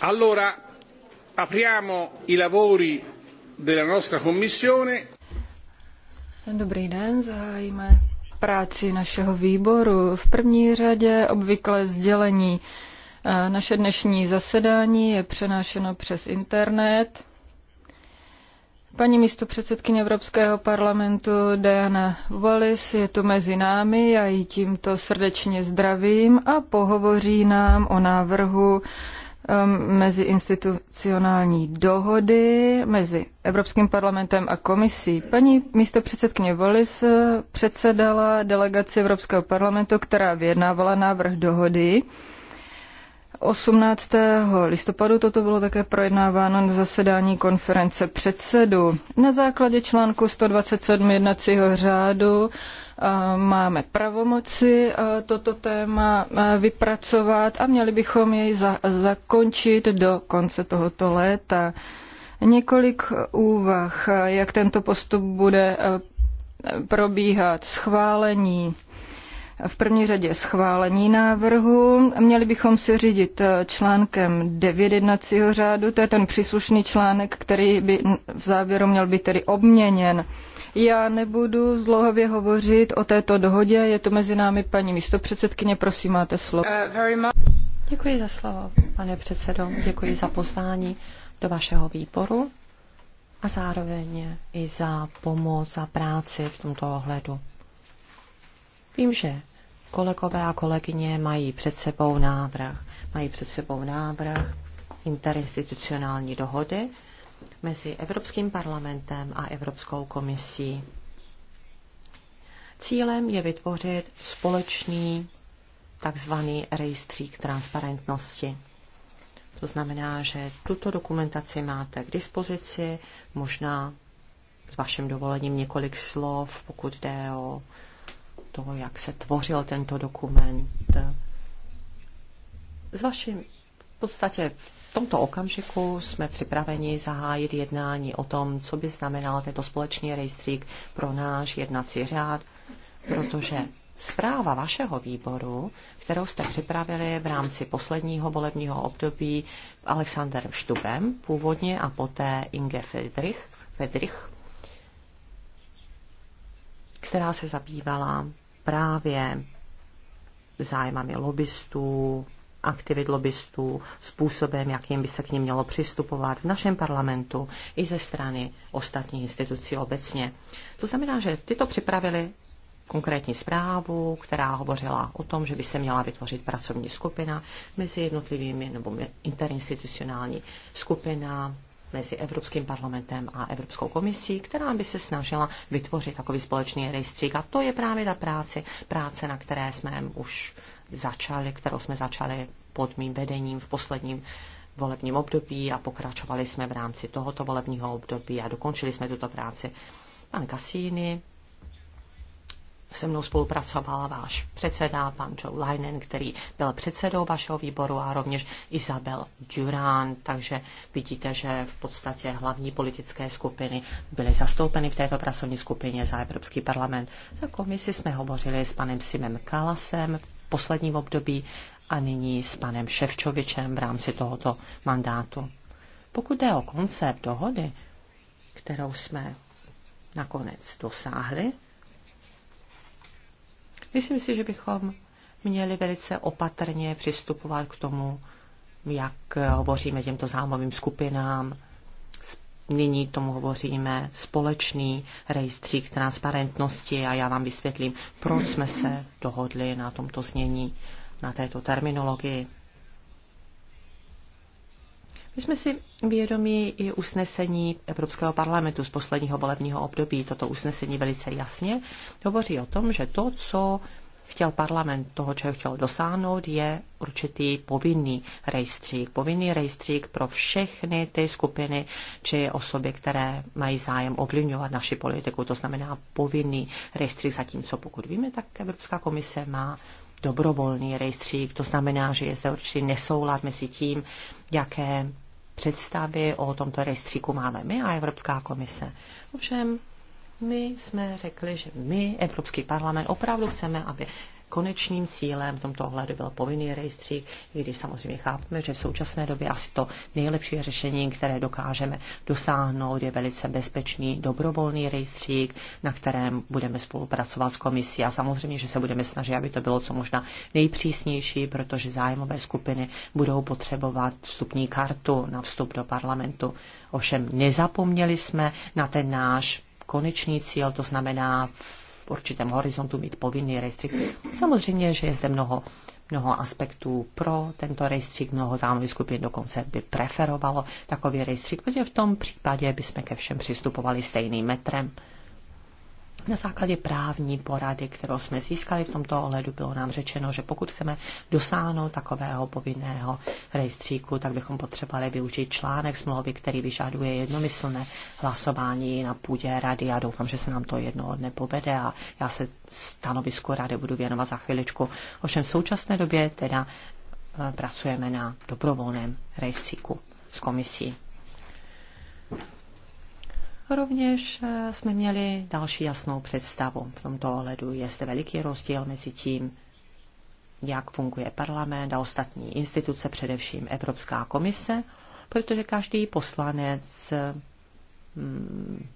Allora, apriamo i lavori della nostra commissione. Dobrý den, zahájíme práci našeho výboru. V první řadě obvykle sdělení. E, naše dnešní zasedání je přenášeno přes internet. Paní místo předsedkyně Evropského parlamentu Diana Wallis je tu mezi námi, já ji tímto srdečně zdravím a pohovoří nám o návrhu um, meziinstitucionální dohody mezi Evropským parlamentem a komisí. Paní místo předsedkyně Wallis eh, předsedala delegaci Evropského parlamentu, která vyjednávala návrh dohody 18. listopadu toto bylo také projednáváno na zasedání konference předsedů. Na základě článku 127 jednacího řádu eh, máme pravomoci eh, toto téma eh, vypracovat a měli bychom jej za- zakončit do konce tohoto léta. Několik úvah, jak tento postup bude probíhat. Schválení v první řadě schválení návrhu. Měli bychom se řídit eh, článkem 9 jednacího řádu, to je ten příslušný článek, který by v závěru měl být tedy obměněn. Já nebudu zdlouhavě hovořit o této dohodě, je to mezi námi paní místopředsedkyně, prosím, máte slovo. Eh, děkuji za slovo, pane předsedo, děkuji za pozvání do vašeho výboru a zároveň i za pomoc a práci v tomto ohledu. Vím, že kolegové a kolegyně mají před sebou návrh. Mají před sebou návrh interinstitucionální dohody mezi Evropským parlamentem a Evropskou komisí. Cílem je vytvořit společný takzvaný rejstřík transparentnosti. To znamená, že tuto dokumentaci máte k dispozici, možná s vaším dovolením několik slov, pokud jde o to, jak se tvořil tento dokument. Z vaším, v podstatě v tomto okamžiku jsme připraveni zahájit jednání o tom, co by znamenal tento společný rejstřík pro náš jednací řád, protože zpráva vašeho výboru, kterou jste připravili v rámci posledního volebního období Alexander Štubem původně a poté Inge Friedrich, Friedrich která se zabývala právě zájmami lobbystů, aktivit lobbystů, způsobem, jakým by se k ním mělo přistupovat v našem parlamentu i ze strany ostatních institucí obecně. To znamená, že tyto připravili konkrétní zprávu, která hovořila o tom, že by se měla vytvořit pracovní skupina mezi jednotlivými nebo interinstitucionální skupina mezi Evropským parlamentem a Evropskou komisí, která by se snažila vytvořit takový společný rejstřík. A to je právě ta práce, práce, na které jsme už začali, kterou jsme začali pod mým vedením v posledním volebním období a pokračovali jsme v rámci tohoto volebního období a dokončili jsme tuto práci. Pan Cassini se mnou spolupracoval váš předseda, pan Joe Leinen, který byl předsedou vašeho výboru a rovněž Isabel Durán. Takže vidíte, že v podstatě hlavní politické skupiny byly zastoupeny v této pracovní skupině za Evropský parlament. Za komisi jsme hovořili s panem Simem Kalasem v posledním období a nyní s panem Ševčovičem v rámci tohoto mandátu. Pokud jde o koncept dohody, kterou jsme nakonec dosáhli, Myslím si, že bychom měli velice opatrně přistupovat k tomu, jak hovoříme těmto zájmovým skupinám. Nyní tomu hovoříme společný rejstřík transparentnosti a já vám vysvětlím, proč jsme se dohodli na tomto znění, na této terminologii. My jsme si vědomí i usnesení Evropského parlamentu z posledního volebního období. Toto usnesení velice jasně hovoří o tom, že to, co chtěl parlament, toho, čeho chtěl dosáhnout, je určitý povinný rejstřík. Povinný rejstřík pro všechny ty skupiny či osoby, které mají zájem ovlivňovat naši politiku. To znamená povinný rejstřík, zatímco pokud víme, tak Evropská komise má dobrovolný rejstřík. To znamená, že je zde určitý nesoulad mezi tím, jaké představy o tomto rejstříku máme my a Evropská komise. Ovšem, my jsme řekli, že my, Evropský parlament, opravdu chceme, aby konečným cílem v tomto ohledu byl povinný rejstřík, i když samozřejmě chápeme, že v současné době asi to nejlepší řešení, které dokážeme dosáhnout, je velice bezpečný dobrovolný rejstřík, na kterém budeme spolupracovat s komisí a samozřejmě, že se budeme snažit, aby to bylo co možná nejpřísnější, protože zájmové skupiny budou potřebovat vstupní kartu na vstup do parlamentu. Ovšem nezapomněli jsme na ten náš konečný cíl, to znamená v určitém horizontu mít povinný rejstřík. Samozřejmě, že je zde mnoho, mnoho aspektů pro tento rejstřík, mnoho zájmových skupin dokonce by preferovalo takový rejstřík, protože v tom případě bychom ke všem přistupovali stejným metrem. Na základě právní porady, kterou jsme získali v tomto ohledu, bylo nám řečeno, že pokud chceme dosáhnout takového povinného rejstříku, tak bychom potřebovali využít článek smlouvy, který vyžaduje jednomyslné hlasování na půdě rady. Já doufám, že se nám to jednoho dne povede a já se stanovisku rady budu věnovat za chviličku. Ovšem v současné době teda eh, pracujeme na dobrovolném rejstříku s komisí. Rovněž eh, jsme měli další jasnou představu. V tomto ohledu je zde veliký rozdíl mezi tím, jak funguje parlament a ostatní instituce, především Evropská komise, protože každý poslanec hmm,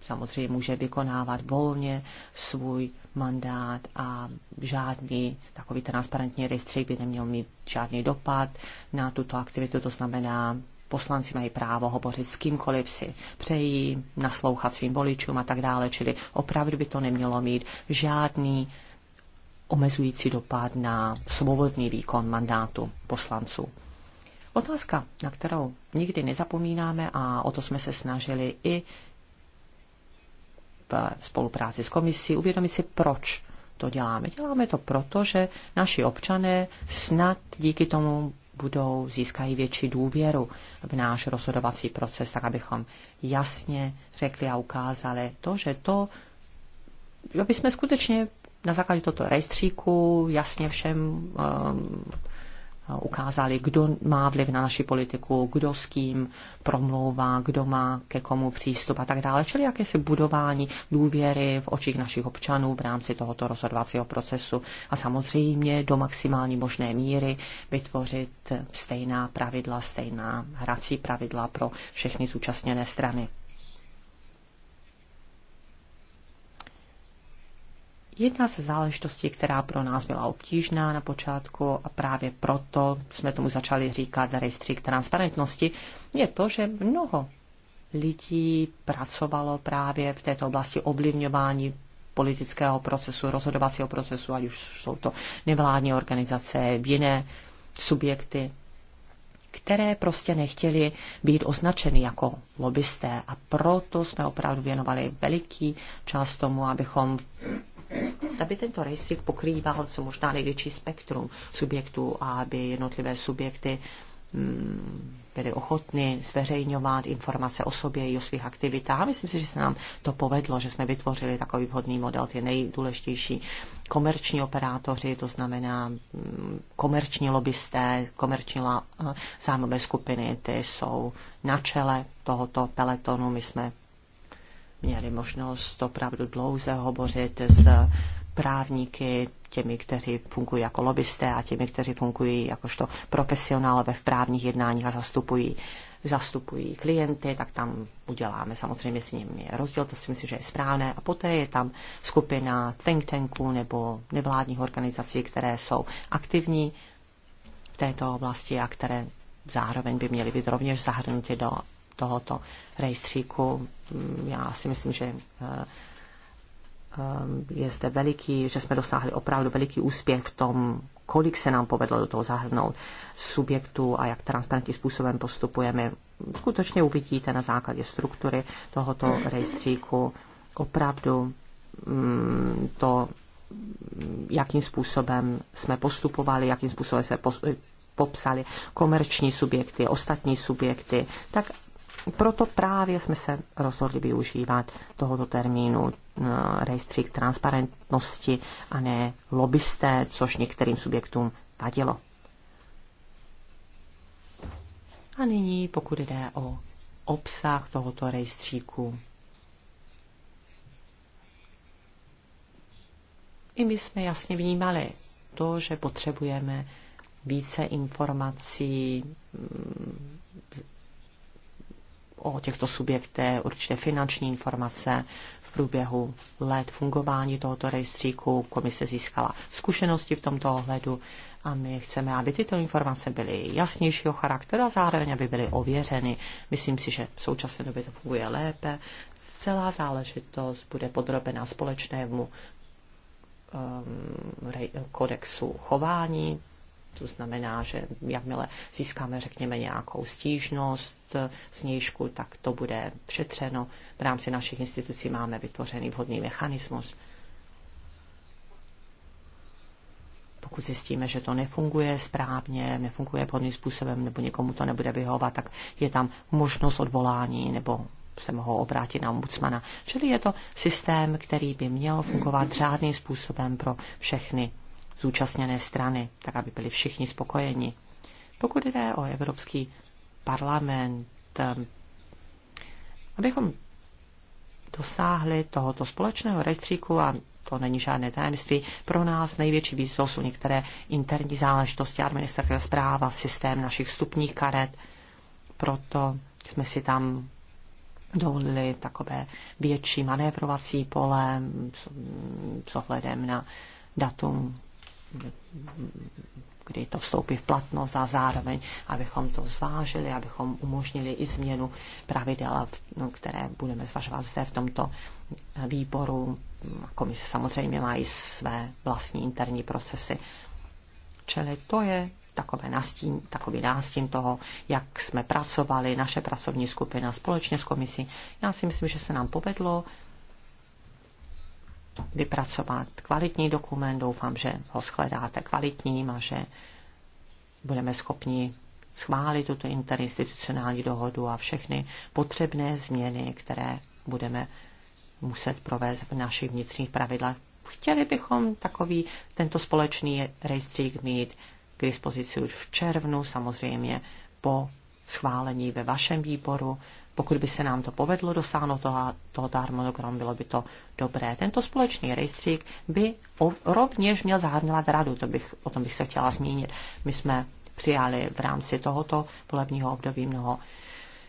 samozřejmě může vykonávat volně svůj mandát a žádný takový transparentní rejstřík by neměl mít žádný dopad na tuto aktivitu. To znamená, Poslanci mají právo hovořit s kýmkoliv si přejí, naslouchat svým voličům a tak dále, čili opravdu by to nemělo mít žádný omezující dopad na svobodný výkon mandátu poslanců. Otázka, na kterou nikdy nezapomínáme a o to jsme se snažili i v spolupráci s komisí, uvědomit si, proč to děláme. Děláme to proto, že naši občané snad díky tomu budou, získají větší důvěru v náš rozhodovací proces, tak abychom jasně řekli a ukázali to, že to, aby jsme skutečně na základě tohoto rejstříku jasně všem um, ukázali, kdo má vliv na naši politiku, kdo s kým promlouvá, kdo má ke komu přístup a tak dále. Čili jakési budování důvěry v očích našich občanů v rámci tohoto rozhodovacího procesu a samozřejmě do maximální možné míry vytvořit stejná pravidla, stejná hrací pravidla pro všechny zúčastněné strany. Jedna z záležitostí, která pro nás byla obtížná na počátku a právě proto jsme tomu začali říkat rejstřík transparentnosti, je to, že mnoho lidí pracovalo právě v této oblasti ovlivňování politického procesu, rozhodovacího procesu, ať už jsou to nevládní organizace, jiné subjekty, které prostě nechtěli být označeny jako lobbysté. A proto jsme opravdu věnovali veliký čas tomu, abychom aby tento rejstřík pokrýval co možná největší spektrum subjektů a aby jednotlivé subjekty mm, byly ochotny zveřejňovat informace o sobě i o svých aktivitách. Myslím si, že se nám to povedlo, že jsme vytvořili takový vhodný model, ty nejdůležitější komerční operátoři, to znamená mm, komerční lobbysté, komerční eh, zájmové skupiny, ty jsou na čele tohoto peletonu. My jsme měli možnost opravdu dlouze hovořit s právníky, těmi, kteří fungují jako lobbysté a těmi, kteří fungují jakožto profesionálové v právních jednáních a zastupují zastupují klienty, tak tam uděláme samozřejmě s nimi rozdíl, to si myslím, že je správné. A poté je tam skupina think tanků nebo nevládních organizací, které jsou aktivní v této oblasti a které zároveň by měly být rovněž zahrnuty do tohoto rejstříku. Mm, Já si myslím, že eh, eh, je zde veliký, že jsme dosáhli opravdu veliký úspěch v tom, kolik se nám povedlo do toho zahrnout subjektů a jak transparentním způsobem postupujeme. Skutečně uvidíte na základě struktury tohoto rejstříku opravdu mm, to, jakým způsobem jsme postupovali, jakým způsobem se popsali komerční subjekty, ostatní subjekty, tak proto právě jsme se rozhodli využívat tohoto termínu eh, rejstřík transparentnosti a ne lobbysté, což některým subjektům vadilo. A nyní, pokud jde o obsah tohoto rejstříku, i my jsme jasně vnímali to, že potřebujeme více informací, mm, o těchto subjektech určité finanční informace v průběhu let fungování tohoto rejstříku. Komise získala zkušenosti v tomto ohledu a my chceme, aby tyto informace byly jasnějšího charakteru a zároveň, aby byly ověřeny. Myslím si, že v současné době to funguje lépe. Celá záležitost bude podrobena společnému um, kodexu chování to znamená, že jakmile získáme, řekněme, nějakou stížnost z eh, nějšku, tak to bude přetřeno. V rámci našich institucí máme vytvořený vhodný mechanismus. pokud zjistíme, že to nefunguje správně, nefunguje vhodným způsobem, nebo někomu to nebude vyhovat, tak je tam možnost odvolání nebo se mohou obrátit na ombudsmana. Čili je to systém, který by měl fungovat řádným způsobem pro všechny zúčastněné strany, tak aby byli všichni spokojeni. Pokud jde o Evropský parlament, ehm, abychom dosáhli tohoto společného rejstříku a to není žádné tajemství. Pro nás největší výzvou jsou některé interní záležitosti, administrativní zpráva, systém našich vstupních karet. Proto jsme si tam dovolili takové větší manévrovací pole s ohledem na datum kdy to vstoupí v platnost a zároveň, abychom to zvážili, abychom umožnili i změnu pravidel, no, které budeme zvažovat zde v tomto výboru. Komise samozřejmě má i své vlastní interní procesy. Čili to je takové nastín, takový nástín toho, jak jsme pracovali, naše pracovní skupina společně s komisí. Já si myslím, že se nám povedlo vypracovat kvalitní dokument. Doufám, že ho shledáte kvalitním a že budeme schopni schválit tuto interinstitucionální dohodu a všechny potřebné změny, které budeme muset provést v našich vnitřních pravidlech. Chtěli bychom takový tento společný rejstřík mít k dispozici už v červnu, samozřejmě po schválení ve vašem výboru pokud by se nám to povedlo dosáhnout toho, toho harmonogramu, bylo by to dobré. Tento společný rejstřík by rovněž měl zahrnovat radu, to bych, o tom bych se chtěla zmínit. My jsme přijali v rámci tohoto volebního období mnoho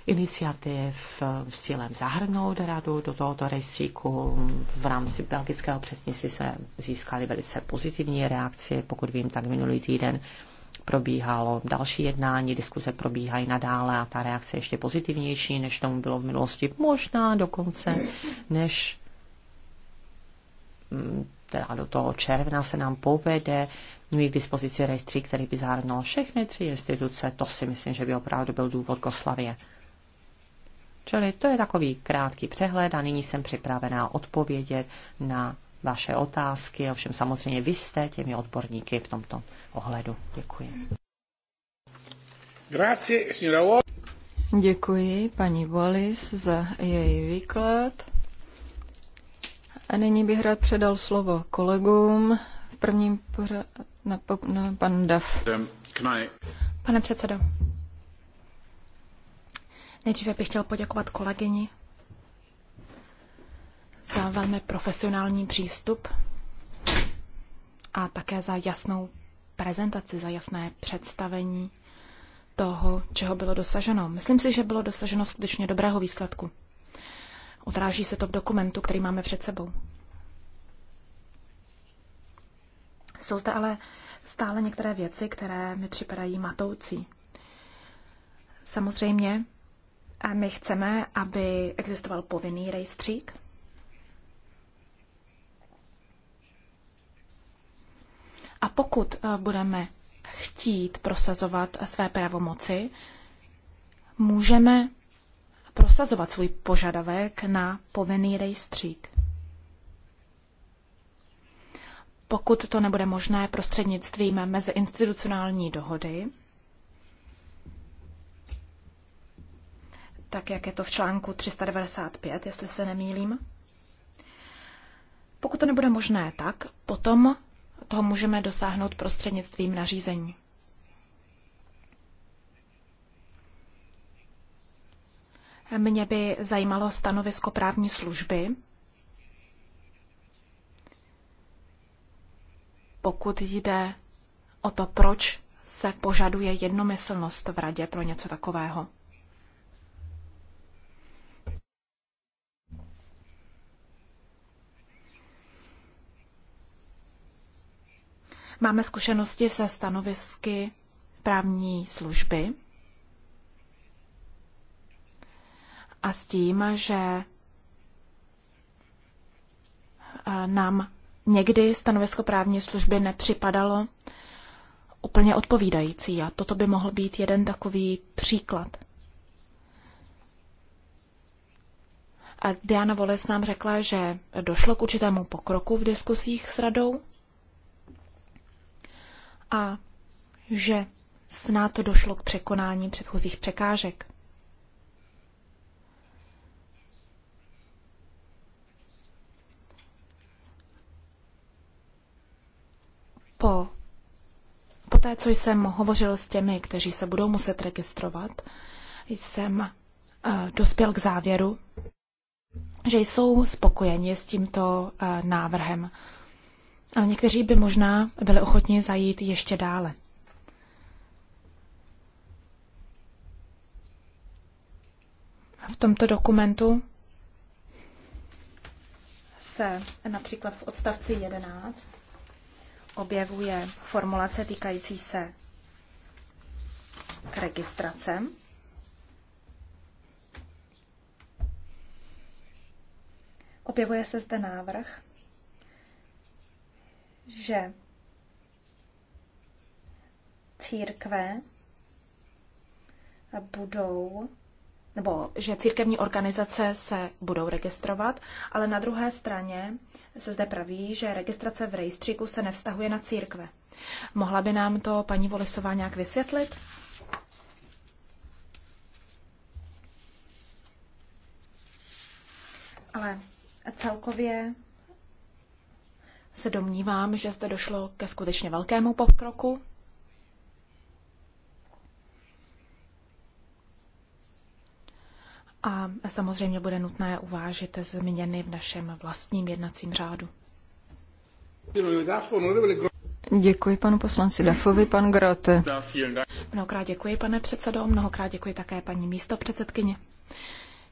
iniciativ eh, s cílem zahrnout radu do tohoto rejstříku. V rámci belgického předsednictví jsme získali velice pozitivní reakci, pokud vím, tak minulý týden probíhalo další jednání, diskuze probíhají nadále a ta reakce je ještě pozitivnější, než tomu bylo v minulosti. Možná dokonce, než mm, teda do toho června se nám povede mít k dispozici rejstřík, který by zahrnul všechny tři instituce. To si myslím, že by opravdu byl důvod Koslavě. Čili to je takový krátký přehled a nyní jsem připravená odpovědět na vaše otázky. Ovšem samozřejmě vy jste těmi odborníky v tomto ohledu. Děkuji. Grazie, signora Děkuji paní Wallis za její výklad. A nyní bych rád předal slovo kolegům. V prvním pořadu na, na pan Dav. Pane předsedo, nejdříve bych chtěl poděkovat kolegyni za velmi profesionální přístup a také za jasnou prezentaci, za jasné představení toho, čeho bylo dosaženo. Myslím si, že bylo dosaženo skutečně dobrého výsledku. Odráží se to v dokumentu, který máme před sebou. Jsou zde ale stále některé věci, které mi připadají matoucí. Samozřejmě, my chceme, aby existoval povinný rejstřík, A pokud eh, budeme chtít prosazovat své pravomoci, můžeme prosazovat svůj požadavek na povinný rejstřík. Pokud to nebude možné prostřednictvím meziinstitucionální dohody, tak jak je to v článku 395, jestli se nemýlím. Pokud to nebude možné tak, potom toho můžeme dosáhnout prostřednictvím nařízení. Mě by zajímalo stanovisko právní služby, pokud jde o to, proč se požaduje jednomyslnost v radě pro něco takového. Máme zkušenosti se stanovisky právní služby a s tím, že eh, nám někdy stanovisko právní služby nepřipadalo úplně odpovídající a toto by mohl být jeden takový příklad. A Diana Voles nám řekla, že došlo k určitému pokroku v diskusích s radou, a že snad došlo k překonání předchozích překážek. Po, po té, co jsem hovořil s těmi, kteří se budou muset registrovat, jsem uh, dospěl k závěru, že jsou spokojeni s tímto uh, návrhem ale někteří by možná byli ochotni zajít ještě dále. V tomto dokumentu se například v odstavci 11 objevuje formulace týkající se registrace. Objevuje se zde návrh že církve budou, nebo že církevní organizace se budou registrovat, ale na druhé straně se zde praví, že registrace v rejstříku se nevztahuje na církve. Mohla by nám to paní Volisová nějak vysvětlit? Ale celkově se domnívám, že zde došlo ke skutečně velkému pokroku. A samozřejmě bude nutné uvážit změny v našem vlastním jednacím řádu. Děkuji panu poslanci Dafovi, pan Grote. Mnohokrát děkuji, pane předsedo, mnohokrát děkuji také paní místo předsedkyně.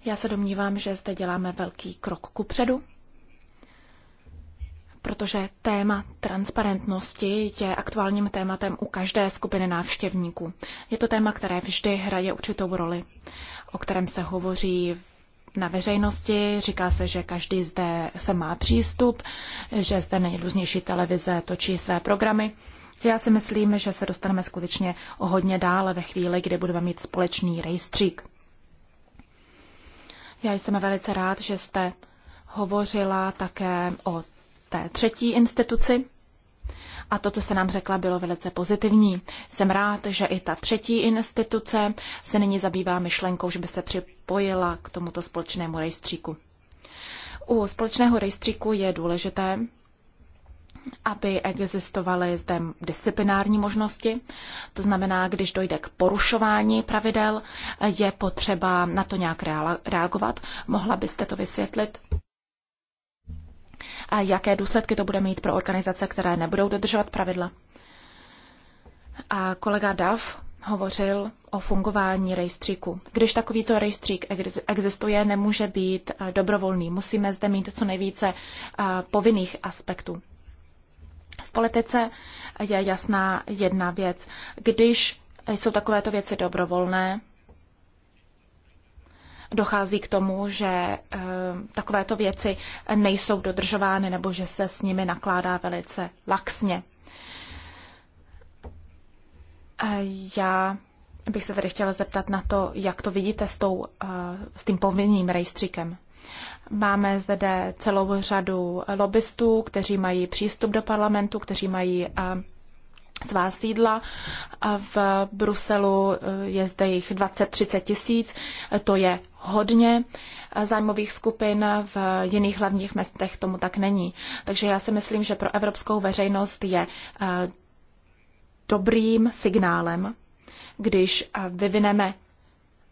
Já se domnívám, že zde děláme velký krok ku předu protože téma transparentnosti je aktuálním tématem u každé skupiny návštěvníků. Je to téma, které vždy hraje určitou roli, o kterém se hovoří na veřejnosti. Říká se, že každý zde se má přístup, že zde nejrůznější televize točí své programy. Já si myslím, že se dostaneme skutečně o hodně dále ve chvíli, kdy budeme mít společný rejstřík. Já jsem velice rád, že jste hovořila také o té třetí instituci. A to, co se nám řekla, bylo velice pozitivní. Jsem rád, že i ta třetí instituce se nyní zabývá myšlenkou, že by se připojila k tomuto společnému rejstříku. U společného rejstříku je důležité, aby existovaly zde disciplinární možnosti. To znamená, když dojde k porušování pravidel, je potřeba na to nějak reagovat. Mohla byste to vysvětlit? a jaké důsledky to bude mít pro organizace, které nebudou dodržovat pravidla. A kolega Dav hovořil o fungování rejstříku. Když takovýto rejstřík existuje, nemůže být eh, dobrovolný. Musíme zde mít co nejvíce eh, povinných aspektů. V politice je jasná jedna věc. Když jsou takovéto věci dobrovolné, dochází k tomu, že eh, takovéto věci nejsou dodržovány nebo že se s nimi nakládá velice laxně. Já bych se tady chtěla zeptat na to, jak to vidíte s, tou, eh, s tím povinným rejstříkem. Máme zde celou řadu lobbystů, kteří mají přístup do parlamentu, kteří mají eh, svá sídla. A v Bruselu eh, je zde jich 20-30 tisíc, to je hodně zájmových skupin, v jiných hlavních městech tomu tak není. Takže já si myslím, že pro evropskou veřejnost je eh, dobrým signálem, když eh, vyvineme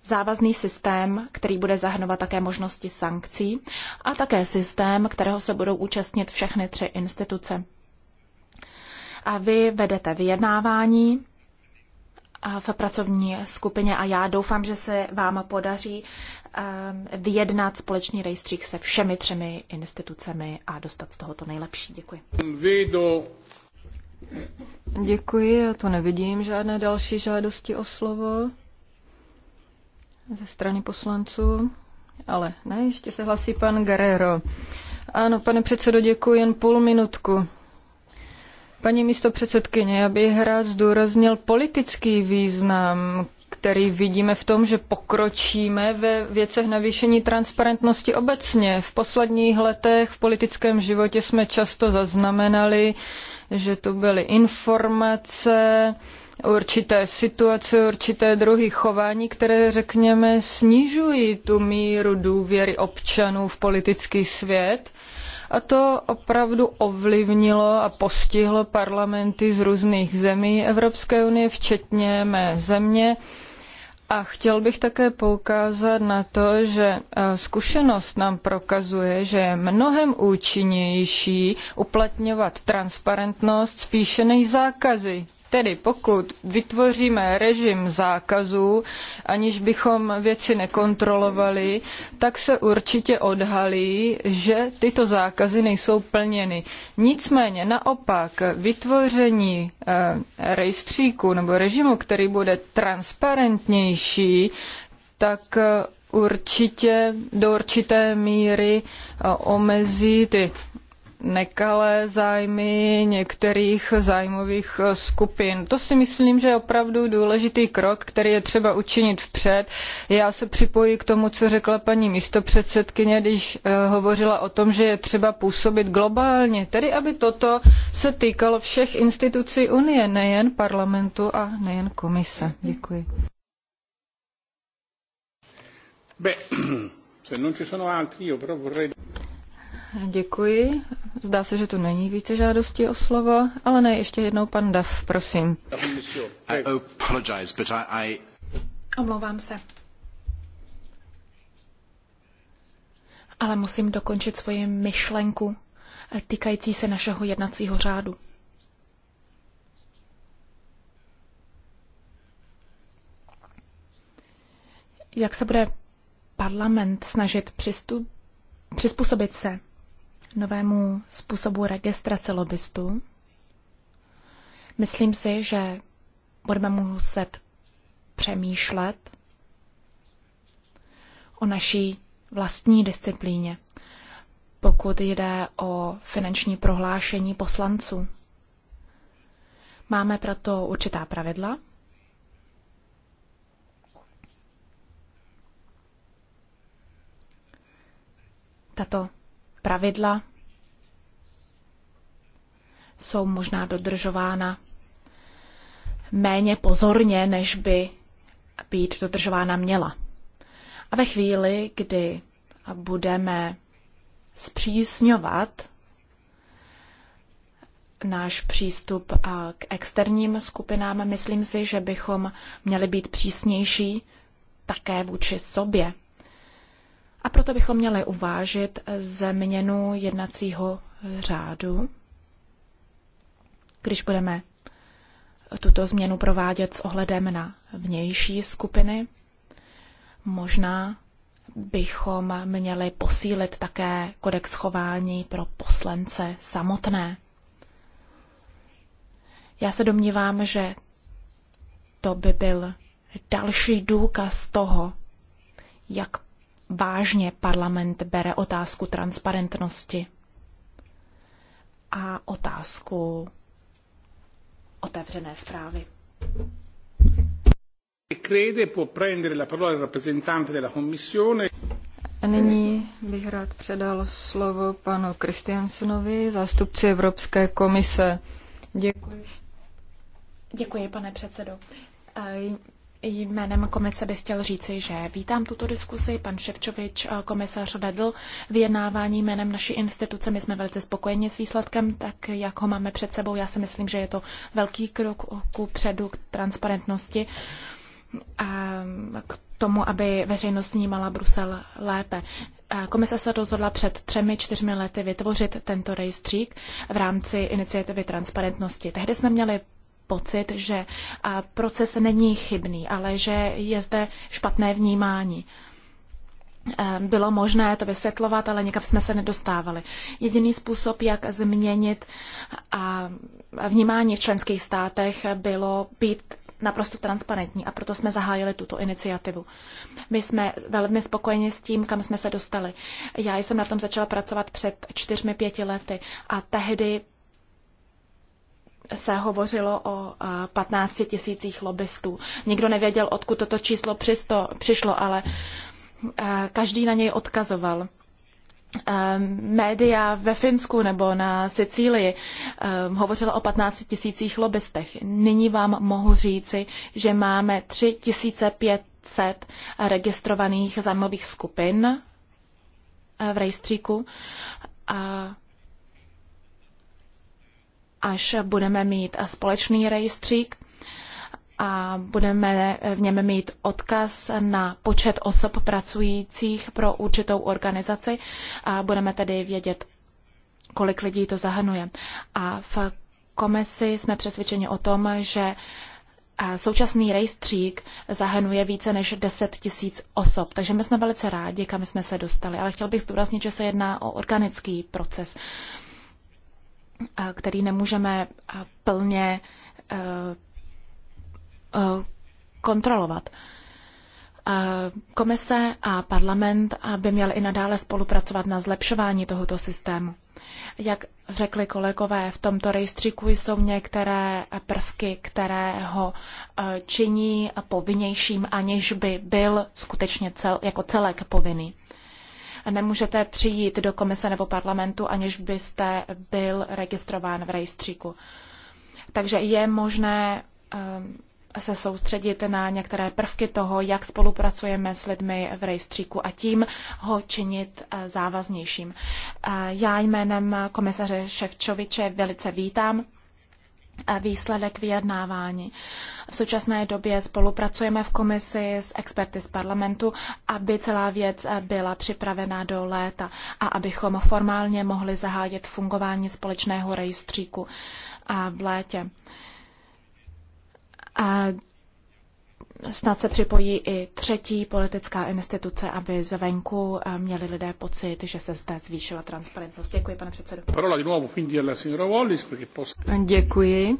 závazný systém, který bude zahrnovat také možnosti sankcí a také systém, kterého se budou účastnit všechny tři instituce. A vy vedete vyjednávání v pracovní skupině a já doufám, že se vám podaří ehm, vyjednat společný rejstřík se všemi třemi institucemi a dostat z toho to nejlepší. Děkuji. Děkuji, já to nevidím, žádné další žádosti o slovo ze strany poslanců, ale ne, ještě se hlasí pan Guerrero. Ano, pane předsedo, děkuji, jen půl minutku. Paní místo předsedkyně, já bych rád zdůraznil politický význam, který vidíme v tom, že pokročíme ve věcech navýšení transparentnosti obecně. V posledních letech v politickém životě jsme často zaznamenali, že tu byly informace, určité situace, určité druhy chování, které, řekněme, snižují tu míru důvěry občanů v politický svět. A to opravdu ovlivnilo a postihlo parlamenty z různých zemí Evropské unie, včetně mé země. A chtěl bych také poukázat na to, že e, zkušenost nám prokazuje, že je mnohem účinnější uplatňovat transparentnost spíše než zákazy. Tedy pokud vytvoříme režim zákazů, aniž bychom věci nekontrolovali, tak se určitě odhalí, že tyto zákazy nejsou plněny. Nicméně naopak vytvoření eh, rejstříku nebo režimu, který bude transparentnější, tak eh, určitě do určité míry eh, omezí ty nekalé zájmy některých zájmových eh, skupin. To si myslím, že je opravdu důležitý krok, který je třeba učinit vpřed. Já se připojuji k tomu, co řekla paní místopředsedkyně, když eh, hovořila o tom, že je třeba působit globálně, tedy aby toto se týkalo všech institucí Unie, nejen parlamentu a nejen komise. Děkuji. Beh, se non ci sono altri, io però vorrei... Děkuji. Zdá se, že tu není více žádostí o slovo, ale ne, ještě jednou pan Dav, prosím. Omlouvám se. Ale musím dokončit svoji myšlenku eh, týkající se našeho jednacího řádu. Jak se bude parlament snažit přistup, přizpůsobit se novému způsobu registrace lobbystů. Myslím si, že budeme muset přemýšlet o naší vlastní disciplíně, pokud jde o finanční prohlášení poslanců. Máme proto určitá pravidla. Tato pravidla jsou možná dodržována méně pozorně, než by být dodržována měla. A ve chvíli, kdy budeme zpřísňovat náš přístup k externím skupinám, myslím si, že bychom měli být přísnější také vůči sobě. A proto bychom měli uvážit eh, změnu jednacího řádu, když budeme eh, tuto změnu provádět s ohledem na vnější skupiny. Možná bychom měli posílit také kodex chování pro poslance samotné. Já se domnívám, že to by byl další důkaz toho, jak vážně parlament bere otázku transparentnosti a otázku otevřené zprávy. Nyní bych rád předal slovo panu Kristiansenovi, zástupci Evropské komise. Děkuji. Děkuji, pane předsedo. Jménem komise bych chtěl říci, že vítám tuto diskusi. Pan Ševčovič, eh, komisař, vedl vyjednávání jménem naší instituce. My jsme velice spokojeni s výsledkem, tak jak ho máme před sebou. Já si myslím, že je to velký krok ku předu k transparentnosti a k tomu, aby veřejnost vnímala Brusel lépe. Eh, komise se rozhodla před třemi, čtyřmi lety vytvořit tento rejstřík v rámci iniciativy transparentnosti. Tehdy jsme měli pocit, že proces není chybný, ale že je zde špatné vnímání. Eh, bylo možné to vysvětlovat, ale nikam jsme se nedostávali. Jediný způsob, jak změnit vnímání v členských státech, bylo být naprosto transparentní a proto jsme zahájili tuto iniciativu. My jsme velmi spokojeni s tím, kam jsme se dostali. Já jsem na tom začala pracovat před čtyřmi, pěti lety a tehdy se hovořilo o 15 eh, tisících lobbystů. Nikdo nevěděl, odkud toto číslo přisto, přišlo, ale eh, každý na něj odkazoval. Eh, média ve Finsku nebo na Sicílii hovořila o 15 tisících lobbystech. Nyní vám mohu říci, že máme 3500 registrovaných zájmových skupin v rejstříku. A až budeme mít společný rejstřík a budeme v něm mít odkaz na počet osob pracujících pro určitou organizaci a budeme tedy vědět, kolik lidí to zahrnuje. A v komisi jsme přesvědčeni o tom, že současný rejstřík zahrnuje více než 10 tisíc osob. Takže my jsme velice rádi, kam jsme se dostali. Ale chtěl bych zdůraznit, že se jedná o organický proces který nemůžeme plně e, e, kontrolovat. E, komise a parlament by měly i nadále spolupracovat na zlepšování tohoto systému. Jak řekli kolegové, v tomto rejstříku jsou některé prvky, které ho činí povinnějším, aniž by byl skutečně cel, jako celek povinný nemůžete přijít do komise nebo parlamentu, aniž byste byl registrován v rejstříku. Takže je možné eh, se soustředit na některé prvky toho, jak spolupracujeme s lidmi v rejstříku a tím ho činit eh, závaznějším. Eh, já jménem komisaře Ševčoviče velice vítám výsledek vyjednávání. V současné době spolupracujeme v komisi s experty z parlamentu, aby celá věc byla připravená do léta a abychom formálně mohli zahájit fungování společného rejstříku v létě. A snad se připojí i třetí politická instituce, aby zvenku eh, měli lidé pocit, že se zde zvýšila transparentnost. Děkuji, pane předsedo. Eh, děkuji.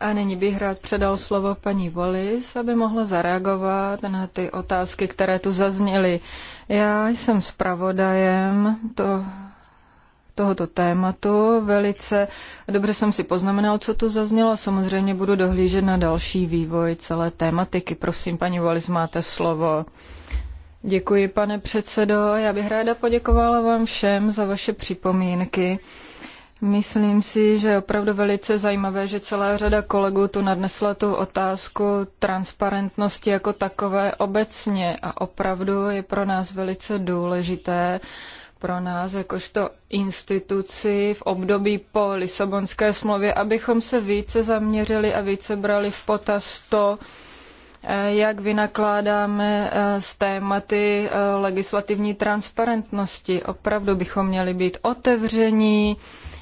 A nyní bych rád předal slovo paní Wallis, aby mohla zareagovat na ty otázky, které tu zazněly. Já jsem zpravodajem to tohoto tématu. Velice dobře jsem si poznamenal, co to zaznělo a samozřejmě budu dohlížet na další vývoj celé tématiky. Prosím, paní Volis, máte slovo. Děkuji, pane předsedo. Já bych ráda poděkovala vám všem za vaše připomínky. Myslím si, že je opravdu velice zajímavé, že celá řada kolegů tu nadnesla tu otázku transparentnosti jako takové obecně a opravdu je pro nás velice důležité, pro nás, jakožto instituci v období po Lisabonské smlouvě, abychom se více zaměřili a více brali v potaz to, eh, jak vynakládáme s eh, tématy eh, legislativní transparentnosti. Opravdu bychom měli být otevření,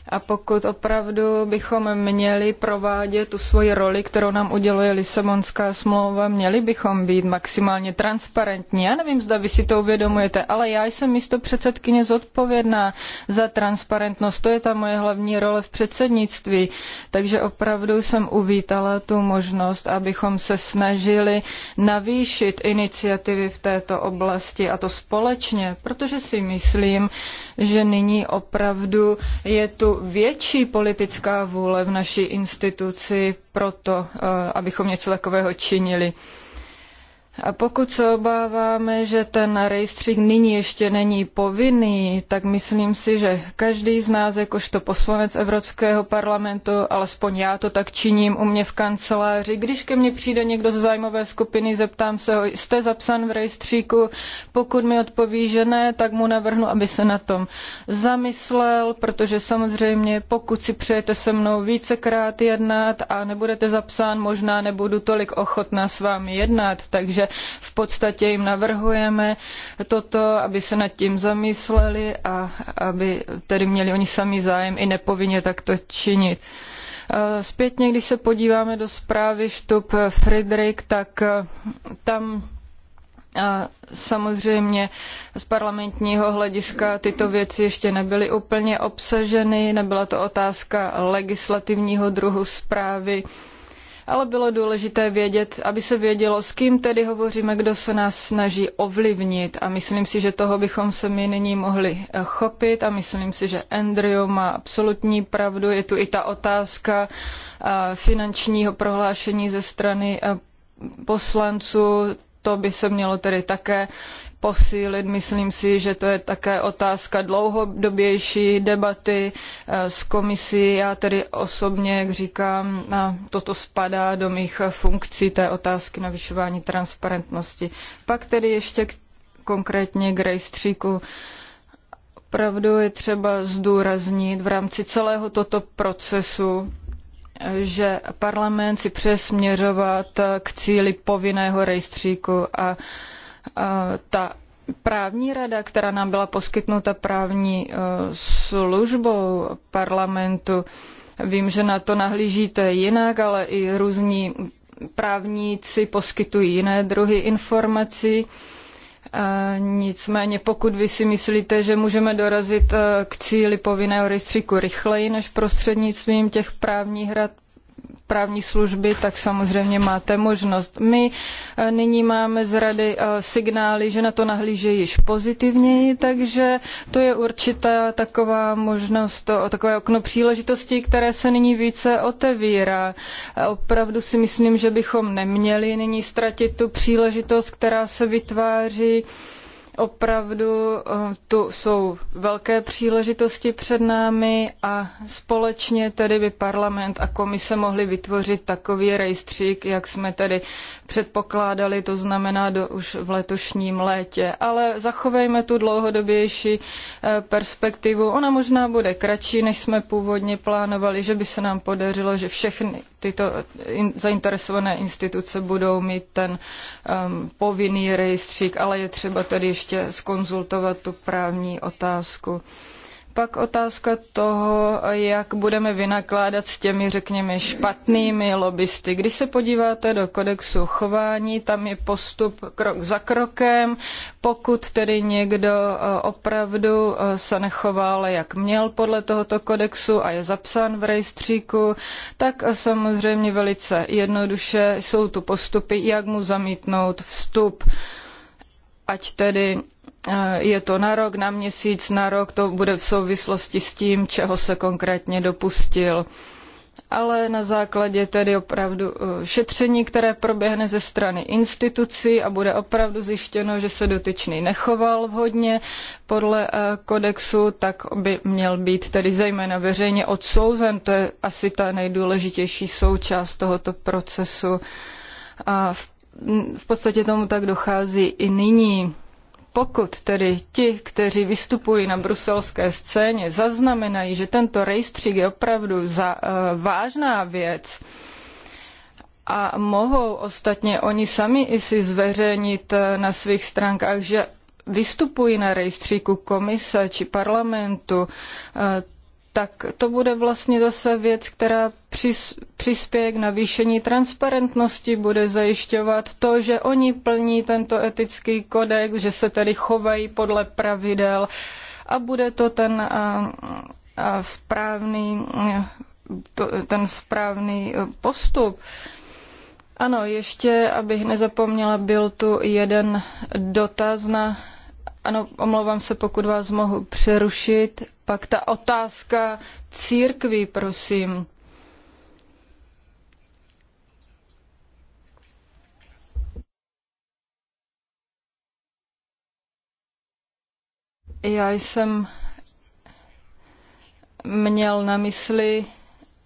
a pokud opravdu bychom měli provádět tu svoji roli, kterou nám uděluje Lisabonská smlouva, měli bychom být maximálně transparentní. Já nevím, zda vy si to uvědomujete, ale já jsem místo předsedkyně zodpovědná za transparentnost. To je ta moje hlavní role v předsednictví. Takže opravdu jsem uvítala tu možnost, abychom se snažili navýšit iniciativy v této oblasti a to společně, protože si myslím, že nyní opravdu je tu větší politická vůle v naší instituci pro to, eh, abychom něco takového činili. A pokud se obáváme, že ten rejstřík nyní ještě není povinný, tak myslím si, že každý z nás, jakožto poslanec Evropského parlamentu, alespoň já to tak činím u mě v kanceláři, když ke mně přijde někdo z zájmové skupiny, zeptám se ho, jste zapsan v rejstříku, pokud mi odpoví, že ne, tak mu navrhnu, aby se na tom zamyslel, protože samozřejmě pokud si přejete se mnou vícekrát jednat a nebudete zapsán, možná nebudu tolik ochotná s vámi jednat, takže takže v podstatě jim navrhujeme toto, aby se nad tím zamysleli a aby tedy měli oni sami zájem i nepovinně takto činit. Zpětně, když se podíváme do zprávy Štup Friedrich, tak e, tam e, samozřejmě z parlamentního hlediska tyto věci ještě nebyly úplně obsaženy, nebyla to otázka legislativního druhu zprávy ale bylo důležité vědět, aby se vědělo, s kým tedy hovoříme, kdo se nás snaží ovlivnit a myslím si, že toho bychom se my nyní mohli eh, chopit a myslím si, že Andrew má absolutní pravdu. Je tu i ta otázka eh, finančního prohlášení ze strany eh, poslanců, to by se mělo tedy také posílit. Myslím si, že to je také otázka dlouhodobější debaty eh, s komisí. Já tedy osobně, jak říkám, na toto spadá do mých funkcí té otázky na vyšování transparentnosti. Pak tedy ještě k, konkrétně k rejstříku. Opravdu je třeba zdůraznit v rámci celého toto procesu, že parlament si přesměřovat eh, k cíli povinného rejstříku a ta právní rada, která nám byla poskytnuta právní e, službou parlamentu, vím, že na to nahlížíte jinak, ale i různí právníci poskytují jiné druhy informací. E, nicméně pokud vy si myslíte, že můžeme dorazit e, k cíli povinného rejstříku rychleji než prostřednictvím těch právních rad, právní služby, tak samozřejmě máte možnost. My eh, nyní máme z rady eh, signály, že na to nahlížejí již pozitivněji, takže to je určitá taková možnost, eh, takové okno příležitostí, které se nyní více otevírá. Opravdu si myslím, že bychom neměli nyní ztratit tu příležitost, která se vytváří Opravdu eh, tu jsou velké příležitosti před námi a společně tedy by parlament a komise mohli vytvořit takový rejstřík, jak jsme tedy předpokládali, to znamená do, už v letošním létě. Ale zachovejme tu dlouhodobější eh, perspektivu. Ona možná bude kratší, než jsme původně plánovali, že by se nám podařilo, že všechny tyto zainteresované instituce budou mít ten um, povinný rejstřík, ale je třeba tedy ještě skonzultovat tu právní otázku. Pak otázka toho, jak budeme vynakládat s těmi, řekněme, špatnými lobbysty. Když se podíváte do kodexu chování, tam je postup krok za krokem. Pokud tedy někdo eh, opravdu eh, se nechoval, jak měl podle tohoto kodexu a je zapsán v rejstříku, tak eh, samozřejmě velice jednoduše jsou tu postupy, jak mu zamítnout vstup ať tedy Eh, je to na rok, na měsíc, na rok, to bude v souvislosti s tím, čeho se konkrétně dopustil. Ale na základě tedy opravdu eh, šetření, které proběhne ze strany institucí a bude opravdu zjištěno, že se dotyčný nechoval vhodně podle eh, kodexu, tak by měl být tedy zejména veřejně odsouzen. To je asi ta nejdůležitější součást tohoto procesu. A v, v podstatě tomu tak dochází i nyní pokud tedy ti, kteří vystupují na bruselské scéně, zaznamenají, že tento rejstřík je opravdu za, uh, vážná věc, a mohou ostatně oni sami i si zveřejnit eh, na svých stránkách, že vystupují na rejstříku komise či parlamentu. Eh, tak to bude vlastně zase věc, která přispěje k navýšení transparentnosti, bude zajišťovat to, že oni plní tento etický kodex, že se tedy chovají podle pravidel a bude to ten a, a správný, to, ten správný postup. Ano, ještě, abych nezapomněla, byl tu jeden dotaz na ano, omlouvám se, pokud vás mohu přerušit. Pak ta otázka církví, prosím. Já jsem měl na mysli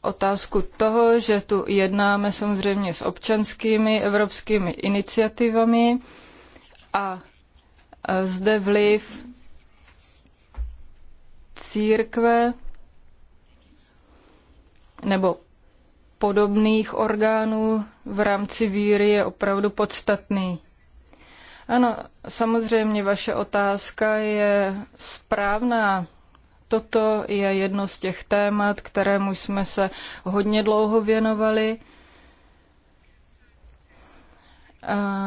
otázku toho, že tu jednáme samozřejmě s občanskými evropskými iniciativami a zde vliv církve nebo podobných orgánů v rámci víry je opravdu podstatný. Ano, samozřejmě vaše otázka je správná. Toto je jedno z těch témat, kterému jsme se hodně dlouho věnovali.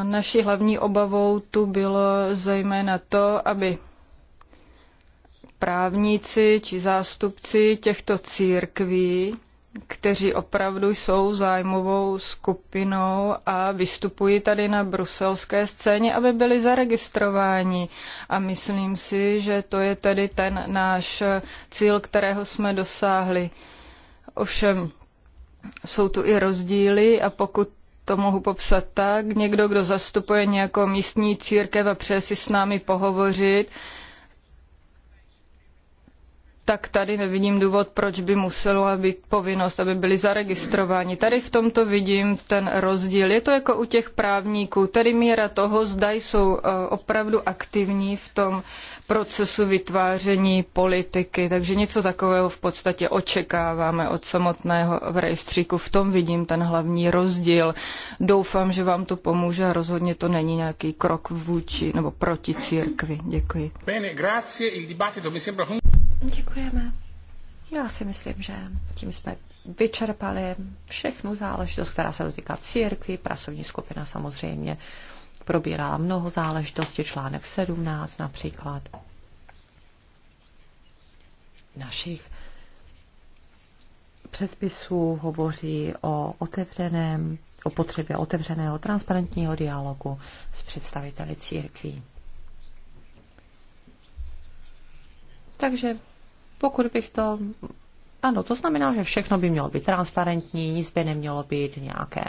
Naší hlavní obavou tu bylo zejména to, aby právníci či zástupci těchto církví, kteří opravdu jsou zájmovou skupinou a vystupují tady na bruselské scéně, aby byli zaregistrováni. A myslím si, že to je tedy ten náš cíl, kterého jsme dosáhli. Ovšem, jsou tu i rozdíly a pokud to mohu popsat tak. Někdo, kdo zastupuje nějakou místní církev a přeje si s námi pohovořit, tak tady nevidím důvod, proč by musela být povinnost, aby byli zaregistrováni. Tady v tomto vidím ten rozdíl. Je to jako u těch právníků, tedy míra toho, zda jsou eh, opravdu aktivní v tom procesu vytváření politiky. Takže něco takového v podstatě očekáváme od samotného v rejstříku. V tom vidím ten hlavní rozdíl. Doufám, že vám to pomůže a rozhodně to není nějaký krok vůči nebo proti církvi. Děkuji. Děkujeme. Já si myslím, že tím jsme vyčerpali všechnu záležitost, která se dotýká církví, pracovní skupina samozřejmě Probírá mnoho záležitostí, článek 17 například našich předpisů hovoří o otevřeném, o potřebě otevřeného transparentního dialogu s představiteli církví. Takže pokud bych to... Ano, to znamená, že všechno by mělo být transparentní, nic by nemělo být nějaké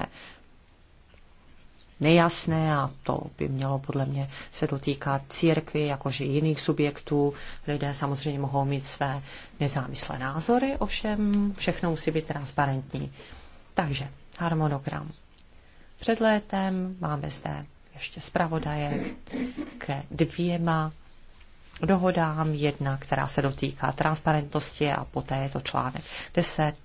nejasné a to by mělo podle mě se dotýkat církvy, jakože jiných subjektů. Lidé samozřejmě mohou mít své nezávislé názory, ovšem všechno musí být transparentní. Takže harmonogram. Před létem máme zde ještě zpravodaje ke dvěma dohodám. Jedna, která se dotýká transparentnosti a poté je to článek 10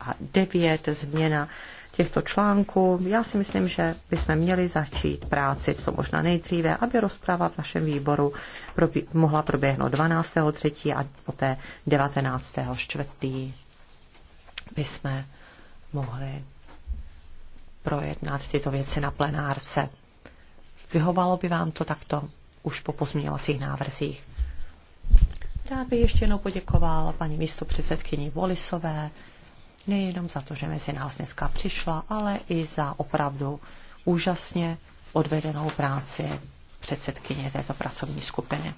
a 9 změna těchto článků. Já si myslím, že bychom měli začít práci co možná nejdříve, aby rozprava v našem výboru probí- mohla proběhnout 12.3. a poté 19.4. by jsme mohli projednat tyto věci na plenárce. Vyhovalo by vám to takto už po pozměňovacích návrzích? Rád bych ještě jednou poděkoval paní předsedkyni Volisové, nejenom za to, že mezi nás dneska přišla, ale i za opravdu úžasně odvedenou práci předsedkyně této pracovní skupiny.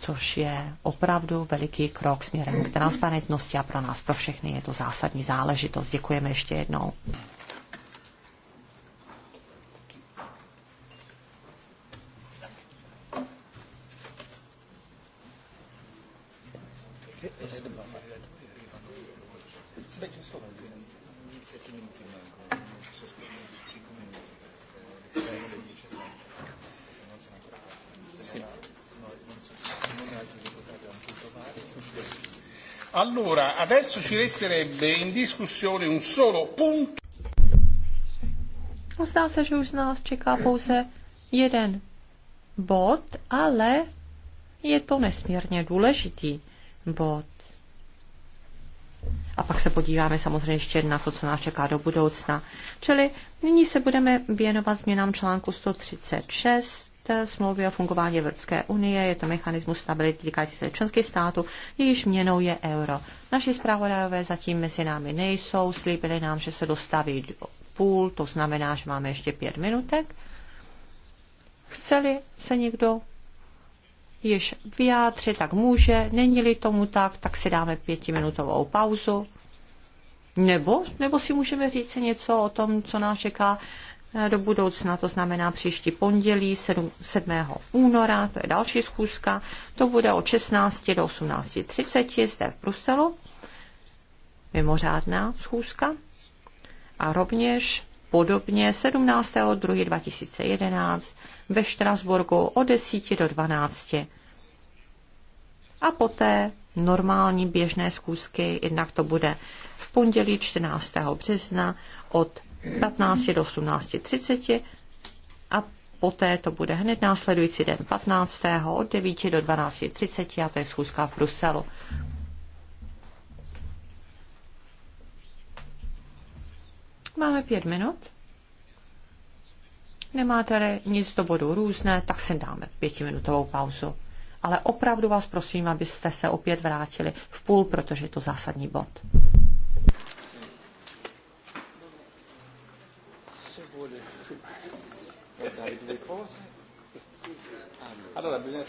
což je opravdu veliký krok směrem k transparentnosti a pro nás, pro všechny je to zásadní záležitost. Děkujeme ještě jednou. Allora, adesso ci resterebbe in discussione un solo punto. Zdá se, že už nás čeká pouze jeden bod, ale je to nesmírně důležitý bod. A pak se podíváme samozřejmě ještě na to, co nás čeká do budoucna. Čili nyní se budeme věnovat změnám článku 136 Eh, smlouvy o fungování Evropské unie, je to mechanismus stability týkající se členských států, jejíž měnou je euro. Naši zpravodajové zatím mezi námi nejsou, slíbili nám, že se dostaví do půl, to znamená, že máme ještě pět minutek. Chceli se někdo již vyjádřit, tak může, není-li tomu tak, tak si dáme pětiminutovou pauzu. Nebo, nebo si můžeme říct něco o tom, co nás čeká Eh, do budoucna, to znamená příští pondělí 7. února, to je další schůzka, to bude od 16 do 18.30 zde v Bruselu, mimořádná schůzka. A rovněž podobně 17. 2. 2011 ve Štrasburgu od 10 do 12. A poté normální běžné schůzky, jednak to bude v pondělí 14. března od 15 do 18.30 a poté to bude hned následující den 15. od 9 do 12.30 a to je schůzka v Bruselu. Máme pět minut. Nemáte-li nic do bodu různé, tak si dáme pětiminutovou pauzu. Ale opravdu vás prosím, abyste se opět vrátili v půl, protože je to zásadní bod. Allora bisogna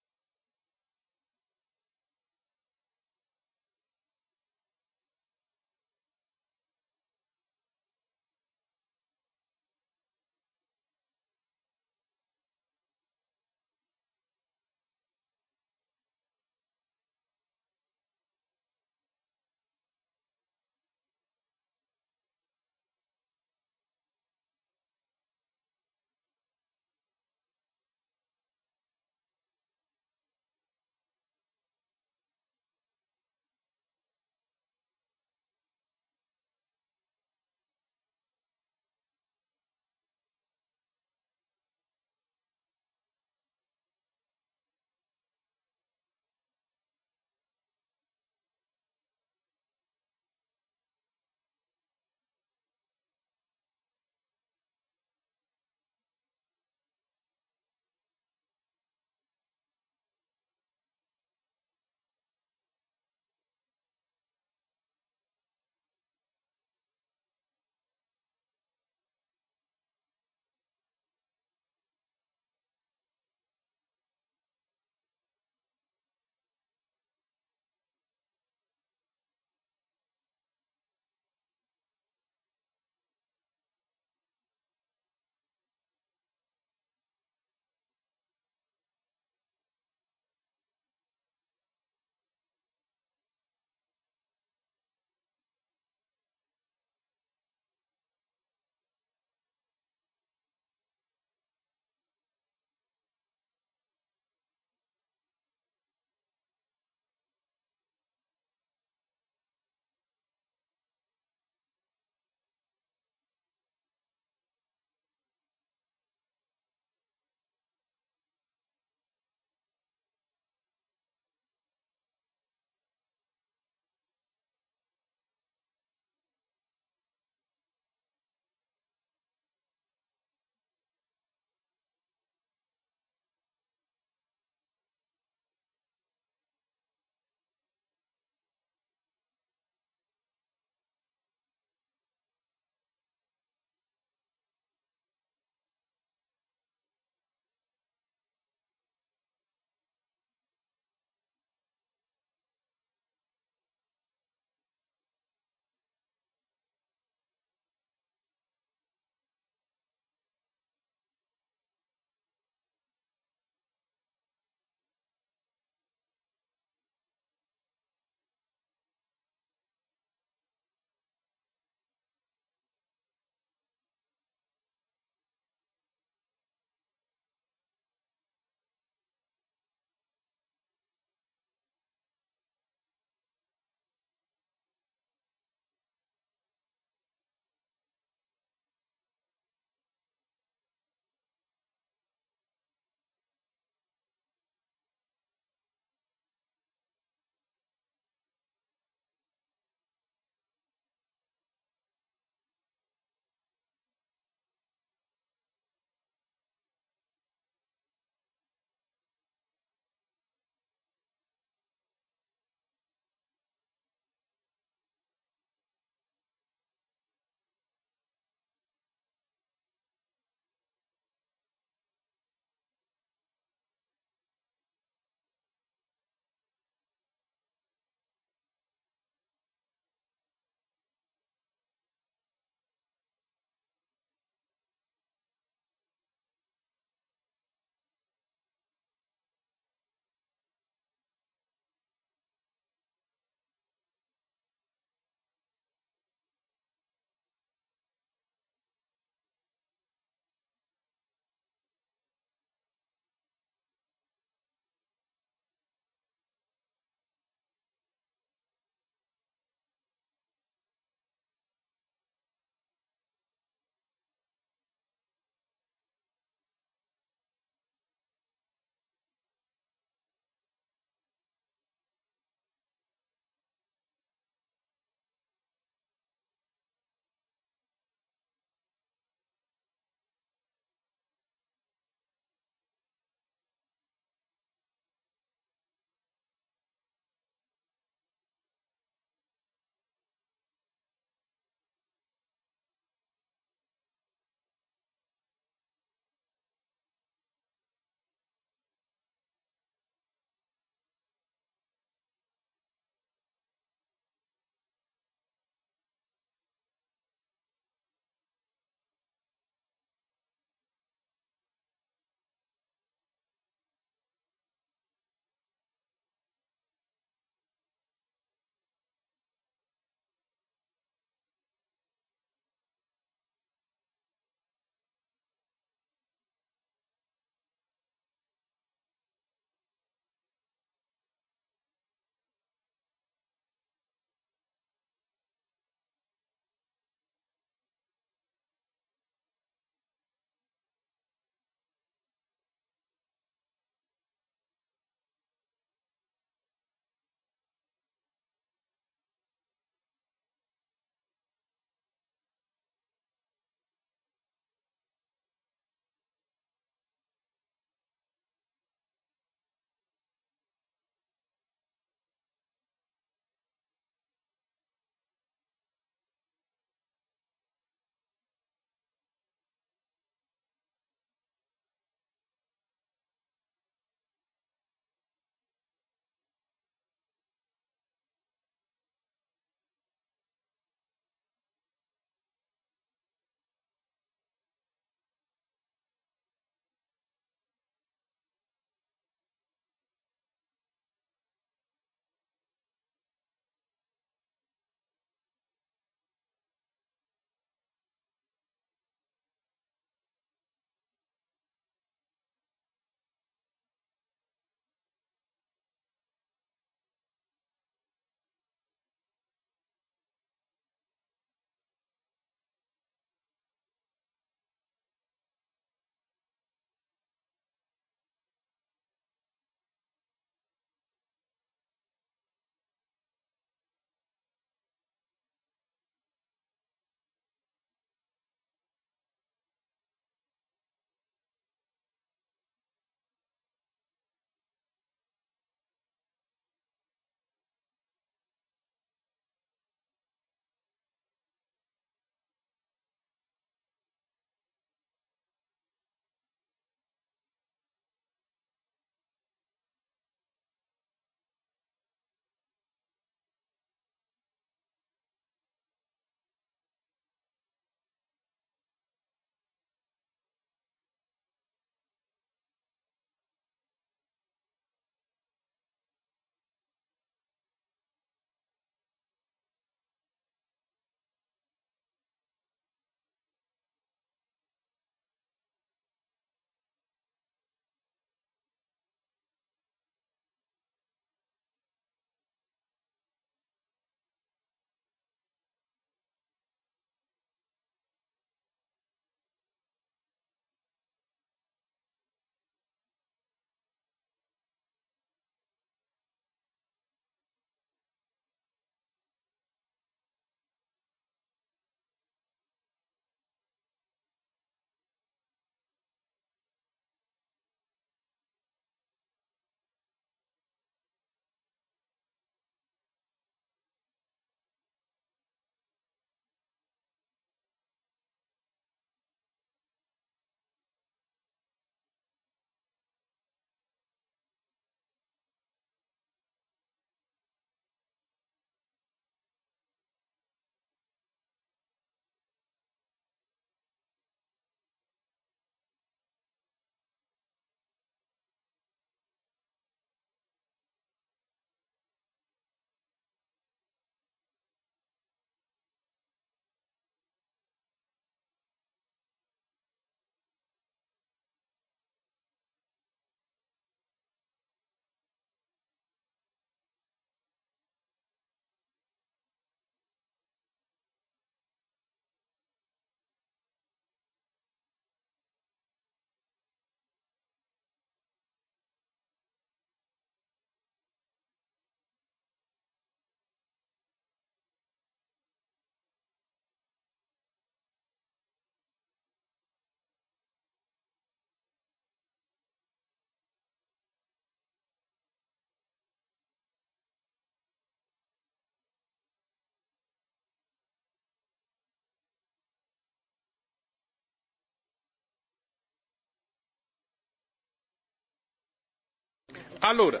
Allora,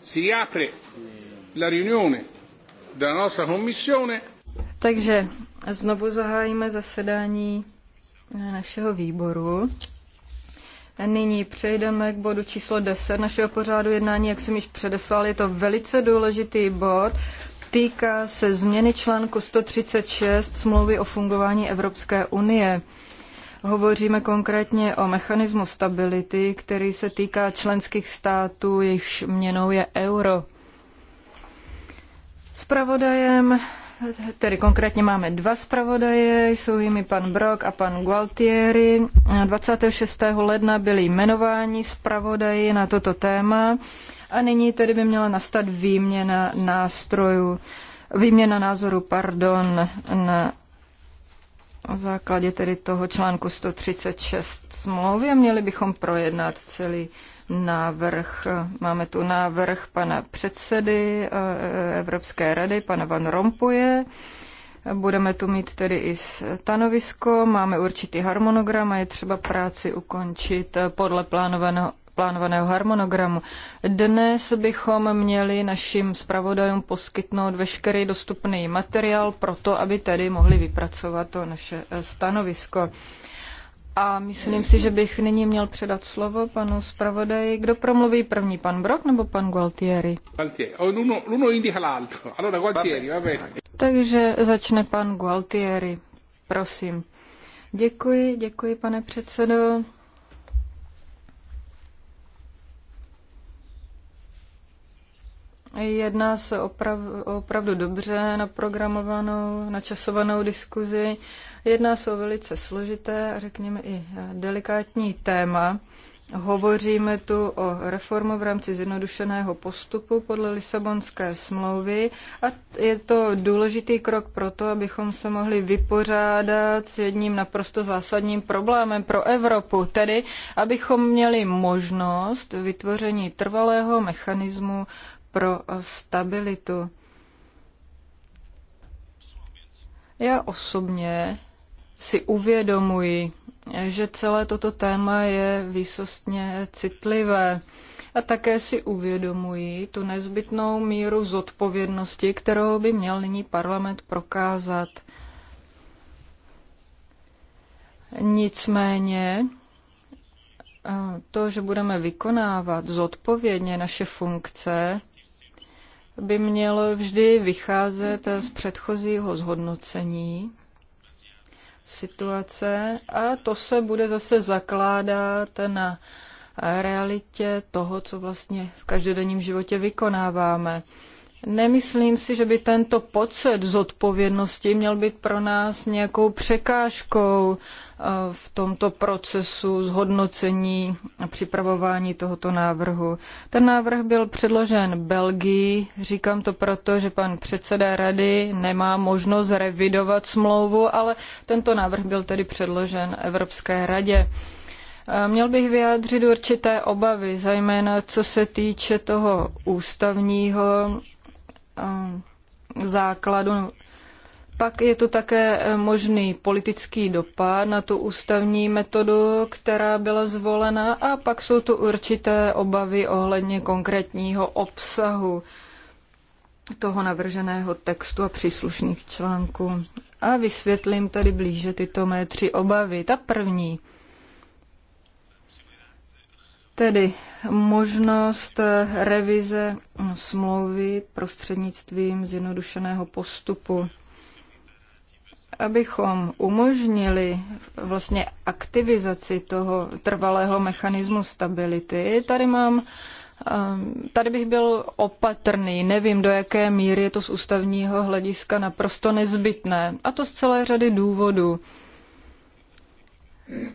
si apre la riunione della nostra commissione. Takže znovu zahájíme zasedání eh, našeho výboru. Nyní přejdeme k bodu číslo 10 našeho pořádu jednání, jak jsem již předeslal, je to velice důležitý bod. Týká se změny článku 136 smlouvy o fungování Evropské unie. Hovoříme konkrétně o mechanismu stability, který se týká členských států, jejichž měnou je euro. Spravodajem, tedy konkrétně máme dva spravodaje, jsou jimi pan Brok a pan Gualtieri. 26. ledna byli jmenováni spravodaji na toto téma a nyní tedy by měla nastat výměna nástrojů, výměna názoru, pardon, na na základě tedy toho článku 136 smlouvy a měli bychom projednat celý návrh. Máme tu návrh pana předsedy eh, Evropské rady, pana Van Rompuje. Budeme tu mít tedy i stanovisko, máme určitý harmonogram a je třeba práci ukončit podle plánovaného plánovaného harmonogramu. Dnes bychom měli našim zpravodajům poskytnout veškerý dostupný materiál pro to, aby tedy mohli vypracovat to naše eh, stanovisko. A myslím si, že bych nyní měl předat slovo panu zpravodaji. Kdo promluví první, pan Brok nebo pan Gualtieri? Oh, Takže začne pan Gualtieri. Prosím. Děkuji, děkuji, pane předsedo. Jedná se oprav, opravdu dobře naprogramovanou, načasovanou diskuzi. Jedná se o velice složité, řekněme i delikátní téma. Hovoříme tu o reformu v rámci zjednodušeného postupu podle Lisabonské smlouvy a je to důležitý krok pro to, abychom se mohli vypořádat s jedním naprosto zásadním problémem pro Evropu, tedy abychom měli možnost vytvoření trvalého mechanismu pro stabilitu. Já osobně si uvědomuji, že celé toto téma je výsostně citlivé a také si uvědomuji tu nezbytnou míru zodpovědnosti, kterou by měl nyní parlament prokázat. Nicméně eh, to, že budeme vykonávat zodpovědně naše funkce, by měl vždy vycházet z předchozího zhodnocení situace a to se bude zase zakládat na realitě toho, co vlastně v každodenním životě vykonáváme. Nemyslím si, že by tento pocit zodpovědnosti měl být pro nás nějakou překážkou v tomto procesu zhodnocení a připravování tohoto návrhu. Ten návrh byl předložen Belgii, říkám to proto, že pan předseda rady nemá možnost revidovat smlouvu, ale tento návrh byl tedy předložen Evropské radě. Měl bych vyjádřit určité obavy, zejména co se týče toho ústavního základu pak je tu také eh, možný politický dopad na tu ústavní metodu, která byla zvolena a pak jsou tu určité obavy ohledně konkrétního obsahu toho navrženého textu a příslušných článků. A vysvětlím tady blíže tyto mé tři obavy. Ta první, tedy možnost eh, revize smlouvy prostřednictvím zjednodušeného postupu abychom umožnili vlastně aktivizaci toho trvalého mechanismu stability, tady mám ehm, Tady bych byl opatrný, nevím, do jaké míry je to z ústavního hlediska naprosto nezbytné, a to z celé řady důvodů.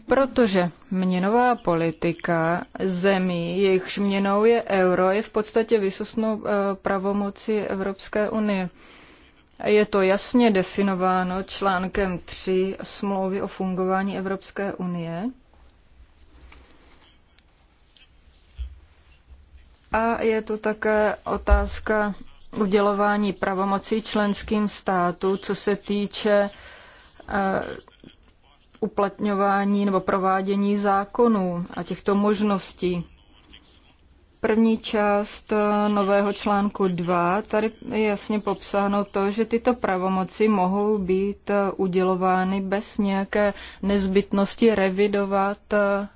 Protože měnová politika zemí, jejichž měnou je euro, je v podstatě vysosnou eh, pravomoci Evropské unie. Je to jasně definováno článkem 3 smlouvy o fungování Evropské unie. A je to také otázka udělování pravomocí členským státu, co se týče eh, uplatňování nebo provádění zákonů a těchto možností první část eh, nového článku 2, tady je jasně popsáno to, že tyto pravomoci mohou být eh, udělovány bez nějaké nezbytnosti revidovat eh,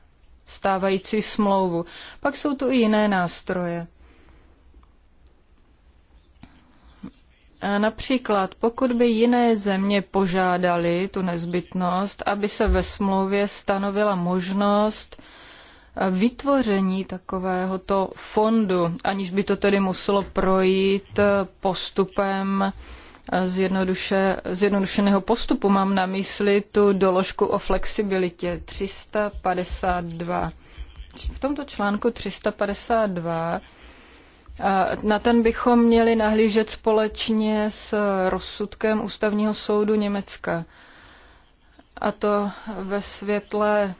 stávající smlouvu. Pak jsou tu i jiné nástroje. Například, pokud by jiné země požádali tu nezbytnost, aby se ve smlouvě stanovila možnost vytvoření takovéhoto fondu, aniž by to tedy muselo projít postupem zjednoduše, zjednodušeného postupu. Mám na mysli tu doložku o flexibilitě 352. V tomto článku 352 na ten bychom měli nahlížet společně s rozsudkem Ústavního soudu Německa. A to ve světle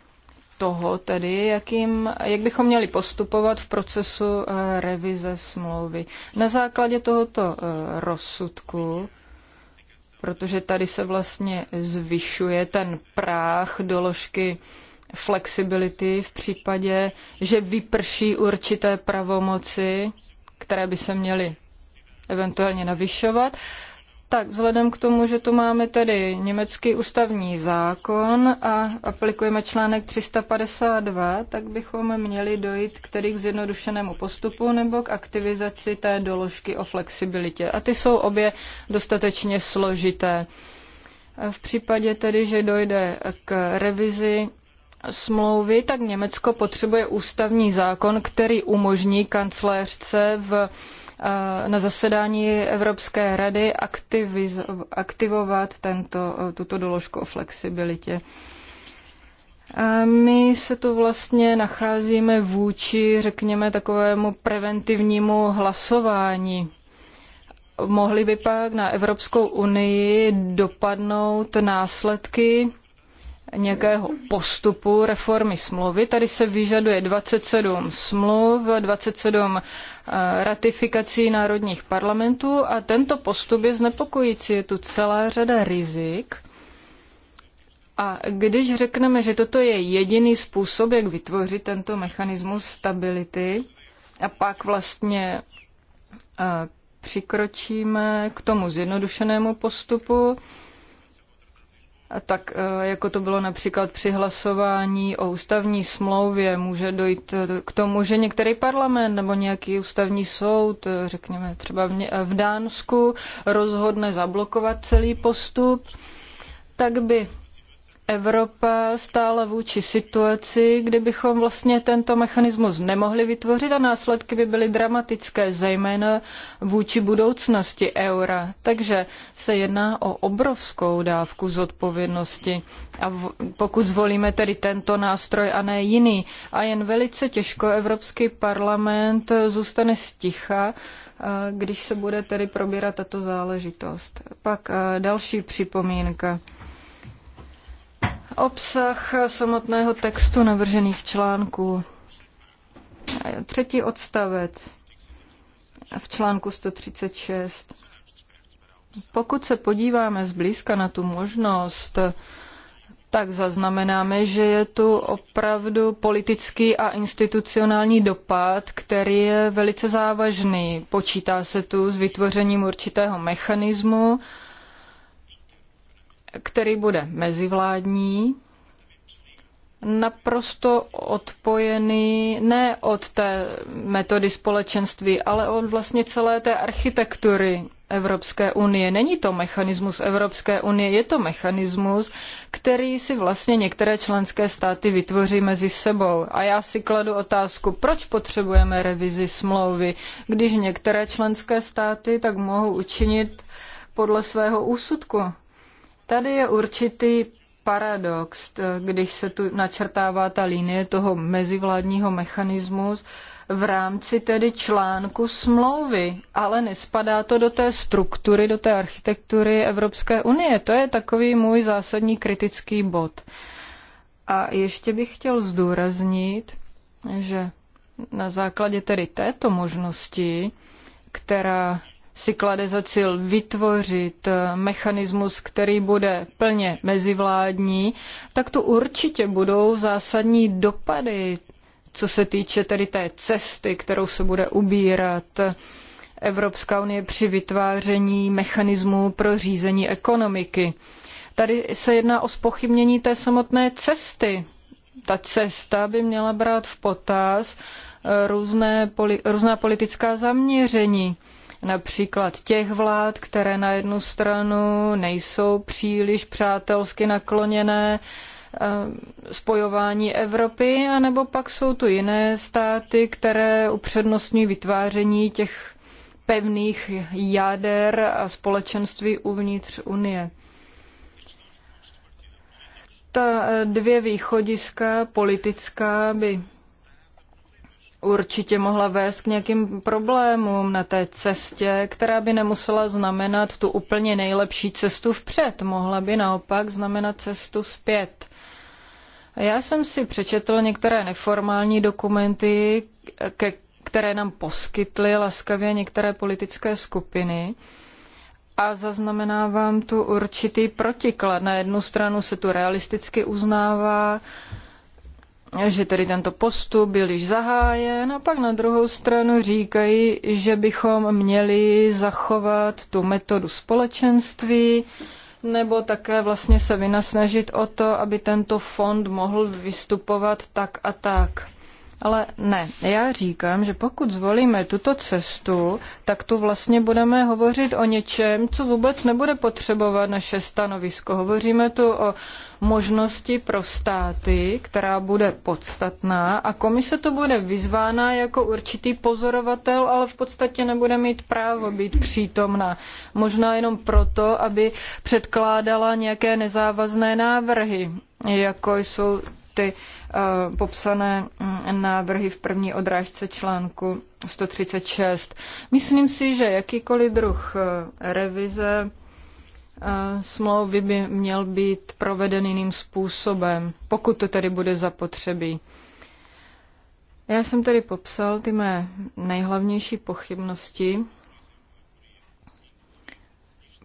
toho tedy, jakým, jak bychom měli postupovat v procesu eh, revize smlouvy. Na základě tohoto eh, rozsudku, protože tady se vlastně zvyšuje ten práh doložky flexibility v případě, že vyprší určité pravomoci, které by se měly eventuálně navyšovat, tak vzhledem k tomu, že tu máme tedy německý ústavní zákon a aplikujeme článek 352, tak bychom měli dojít k tedy k zjednodušenému postupu nebo k aktivizaci té doložky o flexibilitě. A ty jsou obě dostatečně složité. V případě tedy, že dojde k revizi smlouvy, tak Německo potřebuje ústavní zákon, který umožní kancléřce v na zasedání Evropské rady aktivovat tento, tuto doložku o flexibilitě. A my se tu vlastně nacházíme vůči, řekněme, takovému preventivnímu hlasování mohly by pak na Evropskou unii dopadnout následky nějakého postupu reformy smlouvy. Tady se vyžaduje 27 smluv, 27 eh, ratifikací národních parlamentů a tento postup je znepokojící. Je tu celá řada rizik. A když řekneme, že toto je jediný způsob, jak vytvořit tento mechanismus stability, a pak vlastně eh, přikročíme k tomu zjednodušenému postupu, tak e, jako to bylo například při hlasování o ústavní smlouvě, může dojít e, k tomu, že některý parlament nebo nějaký ústavní soud, e, řekněme třeba v Dánsku, rozhodne zablokovat celý postup, tak by Evropa stála vůči situaci, kdy bychom vlastně tento mechanismus nemohli vytvořit a následky by byly dramatické, zejména vůči budoucnosti eura. Takže se jedná o obrovskou dávku zodpovědnosti. A v, pokud zvolíme tedy tento nástroj a ne jiný, a jen velice těžko Evropský parlament zůstane sticha, když se bude tedy probírat tato záležitost. Pak další připomínka obsah samotného textu navržených článků. Třetí odstavec v článku 136. Pokud se podíváme zblízka na tu možnost, tak zaznamenáme, že je tu opravdu politický a institucionální dopad, který je velice závažný. Počítá se tu s vytvořením určitého mechanismu, který bude mezivládní, naprosto odpojený ne od té metody společenství, ale od vlastně celé té architektury Evropské unie. Není to mechanismus Evropské unie, je to mechanismus, který si vlastně některé členské státy vytvoří mezi sebou. A já si kladu otázku, proč potřebujeme revizi smlouvy, když některé členské státy tak mohou učinit podle svého úsudku. Tady je určitý paradox, když se tu načrtává ta linie toho mezivládního mechanismu v rámci tedy článku smlouvy, ale nespadá to do té struktury, do té architektury Evropské unie. To je takový můj zásadní kritický bod. A ještě bych chtěl zdůraznit, že na základě tedy této možnosti, která si klade za cíl vytvořit eh, mechanismus, který bude plně mezivládní, tak tu určitě budou zásadní dopady, co se týče tedy té cesty, kterou se bude ubírat. Evropská unie při vytváření mechanismu pro řízení ekonomiky. Tady se jedná o spochybnění té samotné cesty. Ta cesta by měla brát v potaz eh, různé, různá politická zaměření například těch vlád, které na jednu stranu nejsou příliš přátelsky nakloněné eh, spojování Evropy, anebo pak jsou tu jiné státy, které upřednostňují vytváření těch pevných jader a společenství uvnitř Unie ta eh, dvě východiska politická by určitě mohla vést k nějakým problémům na té cestě, která by nemusela znamenat tu úplně nejlepší cestu vpřed, mohla by naopak znamenat cestu zpět. Já jsem si přečetl některé neformální dokumenty, ke, které nám poskytly laskavě některé politické skupiny a zaznamenávám tu určitý protiklad. Na jednu stranu se tu realisticky uznává, že tedy tento postup byl již zahájen a pak na druhou stranu říkají, že bychom měli zachovat tu metodu společenství, nebo také vlastně se vynasnažit o to, aby tento fond mohl vystupovat tak a tak. Ale ne, já říkám, že pokud zvolíme tuto cestu, tak tu vlastně budeme hovořit o něčem, co vůbec nebude potřebovat naše stanovisko. Hovoříme tu o možnosti pro státy, která bude podstatná a komise to bude vyzvána jako určitý pozorovatel, ale v podstatě nebude mít právo být přítomna. Možná jenom proto, aby předkládala nějaké nezávazné návrhy, jako jsou ty eh, popsané mm, návrhy v první odrážce článku 136. Myslím si, že jakýkoliv druh eh, revize eh, smlouvy by měl být proveden jiným způsobem, pokud to tedy bude zapotřebí. Já jsem tedy popsal ty mé nejhlavnější pochybnosti.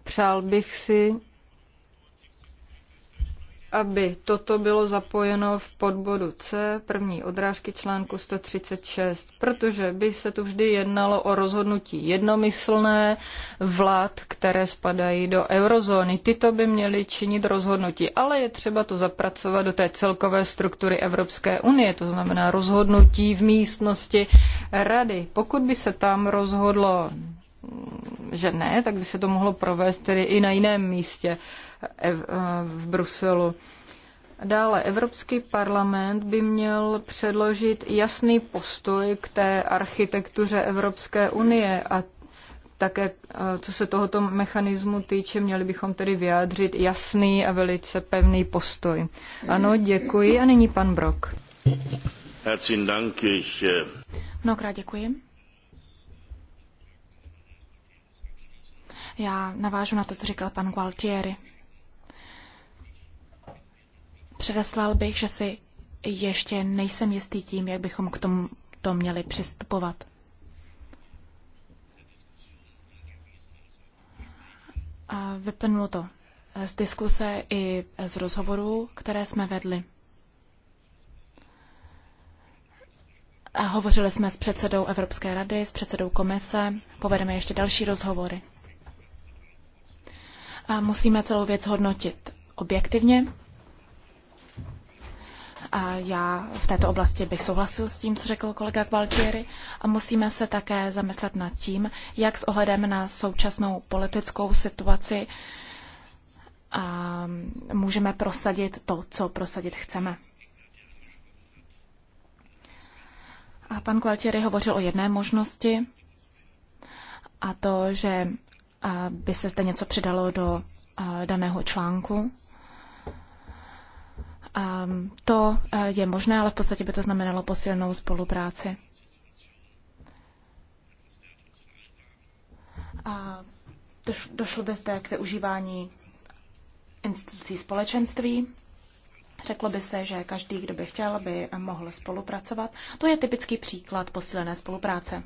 Přál bych si, aby toto bylo zapojeno v podbodu C první odrážky článku 136, protože by se tu vždy jednalo o rozhodnutí jednomyslné vlád, které spadají do eurozóny. Tyto by měly činit rozhodnutí, ale je třeba to zapracovat do té celkové struktury Evropské unie, to znamená rozhodnutí v místnosti rady. Pokud by se tam rozhodlo že ne, tak by se to mohlo provést tedy i na jiném místě eh, v Bruselu. Dále Evropský parlament by měl předložit jasný postoj k té architektuře Evropské unie a také, eh, co se tohoto mechanismu týče, měli bychom tedy vyjádřit jasný a velice pevný postoj. Ano, děkuji. A nyní pan Brok. Herzlichen Dank. Eh, Mnohokrát děkuji. Já navážu na to, co říkal pan Gualtieri. Předeslal bych, že si ještě nejsem jistý tím, jak bychom k tomu to měli přistupovat. A vyplnulo to z diskuse i z rozhovorů, které jsme vedli. A hovořili jsme s předsedou Evropské rady, s předsedou komise, povedeme ještě další rozhovory. A musíme celou věc hodnotit objektivně. A já v této oblasti bych souhlasil s tím, co řekl kolega Gualtieri. A musíme se také zamyslet nad tím, jak s ohledem na současnou politickou situaci a můžeme prosadit to, co prosadit chceme. A pan Gualtieri hovořil o jedné možnosti, a to, že by se zde něco přidalo do eh, daného článku. Ehm, to eh, je možné, ale v podstatě by to znamenalo posilnou spolupráci. A došlo by zde k využívání institucí společenství. Řeklo by se, že každý, kdo by chtěl, by mohl spolupracovat. To je typický příklad posílené spolupráce.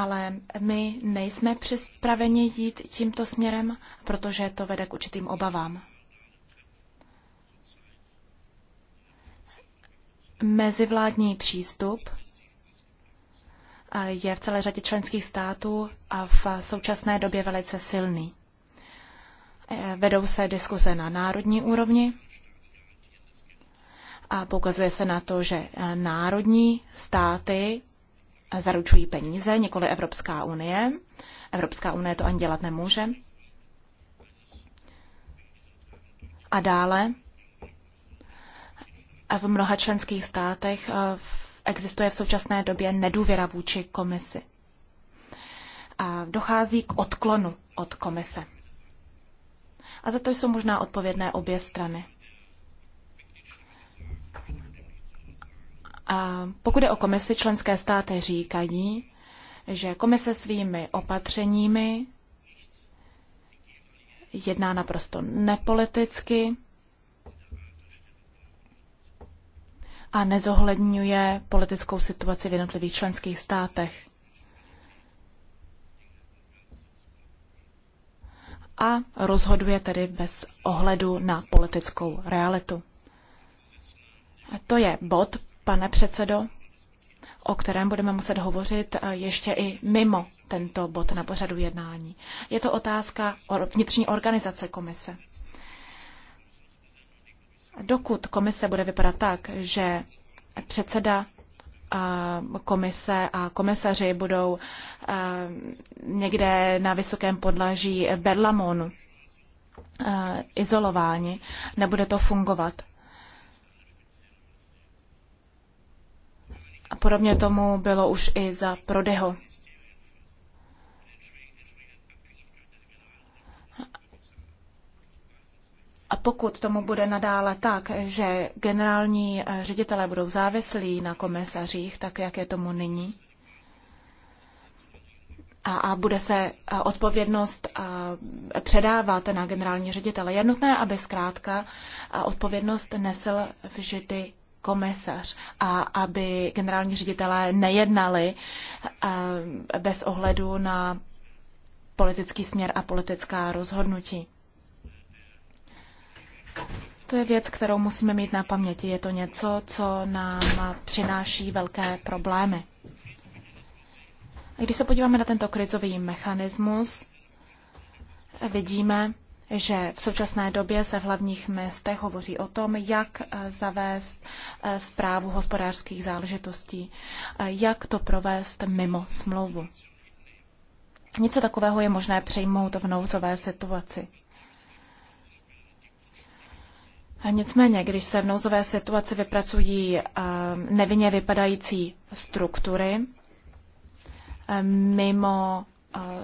ale my nejsme připraveni jít tímto směrem, protože to vede k určitým obavám. Mezivládní přístup eh, je v celé řadě členských států a v současné době velice silný. Eh, vedou se diskuze na národní úrovni a poukazuje se na to, že eh, národní státy zaručují peníze, nikoli Evropská unie. Evropská unie to ani dělat nemůže. A dále a v mnoha členských státech eh, existuje v současné době nedůvěra vůči komisi. A dochází k odklonu od komise. A za to jsou možná odpovědné obě strany. A pokud je o komisi, členské státy říkají, že komise svými opatřeními jedná naprosto nepoliticky a nezohledňuje politickou situaci v jednotlivých členských státech. A rozhoduje tedy bez ohledu na politickou realitu. A to je bod, pane předsedo, o kterém budeme muset hovořit eh, ještě i mimo tento bod na pořadu jednání. Je to otázka vnitřní organizace komise. Dokud komise bude vypadat tak, že předseda eh, komise a komisaři budou eh, někde na vysokém podlaží Berlamonu izolováni, nebude to fungovat. Podobně tomu bylo už i za Prodeho. A pokud tomu bude nadále tak, že generální eh, ředitelé budou závislí na komisařích, tak jak je tomu nyní, a, a bude se eh, odpovědnost eh, předávat na generální ředitele, je nutné, aby zkrátka odpovědnost nesl vždy komisař a aby generální ředitelé nejednali eh, bez ohledu na politický směr a politická rozhodnutí. To je věc, kterou musíme mít na paměti. Je to něco, co nám přináší velké problémy. A když se podíváme na tento krizový mechanismus, vidíme, že v současné době se v hlavních městech hovoří o tom, jak eh, zavést zprávu eh, hospodářských záležitostí, eh, jak to provést mimo smlouvu. Něco takového je možné přejmout v nouzové situaci. A nicméně, když se v nouzové situaci vypracují nevinně vypadající struktury mimo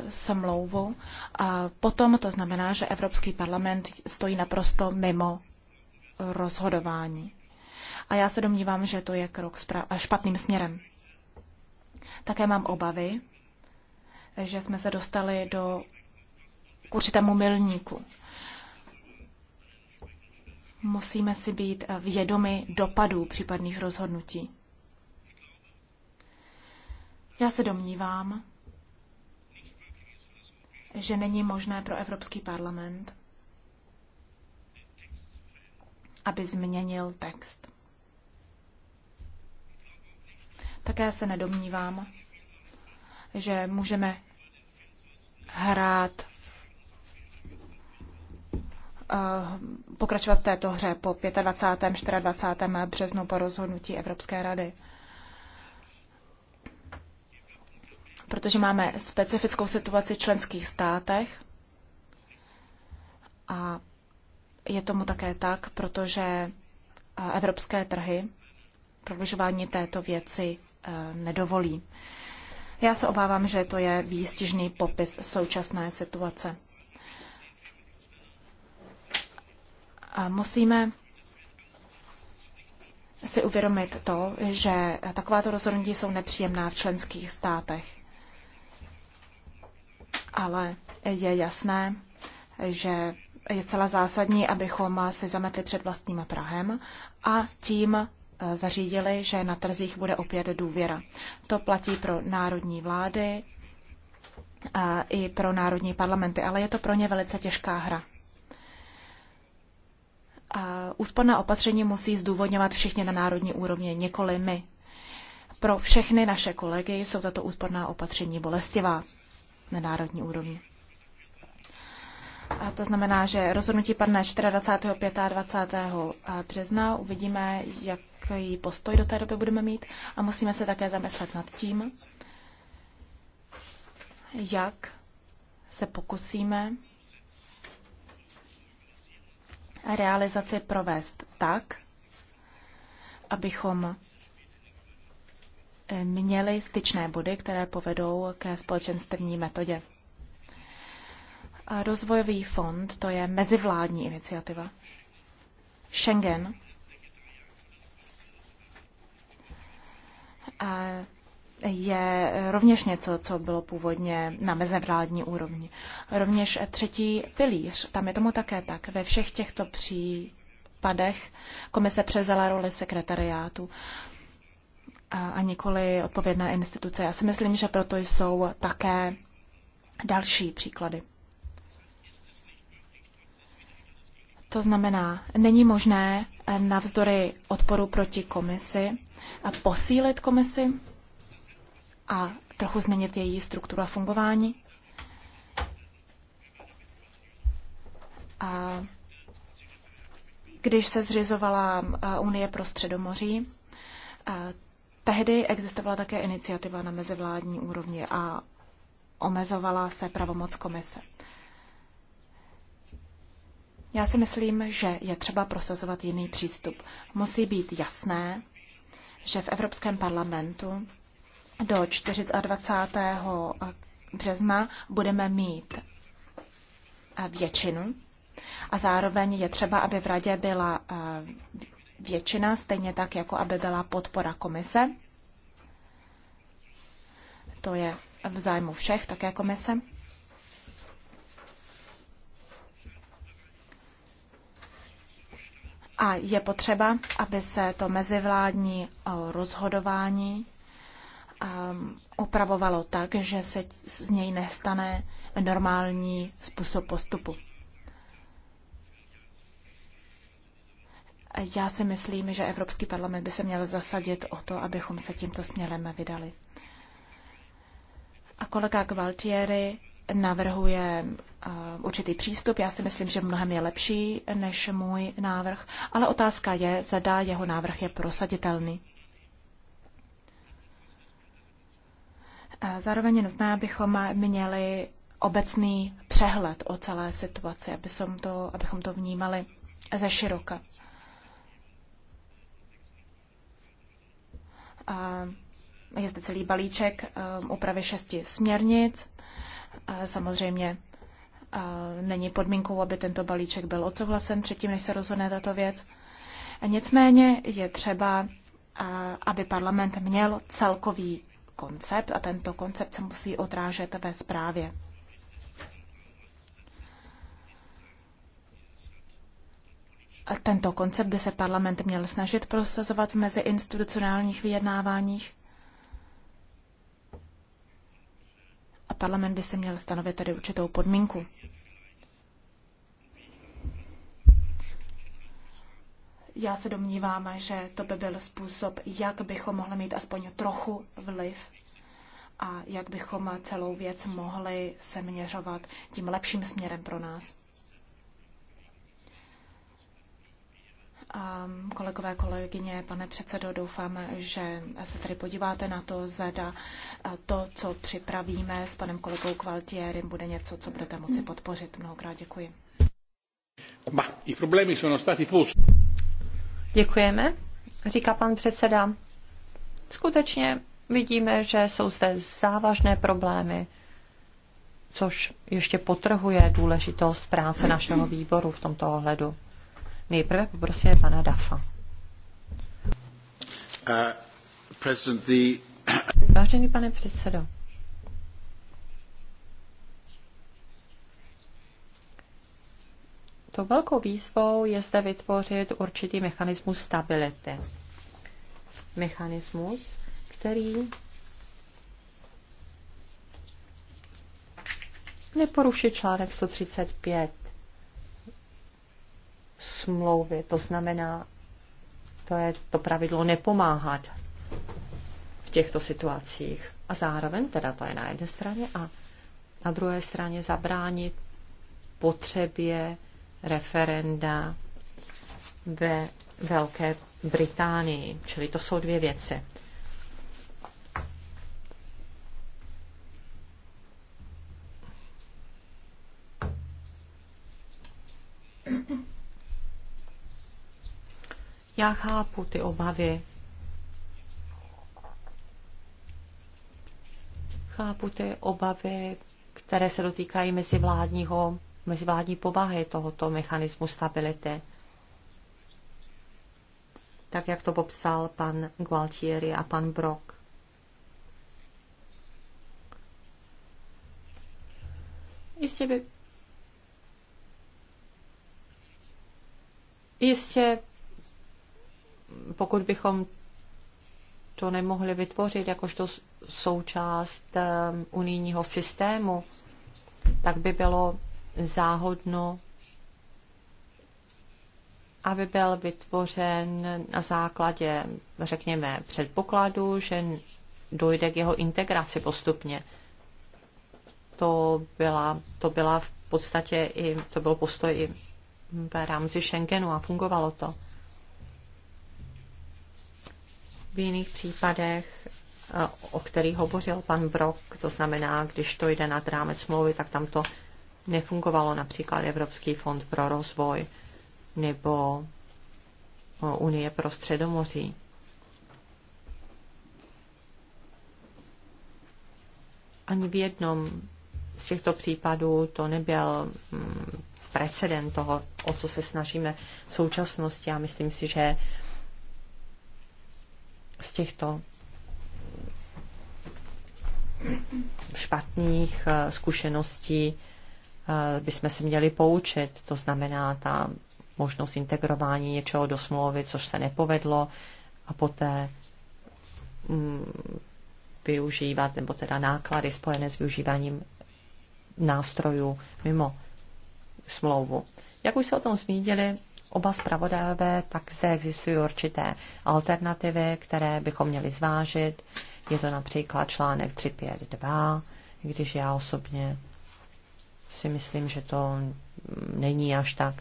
smlouvu, potom to znamená, že Evropský parlament stojí naprosto mimo rozhodování. A já se domnívám, že to je krok špatným směrem. Také mám obavy, že jsme se dostali do k určitému milníku. Musíme si být vědomi dopadů případných rozhodnutí. Já se domnívám, že není možné pro Evropský parlament, aby změnil text. Také se nedomnívám, že můžeme hrát eh, pokračovat v této hře po 25. 24. březnu po rozhodnutí Evropské rady. protože máme specifickou situaci v členských státech a je tomu také tak, protože evropské trhy prodlužování této věci e, nedovolí. Já se obávám, že to je výstižný popis současné situace. A musíme si uvědomit to, že takováto rozhodnutí jsou nepříjemná v členských státech ale je jasné, že je celá zásadní, abychom si zametli před vlastním Prahem a tím e, zařídili, že na trzích bude opět důvěra. To platí pro národní vlády a e, i pro národní parlamenty, ale je to pro ně velice těžká hra. A e, úsporná opatření musí zdůvodňovat všichni na národní úrovni, nikoli my. Pro všechny naše kolegy jsou tato úsporná opatření bolestivá na národní úrovni. A to znamená, že rozhodnutí padne 24. a 20. března. Uvidíme, jaký postoj do té doby budeme mít a musíme se také zamyslet nad tím, jak se pokusíme realizaci provést tak, abychom měli styčné body, které povedou ke společenstvní metodě. Rozvojový fond, to je mezivládní iniciativa. Schengen. je rovněž něco, co bylo původně na mezivládní úrovni. Rovněž třetí pilíř, tam je tomu také tak. Ve všech těchto případech komise převzala roli sekretariátu a nikoli odpovědné instituce. Já si myslím, že proto jsou také další příklady. To znamená, není možné eh, navzdory odporu proti komisi eh, posílit komisi a trochu změnit její strukturu a fungování. A když se zřizovala eh, Unie pro Středomoří, Tehdy existovala také iniciativa na mezivládní úrovni a omezovala se pravomoc komise. Já si myslím, že je třeba prosazovat jiný přístup. Musí být jasné, že v Evropském parlamentu do 24. března budeme mít eh, většinu a zároveň je třeba, aby v radě byla eh, většina, stejně tak, jako aby byla podpora komise. To je v zájmu všech, také komise. A je potřeba, aby se to mezivládní eh, rozhodování opravovalo, ehm, upravovalo tak, že se z něj nestane normální způsob postupu. Já si myslím, že Evropský parlament by se měl zasadit o to, abychom se tímto směrem vydali. A kolega Gualtieri navrhuje eh, určitý přístup. Já si myslím, že mnohem je lepší než můj návrh, ale otázka je, zda jeho návrh je prosaditelný. zároveň je nutné, abychom měli obecný přehled o celé situaci, abychom to, abychom to vnímali ze široka. Je zde celý balíček um, úpravy šesti směrnic. Samozřejmě není podmínkou, aby tento balíček byl odsouhlasen předtím, než se rozhodne tato věc. Nicméně je třeba, aby parlament měl celkový koncept a tento koncept se musí odrážet ve zprávě. Tento koncept by se parlament měl snažit prosazovat v meziinstitucionálních vyjednáváních. A parlament by se měl stanovit tady určitou podmínku. Já se domnívám, že to by byl způsob, jak bychom mohli mít aspoň trochu vliv a jak bychom celou věc mohli se měřovat tím lepším směrem pro nás. Kolegové, kolegyně, pane předsedo, doufám, že se tady podíváte na to, zda to, co připravíme s panem kolegou Kvaltierem, bude něco, co budete moci podpořit. Mnohokrát děkuji. i problémy jsou Děkujeme, říká pan předseda. Skutečně vidíme, že jsou zde závažné problémy, což ještě potrhuje důležitost práce našeho výboru v tomto ohledu. Nejprve poprosím pana Dafa. Uh, the... Vážený pane předsedo, Tou velkou výzvou je zde vytvořit určitý mechanismus stability. Mechanismus, který neporuší článek 135 smlouvy. To znamená, to je to pravidlo nepomáhat v těchto situacích. A zároveň, teda to je na jedné straně, a na druhé straně zabránit potřebě referenda ve Velké Británii. Čili to jsou dvě věci. Mm-hmm. Já chápu ty obavy. Chápu ty obavy, které se dotýkají mezivládního, mezivládní povahy tohoto mechanismu stability. Tak, jak to popsal pan Gualtieri a pan Brock. Jistě by Jistě pokud bychom to nemohli vytvořit jakožto součást um, unijního systému, tak by bylo záhodno, aby byl vytvořen na základě, řekněme, předpokladu, že dojde k jeho integraci postupně. To byla, to byla v podstatě i, to byl postoj i v rámci Schengenu a fungovalo to v jiných případech, eh, o kterých hovořil pan Brok, to znamená, když to jde na rámec smlouvy, tak tam to nefungovalo, například Evropský fond pro rozvoj nebo eh, Unie pro středomoří. Ani v jednom z těchto případů to nebyl mm, precedent toho, o co se snažíme v současnosti. Já myslím si, že těchto špatných eh, zkušeností eh, bychom se měli poučit. To znamená ta možnost integrování něčeho do smlouvy, což se nepovedlo, a poté mm, využívat, nebo teda náklady spojené s využíváním nástrojů mimo smlouvu. Jak už se o tom zmínili, oba zpravodajové, tak zde existují určité alternativy, které bychom měli zvážit. Je to například článek 352, když já osobně si myslím, že to není až tak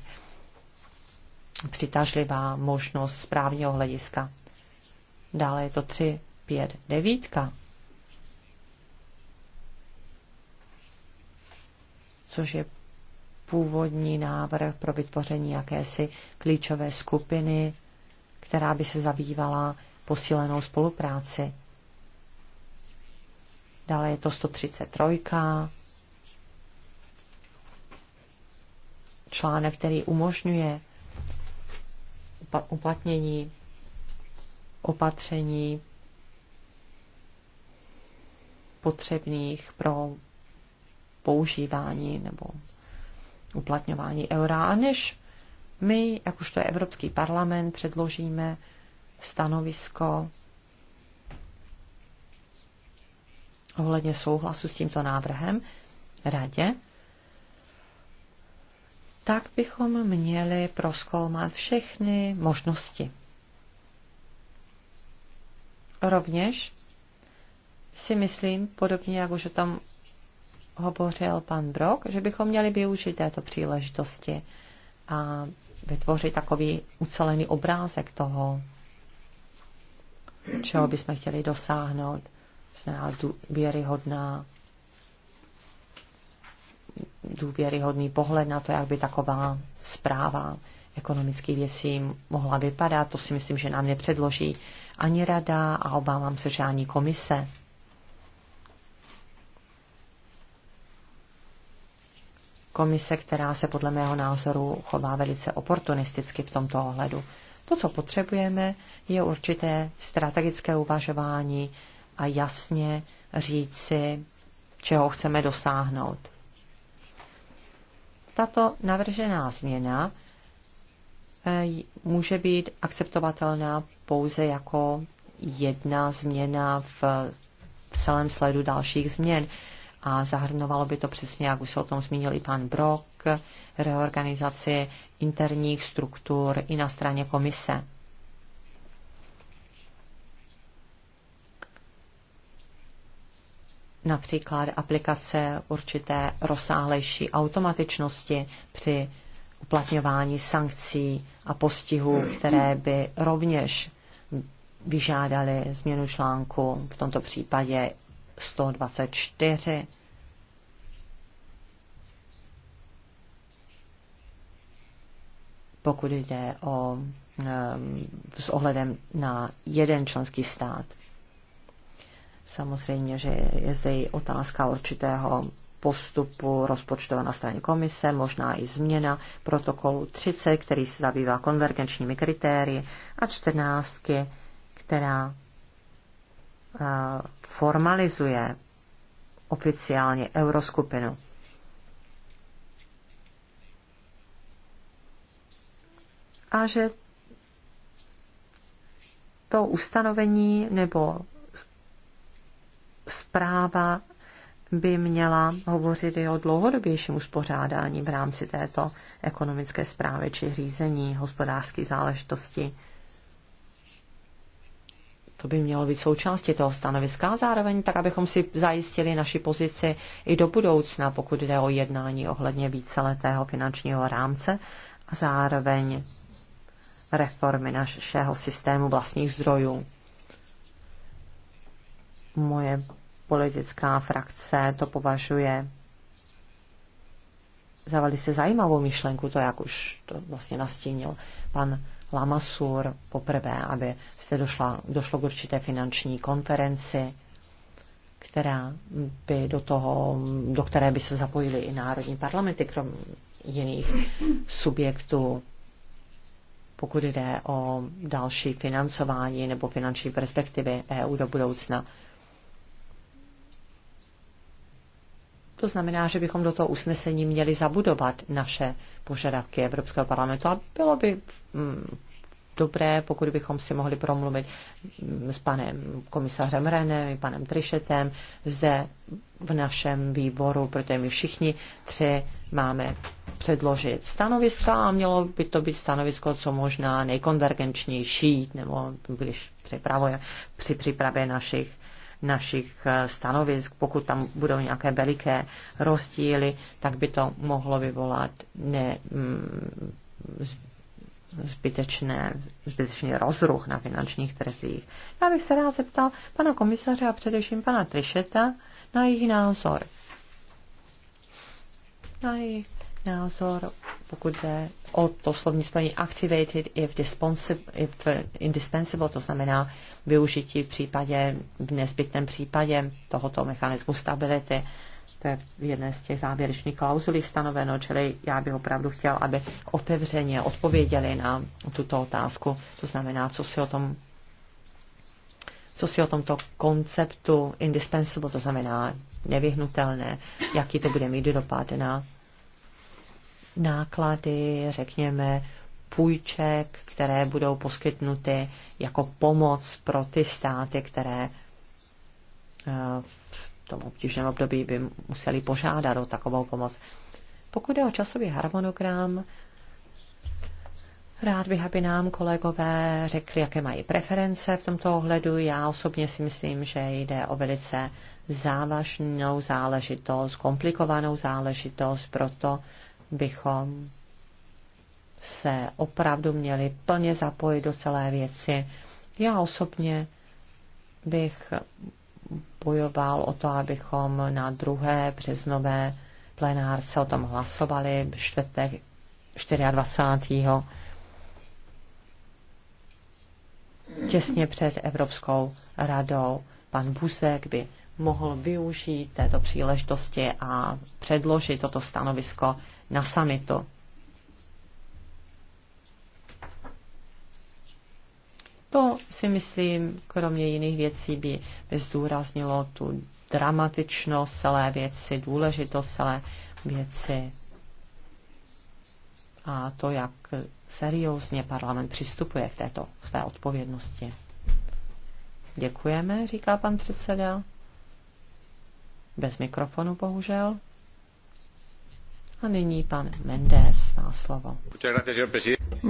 přitažlivá možnost z právního hlediska. Dále je to 3, 9. Což je původní návrh pro vytvoření jakési klíčové skupiny, která by se zabývala posílenou spolupráci. Dále je to 133. Článek, který umožňuje uplatnění opatření potřebných pro používání nebo uplatňování eura. A než my, jakožto je Evropský parlament, předložíme stanovisko ohledně souhlasu s tímto návrhem radě, tak bychom měli proskoumat všechny možnosti. Rovněž si myslím, podobně jako že tam hovořil pan Brok, že bychom měli využít této příležitosti a vytvořit takový ucelený obrázek toho, čeho bychom chtěli dosáhnout. Znamená důvěryhodná důvěryhodný pohled na to, jak by taková zpráva ekonomických věcí mohla vypadat. To si myslím, že nám nepředloží ani rada a obávám se, že ani komise. komise, která se podle mého názoru chová velice oportunisticky v tomto ohledu. To, co potřebujeme, je určité strategické uvažování a jasně říci, čeho chceme dosáhnout. Tato navržená změna eh, může být akceptovatelná pouze jako jedna změna v celém sledu dalších změn a zahrnovalo by to přesně, jak už se o tom zmínil i pan Brok, reorganizaci interních struktur i na straně komise. Například aplikace určité rozsáhlejší automatičnosti při uplatňování sankcí a postihů, které by rovněž vyžádali změnu článku, v tomto případě 124. Pokud jde o um, s ohledem na jeden členský stát. Samozřejmě, že je zde i otázka určitého postupu rozpočtové na straně komise, možná i změna protokolu 30, který se zabývá konvergenčními kritérii, a 14, která formalizuje oficiálně euroskupinu. A že to ustanovení nebo zpráva by měla hovořit i o dlouhodobějším uspořádání v rámci této ekonomické zprávy či řízení hospodářské záležitosti. To by mělo být součástí toho stanoviska a zároveň tak, abychom si zajistili naši pozici i do budoucna, pokud jde o jednání ohledně víceletého finančního rámce a zároveň reformy našeho systému vlastních zdrojů. Moje politická frakce to považuje za velice zajímavou myšlenku, to jak už to vlastně nastínil pan Lamasur poprvé, aby se došla, došlo k určité finanční konferenci, která by do, toho, do které by se zapojili i národní parlamenty, krom jiných subjektů, pokud jde o další financování nebo finanční perspektivy EU do budoucna. To znamená, že bychom do toho usnesení měli zabudovat naše požadavky Evropského parlamentu a bylo by mm, dobré, pokud bychom si mohli promluvit mm, s panem komisařem Renem, panem Trišetem zde v našem výboru, protože my všichni tři máme předložit stanoviska a mělo by to být stanovisko co možná nejkonvergenčnější, nebo když připravuje, při přípravě našich našich eh, stanovisk. Pokud tam budou nějaké veliké rozdíly, tak by to mohlo vyvolat ne, mm, zbytečné, zbytečný rozruch na finančních trzích. Já bych se rád zeptal pana komisaře a především pana Trišeta na jejich názor. Na jejich názor, pokud jde o to slovní spojení activated if, if indispensable, to znamená využití v případě, v nezbytném případě tohoto mechanismu stability. To je v jedné z těch závěrečných klauzulí stanoveno, čili já bych opravdu chtěl, aby otevřeně odpověděli na tuto otázku. To znamená, co si o tom co si o tomto konceptu indispensable, to znamená nevyhnutelné, jaký to bude mít dopad na náklady, řekněme, půjček, které budou poskytnuty jako pomoc pro ty státy, které eh, v tom obtížném období by museli požádat o takovou pomoc. Pokud je o časový harmonogram, rád bych, aby nám kolegové řekli, jaké mají preference v tomto ohledu. Já osobně si myslím, že jde o velice závažnou záležitost, komplikovanou záležitost, proto bychom se opravdu měli plně zapojit do celé věci. Já osobně bych bojoval o to, abychom na druhé březnové plenárce o tom hlasovali v čtvrtek 24. Těsně před Evropskou radou pan Busek by mohl využít této příležitosti a předložit toto stanovisko na samito. To si myslím, kromě jiných věcí, by, by zdůraznilo tu dramatičnost celé věci, důležitost celé věci a to, jak seriózně parlament přistupuje k této své odpovědnosti. Děkujeme, říká pan předseda. Bez mikrofonu, bohužel. A nyní pan Mendes má slovo.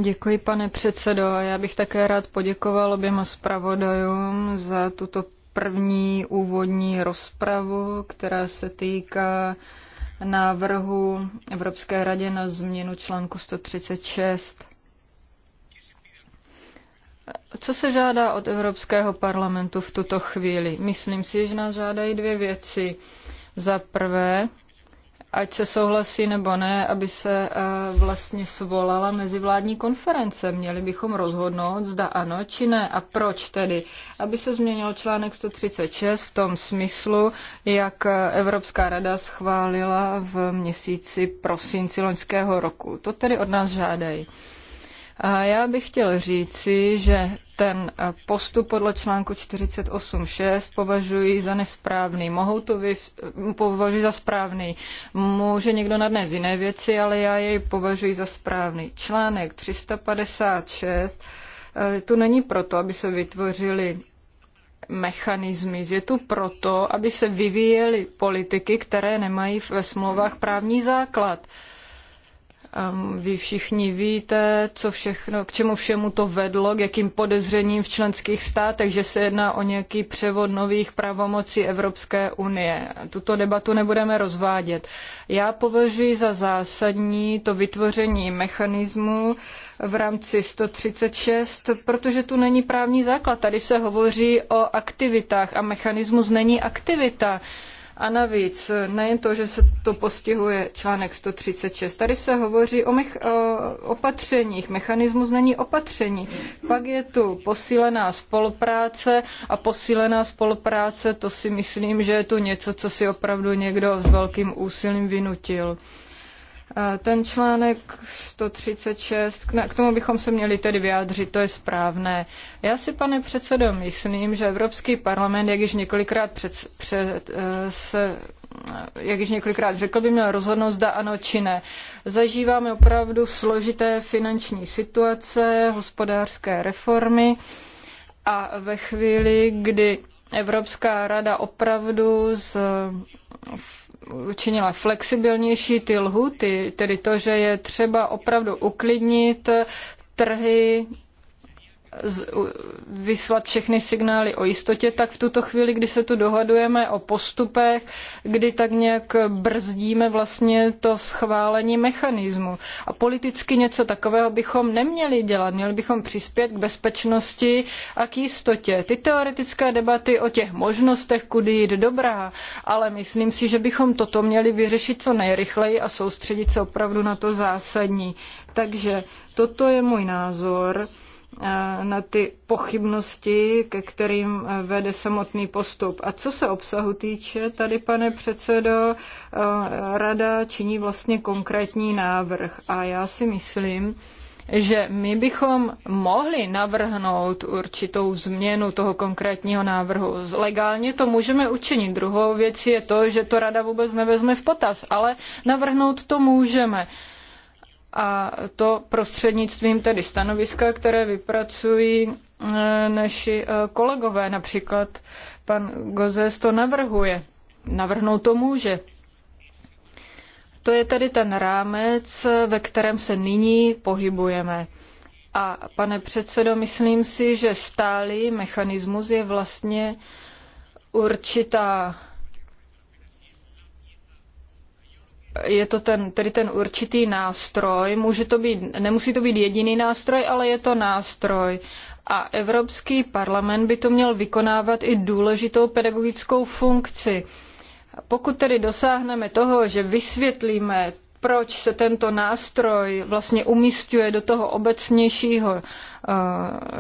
Děkuji, pane předsedo. Já bych také rád poděkoval oběma zpravodajům za tuto první úvodní rozpravu, která se týká návrhu Evropské radě na změnu článku 136. Co se žádá od Evropského parlamentu v tuto chvíli? Myslím si, že nás žádají dvě věci. Za prvé, ať se souhlasí nebo ne, aby se eh, vlastně svolala mezivládní konference. Měli bychom rozhodnout, zda ano či ne a proč tedy. Aby se změnil článek 136 v tom smyslu, jak eh, Evropská rada schválila v měsíci prosinci loňského roku. To tedy od nás žádají. A já bych chtěl říci, že ten postup podle článku 48.6 považuji za nesprávný. Mohou to vy, považuji za správný. Může někdo nadnést jiné věci, ale já jej považuji za správný. Článek 356 eh, tu není proto, aby se vytvořily mechanismy. Je tu proto, aby se vyvíjely politiky, které nemají ve smlouvách právní základ. Ehm, vy všichni víte, co všechno, k čemu všemu to vedlo, k jakým podezřením v členských státech, že se jedná o nějaký převod nových pravomocí Evropské unie. Tuto debatu nebudeme rozvádět. Já považuji za zásadní to vytvoření mechanismu v rámci 136, protože tu není právní základ. Tady se hovoří o aktivitách a mechanismus není aktivita. A navíc nejen to, že se to postihuje článek 136, tady se hovoří o mech, o opatřeních, mechanismus není opatření. Pak je tu posílená spolupráce a posílená spolupráce, to si myslím, že je tu něco, co si opravdu někdo s velkým úsilím vynutil. Eh, ten článek 136, k tomu bychom se měli tedy vyjádřit, to je správné. Já si, pane předsedo, myslím, že Evropský parlament, jak již několikrát před, před, eh, se eh, jak již několikrát řekl, by měl rozhodnout, zda ano či ne. Zažíváme opravdu složité finanční situace, hospodářské reformy a ve chvíli, kdy Evropská rada opravdu z učinila flexibilnější ty lhuty, tedy to, že je třeba opravdu uklidnit trhy vyslat všechny signály o jistotě, tak v tuto chvíli, kdy se tu dohadujeme o postupech, kdy tak nějak brzdíme vlastně to schválení mechanismu. A politicky něco takového bychom neměli dělat. Měli bychom přispět k bezpečnosti a k jistotě. Ty teoretické debaty o těch možnostech, kudy jít dobrá, ale myslím si, že bychom toto měli vyřešit co nejrychleji a soustředit se opravdu na to zásadní. Takže toto je můj názor. Eh, na ty pochybnosti, ke kterým eh, vede samotný postup. A co se obsahu týče, tady, pane předsedo, eh, rada činí vlastně konkrétní návrh. A já si myslím, že my bychom mohli navrhnout určitou změnu toho konkrétního návrhu. Legálně to můžeme učinit. Druhou věcí je to, že to rada vůbec nevezme v potaz, ale navrhnout to můžeme a to prostřednictvím tedy stanoviska, které vypracují e, naši e, kolegové. Například pan Gozes to navrhuje. Navrhnout to může. To je tedy ten rámec, ve kterém se nyní pohybujeme. A pane předsedo, myslím si, že stálý mechanismus je vlastně určitá je to ten, tedy ten určitý nástroj. Může to být, nemusí to být jediný nástroj, ale je to nástroj. A Evropský parlament by to měl vykonávat i důležitou pedagogickou funkci. Pokud tedy dosáhneme toho, že vysvětlíme, proč se tento nástroj vlastně umístuje do toho obecnějšího eh,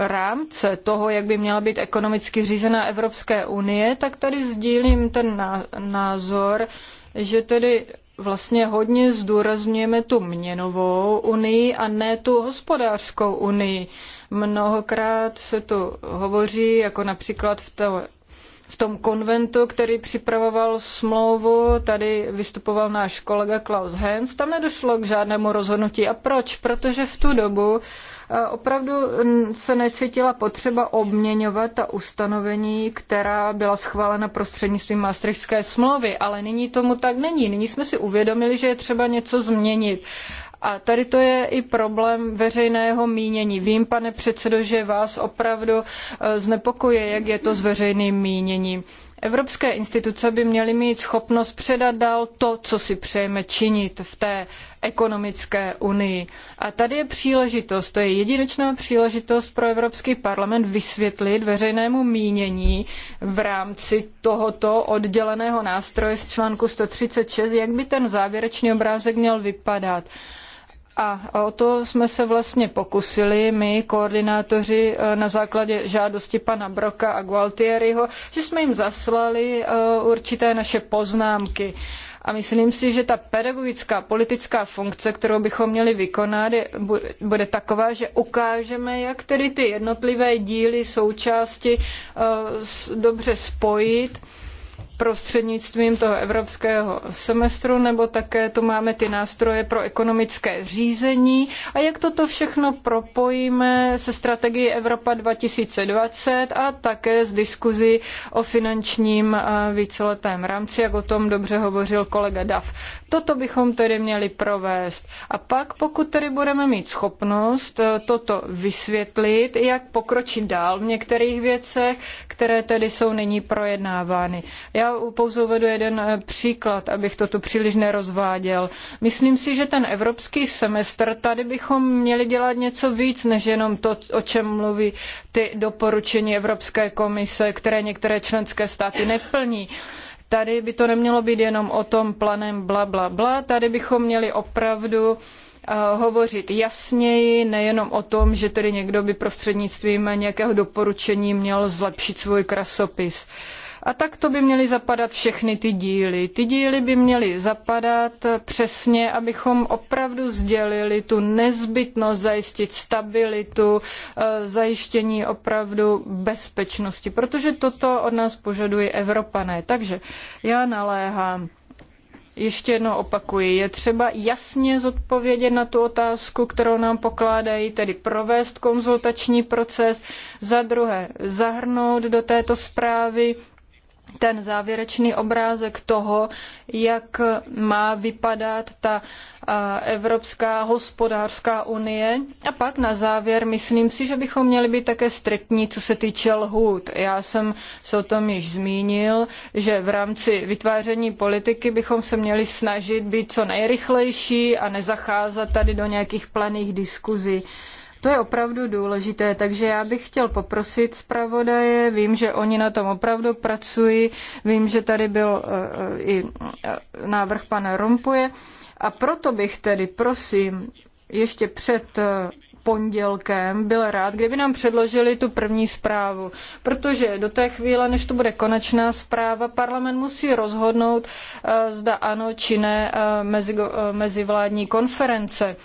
rámce toho, jak by měla být ekonomicky řízená Evropské unie, tak tady sdílím ten názor, že tedy vlastně hodně zdůrazňujeme tu měnovou unii a ne tu hospodářskou unii. Mnohokrát se to hovoří, jako například v té v tom konventu, který připravoval smlouvu, tady vystupoval náš kolega Klaus Hens, tam nedošlo k žádnému rozhodnutí. A proč? Protože v tu dobu eh, opravdu se necítila potřeba obměňovat ta ustanovení, která byla schválena prostřednictvím Maastrichtské smlouvy, ale nyní tomu tak není. Nyní jsme si uvědomili, že je třeba něco změnit. A tady to je i problém veřejného mínění. Vím, pane předsedo, že vás opravdu eh, znepokuje, jak je to s veřejným míněním. Evropské instituce by měly mít schopnost předat dál to, co si přejeme činit v té ekonomické unii. A tady je příležitost, to je jedinečná příležitost pro Evropský parlament vysvětlit veřejnému mínění v rámci tohoto odděleného nástroje z článku 136, jak by ten závěrečný obrázek měl vypadat. A o to jsme se vlastně pokusili my, koordinátoři, eh, na základě žádosti pana Broka a Gualtieriho, že jsme jim zaslali eh, určité naše poznámky. A myslím si, že ta pedagogická politická funkce, kterou bychom měli vykonat, je, bude taková, že ukážeme, jak tedy ty jednotlivé díly, součásti eh, dobře spojit prostřednictvím toho evropského semestru, nebo také tu máme ty nástroje pro ekonomické řízení a jak toto všechno propojíme se strategií Evropa 2020 a také s diskuzí o finančním víceletém rámci, jak o tom dobře hovořil kolega Dav. Toto bychom tedy měli provést. A pak, pokud tedy budeme mít schopnost e, toto vysvětlit, jak pokročit dál v některých věcech, které tedy jsou nyní projednávány. Já já pouze uvedu jeden eh, příklad, abych to tu příliš nerozváděl. Myslím si, že ten evropský semestr, tady bychom měli dělat něco víc, než jenom to, o čem mluví ty doporučení Evropské komise, které některé členské státy neplní tady by to nemělo být jenom o tom planem bla, bla, bla. Tady bychom měli opravdu eh, hovořit jasněji, nejenom o tom, že tedy někdo by prostřednictvím nějakého doporučení měl zlepšit svůj krasopis. Uh, a tak to by měly zapadat všechny ty díly. Ty díly by měly zapadat přesně, abychom opravdu sdělili tu nezbytnost zajistit stabilitu, eh, zajištění opravdu bezpečnosti, protože toto od nás požadují Evropané. Takže já naléhám. Ještě jednou opakuji, je třeba jasně zodpovědět na tu otázku, kterou nám pokládají, tedy provést konzultační proces, za druhé zahrnout do této zprávy ten závěrečný obrázek toho, jak má vypadat ta Evropská hospodářská unie. A pak na závěr myslím si, že bychom měli být také striktní, co se týče lhůt. Já jsem se o tom již zmínil, že v rámci vytváření politiky bychom se měli snažit být co nejrychlejší a nezacházet tady do nějakých planých diskuzí. To je opravdu důležité, takže já bych chtěl poprosit zpravodaje, vím, že oni na tom opravdu pracují, vím, že tady byl eh, eh, i eh, návrh pana Rompuje a proto bych tedy, prosím, ještě před pondělkem byl rád, kdyby nám předložili tu první zprávu, protože do té chvíle, než to bude konečná zpráva, parlament musí rozhodnout, zda ano či ne mezi, mezivládní konference.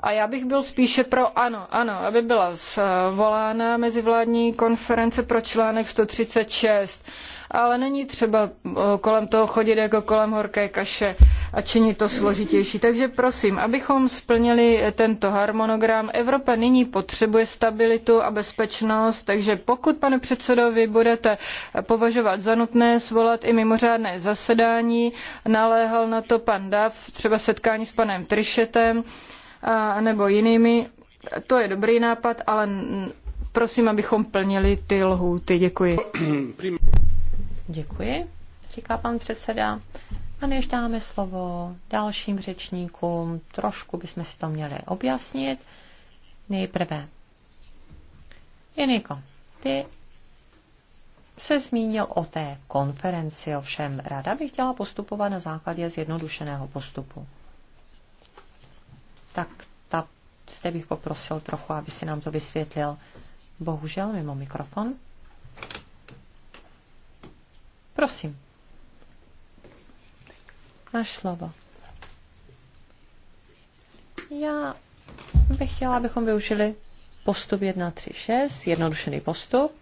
A já bych byl spíše pro ano, ano, aby byla zvolána mezivládní konference pro článek 136 ale není třeba eh, kolem toho chodit jako kolem horké kaše a činit to složitější. Takže prosím, abychom splnili tento harmonogram. Evropa nyní potřebuje stabilitu a bezpečnost, takže pokud, pane předsedo, vy budete považovat za nutné svolat i mimořádné zasedání, naléhal na to pan Dav, třeba setkání s panem Trišetem, nebo jinými. To je dobrý nápad, ale prosím, abychom plnili ty lhůty. Děkuji. Děkuji, říká pan předseda. A než dáme slovo dalším řečníkům, trošku bychom si to měli objasnit. Nejprve. Jeniko, ty se zmínil o té konferenci, ovšem rada bych chtěla postupovat na základě zjednodušeného postupu tak ta, zde bych poprosil trochu, aby si nám to vysvětlil. Bohužel mimo mikrofon. Prosím. Máš slovo. Já bych chtěla, abychom využili postup 6, jednodušený postup.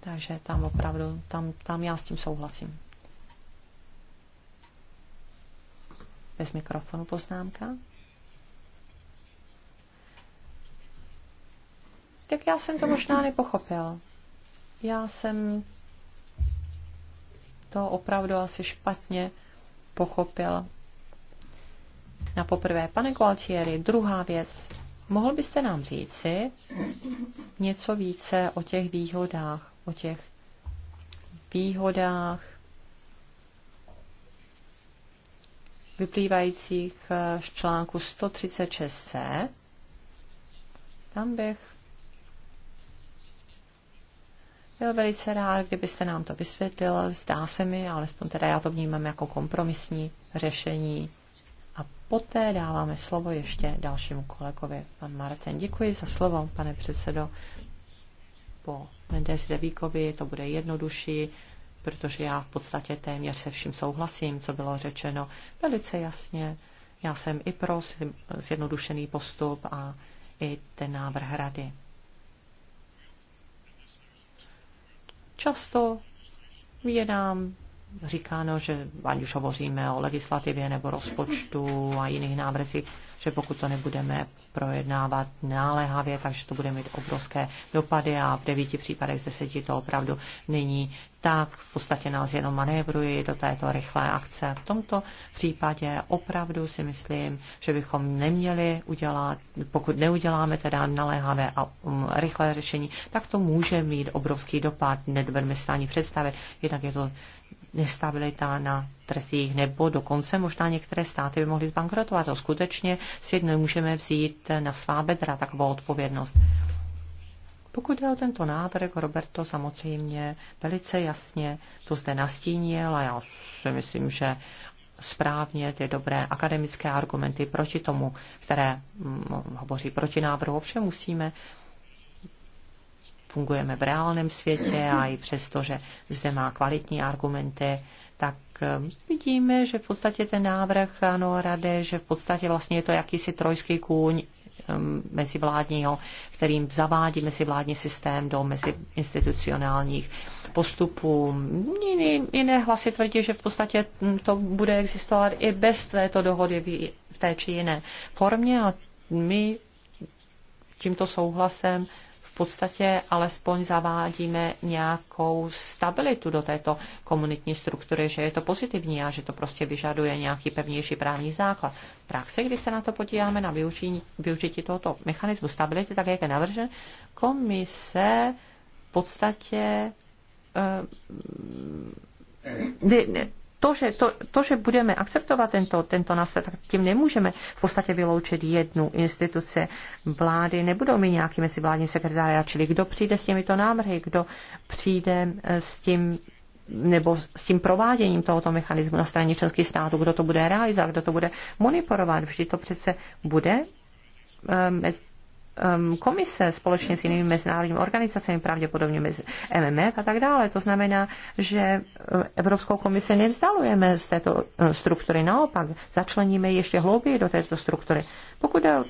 Takže tam opravdu, tam, tam já s tím souhlasím. Bez mikrofonu poznámka. Tak já jsem to možná nepochopil. Já jsem to opravdu asi špatně pochopil. Na poprvé, pane Gualtieri, druhá věc. Mohl byste nám říci něco více o těch výhodách, o těch výhodách vyplývajících eh, z článku 136c. Tam bych byl velice rád, kdybyste nám to vysvětlil. Zdá se mi, alespoň teda já to vnímám jako kompromisní řešení. A poté dáváme slovo ještě dalšímu kolegovi, pan Martin. Děkuji za slovo, pane předsedo. Po Mendes Devíkovi to bude jednodušší protože já v podstatě téměř se vším souhlasím, co bylo řečeno velice jasně. Já jsem i pro zjednodušený postup a i ten návrh rady. Často je nám říkáno, že ať už hovoříme o legislativě nebo rozpočtu a jiných návrzích, že pokud to nebudeme projednávat náléhavě, takže to bude mít obrovské dopady a v devíti případech z deseti to opravdu není tak v podstatě nás jenom manévrují do této rychlé akce. V tomto případě opravdu si myslím, že bychom neměli udělat, pokud neuděláme teda naléhavé a um, rychlé řešení, tak to může mít obrovský dopad, nedovedeme si ani představit, jednak je to nestabilita na trzích, nebo dokonce možná některé státy by mohly zbankrotovat. To skutečně si nemůžeme vzít na svá bedra takovou odpovědnost. Pokud jde o tento návrh, Roberto samozřejmě velice jasně to zde nastínil a já si myslím, že správně ty dobré akademické argumenty proti tomu, které mm, hovoří proti návrhu. Ovšem musíme fungujeme v reálném světě a i přesto, že zde má kvalitní argumenty, tak mm, vidíme, že v podstatě ten návrh ano, rade, že v podstatě vlastně je to jakýsi trojský kůň Um, mezivládního, kterým zavádí mezivládní systém do meziinstitucionálních postupů. Jiné, jiné hlasy tvrdí, že v podstatě mm, to bude existovat i bez této dohody v té či jiné formě a my tímto souhlasem podstatě alespoň zavádíme nějakou stabilitu do této komunitní struktury, že je to pozitivní a že to prostě vyžaduje nějaký pevnější právní základ. V praxi, když se na to podíváme na využití, využití tohoto mechanismu stability, tak jak je navržen, komise v podstatě eh, to, že, to, to, že budeme akceptovat tento, tento nástroj, tak tím nemůžeme v podstatě vyloučit jednu instituce vlády. Nebudou mi nějaký mezivládní sekretáři, čili kdo přijde s těmito návrhy, kdo přijde eh, s tím nebo s tím prováděním tohoto mechanismu na straně členských států, kdo to bude realizovat, kdo to bude monitorovat. Vždy to přece bude eh, Ehm, komise společně s jinými mezinárodními organizacemi, pravděpodobně mezi MMF a tak dále. To znamená, že eh, Evropskou komisi nevzdalujeme z této eh, struktury, naopak začleníme ještě hlouběji do této struktury. Pokud je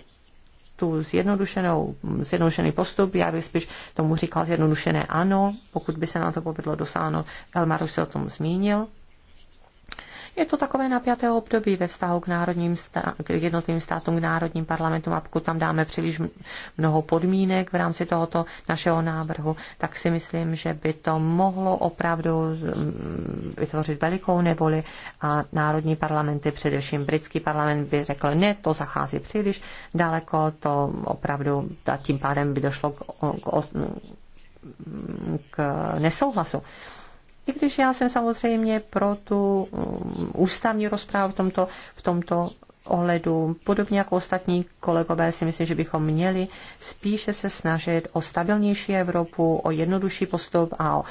tu zjednodušenou, zjednodušený postup, já bych spíš tomu říkal zjednodušené ano, pokud by se nám to povedlo dosáhnout. Elmar už se o tom zmínil. Je to takové napjaté období ve vztahu k, národním stá- k jednotlivým státům, k národním parlamentům a pokud tam dáme příliš mnoho podmínek v rámci tohoto našeho návrhu, tak si myslím, že by to mohlo opravdu vytvořit velikou nevoli a národní parlamenty, především britský parlament by řekl, ne, to zachází příliš daleko, to opravdu a tím pádem by došlo k, k, k nesouhlasu i když já jsem samozřejmě pro tu um, ústavní rozprávu v tomto, v tomto ohledu, podobně jako ostatní kolegové, si myslím, že bychom měli spíše se snažit o stabilnější Evropu, o jednodušší postup a o,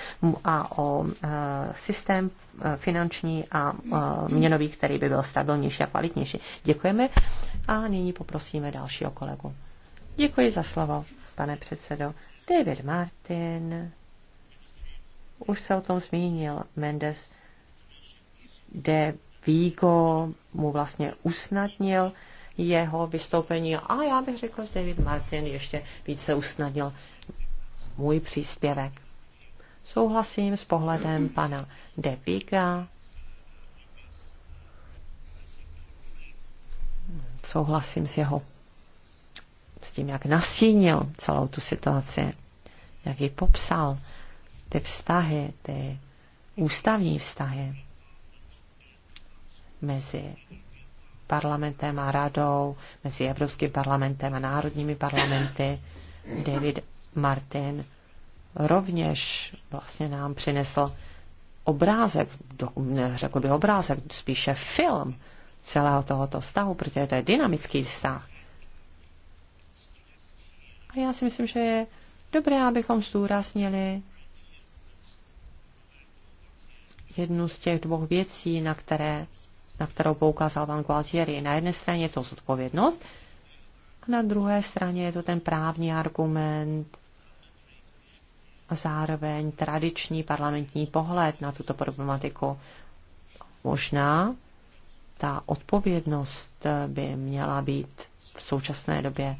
a o e, systém uh, finanční a e, měnový, který by byl stabilnější a kvalitnější. Děkujeme a nyní poprosíme dalšího kolegu. Děkuji za slovo, pane předsedo. David Martin už se o tom zmínil Mendes de Vigo mu vlastně usnadnil jeho vystoupení a já bych řekl, že David Martin ještě více usnadnil můj příspěvek. Souhlasím s pohledem pana De Viga. Souhlasím s jeho s tím, jak nasínil celou tu situaci, jak ji popsal ty vztahy, ty ústavní vztahy mezi parlamentem a radou, mezi Evropským parlamentem a národními parlamenty. David Martin rovněž vlastně nám přinesl obrázek, řekl bych obrázek, spíše film celého tohoto vztahu, protože to je dynamický vztah. A já si myslím, že je dobré, abychom zdůraznili jednu z těch dvou věcí, na, které, na kterou poukázal Van Gualtieri. Na jedné straně je to zodpovědnost, a na druhé straně je to ten právní argument a zároveň tradiční parlamentní pohled na tuto problematiku. Možná ta odpovědnost by měla být v současné době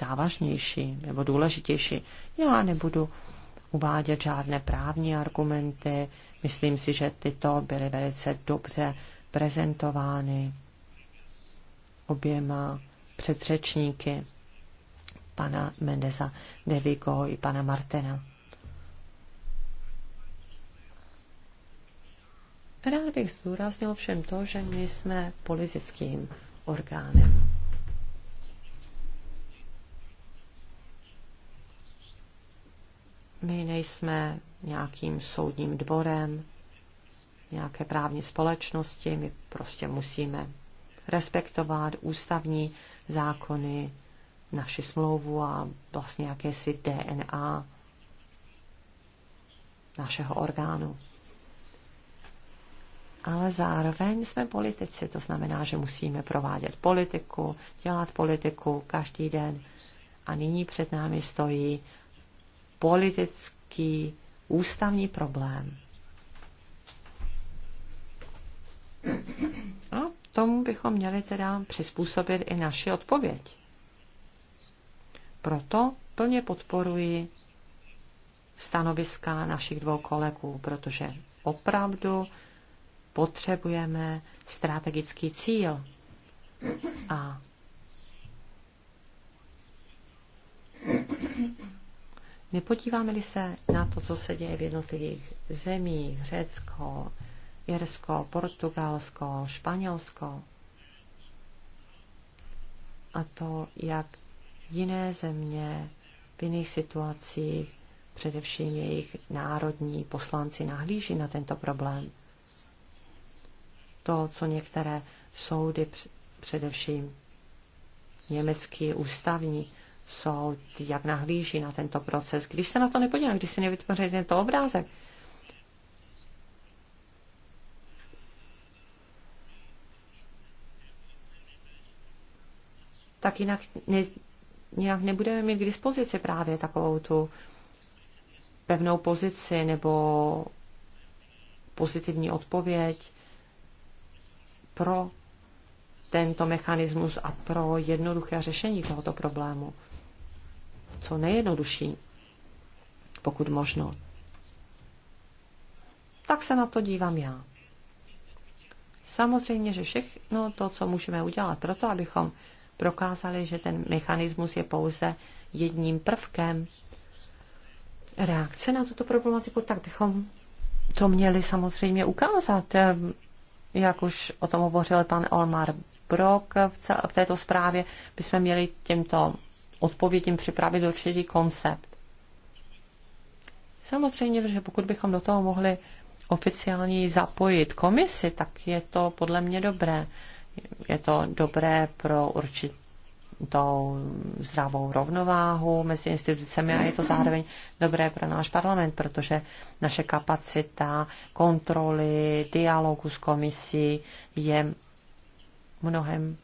závažnější nebo důležitější. Já nebudu uvádět žádné právní argumenty, Myslím si, že tyto byly velice dobře prezentovány oběma předřečníky, pana Mendesa de Vigo i pana Martena. Rád bych zdůraznil všem to, že my jsme politickým orgánem. My nejsme nějakým soudním dvorem, nějaké právní společnosti, my prostě musíme respektovat ústavní zákony, naši smlouvu a vlastně jakési DNA našeho orgánu. Ale zároveň jsme politici, to znamená, že musíme provádět politiku, dělat politiku každý den. A nyní před námi stojí politický ústavní problém. No, tomu bychom měli teda přizpůsobit i naši odpověď. Proto plně podporuji stanoviska našich dvou kolegů, protože opravdu potřebujeme strategický cíl. A Nepodíváme-li se na to, co se děje v jednotlivých zemích, Řecko, Irsko, Portugalsko, Španělsko, a to, jak jiné země v jiných situacích, především jejich národní poslanci, nahlíží na tento problém. To, co některé soudy, především německý ústavní soud, jak nahlíží na tento proces. Když se na to nepodívám, když si nevytvoří tento obrázek, tak jinak, ne, jinak nebudeme mít k dispozici právě takovou tu pevnou pozici nebo pozitivní odpověď pro tento mechanismus a pro jednoduché řešení tohoto problému co nejjednodušší, pokud možno. Tak se na to dívám já. Samozřejmě, že všechno to, co můžeme udělat proto, abychom prokázali, že ten mechanismus je pouze jedním prvkem reakce na tuto problematiku, tak bychom to měli samozřejmě ukázat. Jak už o tom hovořil pan Olmar Brok v, této zprávě, bychom měli těmto odpovědím připravit určitý koncept. Samozřejmě, že pokud bychom do toho mohli oficiálně zapojit komisi, tak je to podle mě dobré. Je to dobré pro určitou zdravou rovnováhu mezi institucemi a je to zároveň dobré pro náš parlament, protože naše kapacita kontroly, dialogu s komisí je mnohem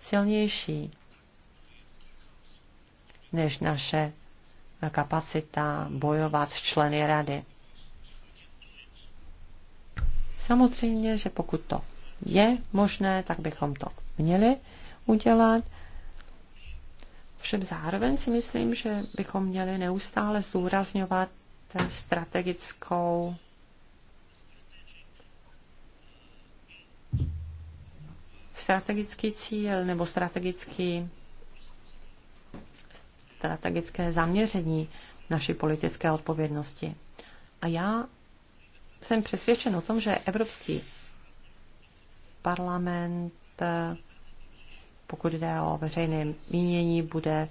silnější než naše kapacita bojovat členy rady. Samozřejmě, že pokud to je možné, tak bychom to měli udělat. Všem zároveň si myslím, že bychom měli neustále zdůrazňovat strategickou strategický cíl nebo strategický strategické zaměření naší politické odpovědnosti. A já jsem přesvědčen o tom, že Evropský parlament, pokud jde o veřejné mínění, bude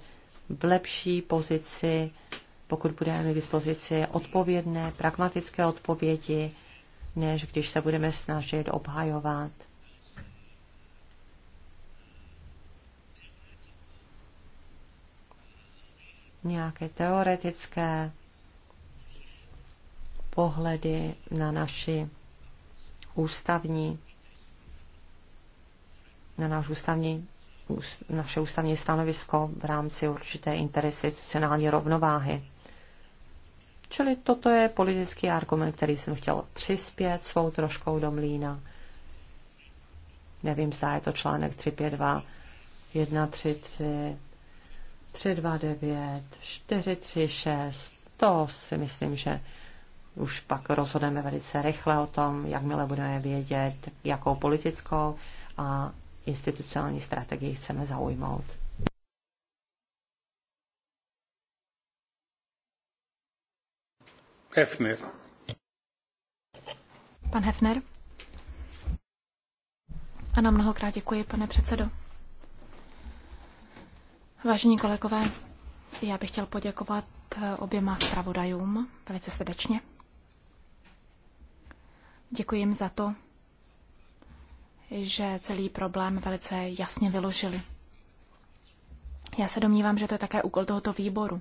v lepší pozici, pokud budeme mít k dispozici odpovědné, pragmatické odpovědi, než když se budeme snažit obhajovat nějaké teoretické pohledy na naši ústavní, na náš ústavní, naše ústavní stanovisko v rámci určité interinstitucionální rovnováhy. Čili toto je politický argument, který jsem chtěl přispět svou troškou do mlína. Nevím, zda je to článek 352, 133, 329, 436, to si myslím, že už pak rozhodneme velice rychle o tom, jakmile budeme vědět, jakou politickou a institucionální strategii chceme zaujmout. Hefner. Pan Hefner. Ano, mnohokrát děkuji, pane předsedo. Vážení kolegové, já bych chtěl poděkovat eh, oběma zpravodajům velice srdečně. Děkuji jim za to, že celý problém velice jasně vyložili. Já se domnívám, že to je také úkol tohoto výboru.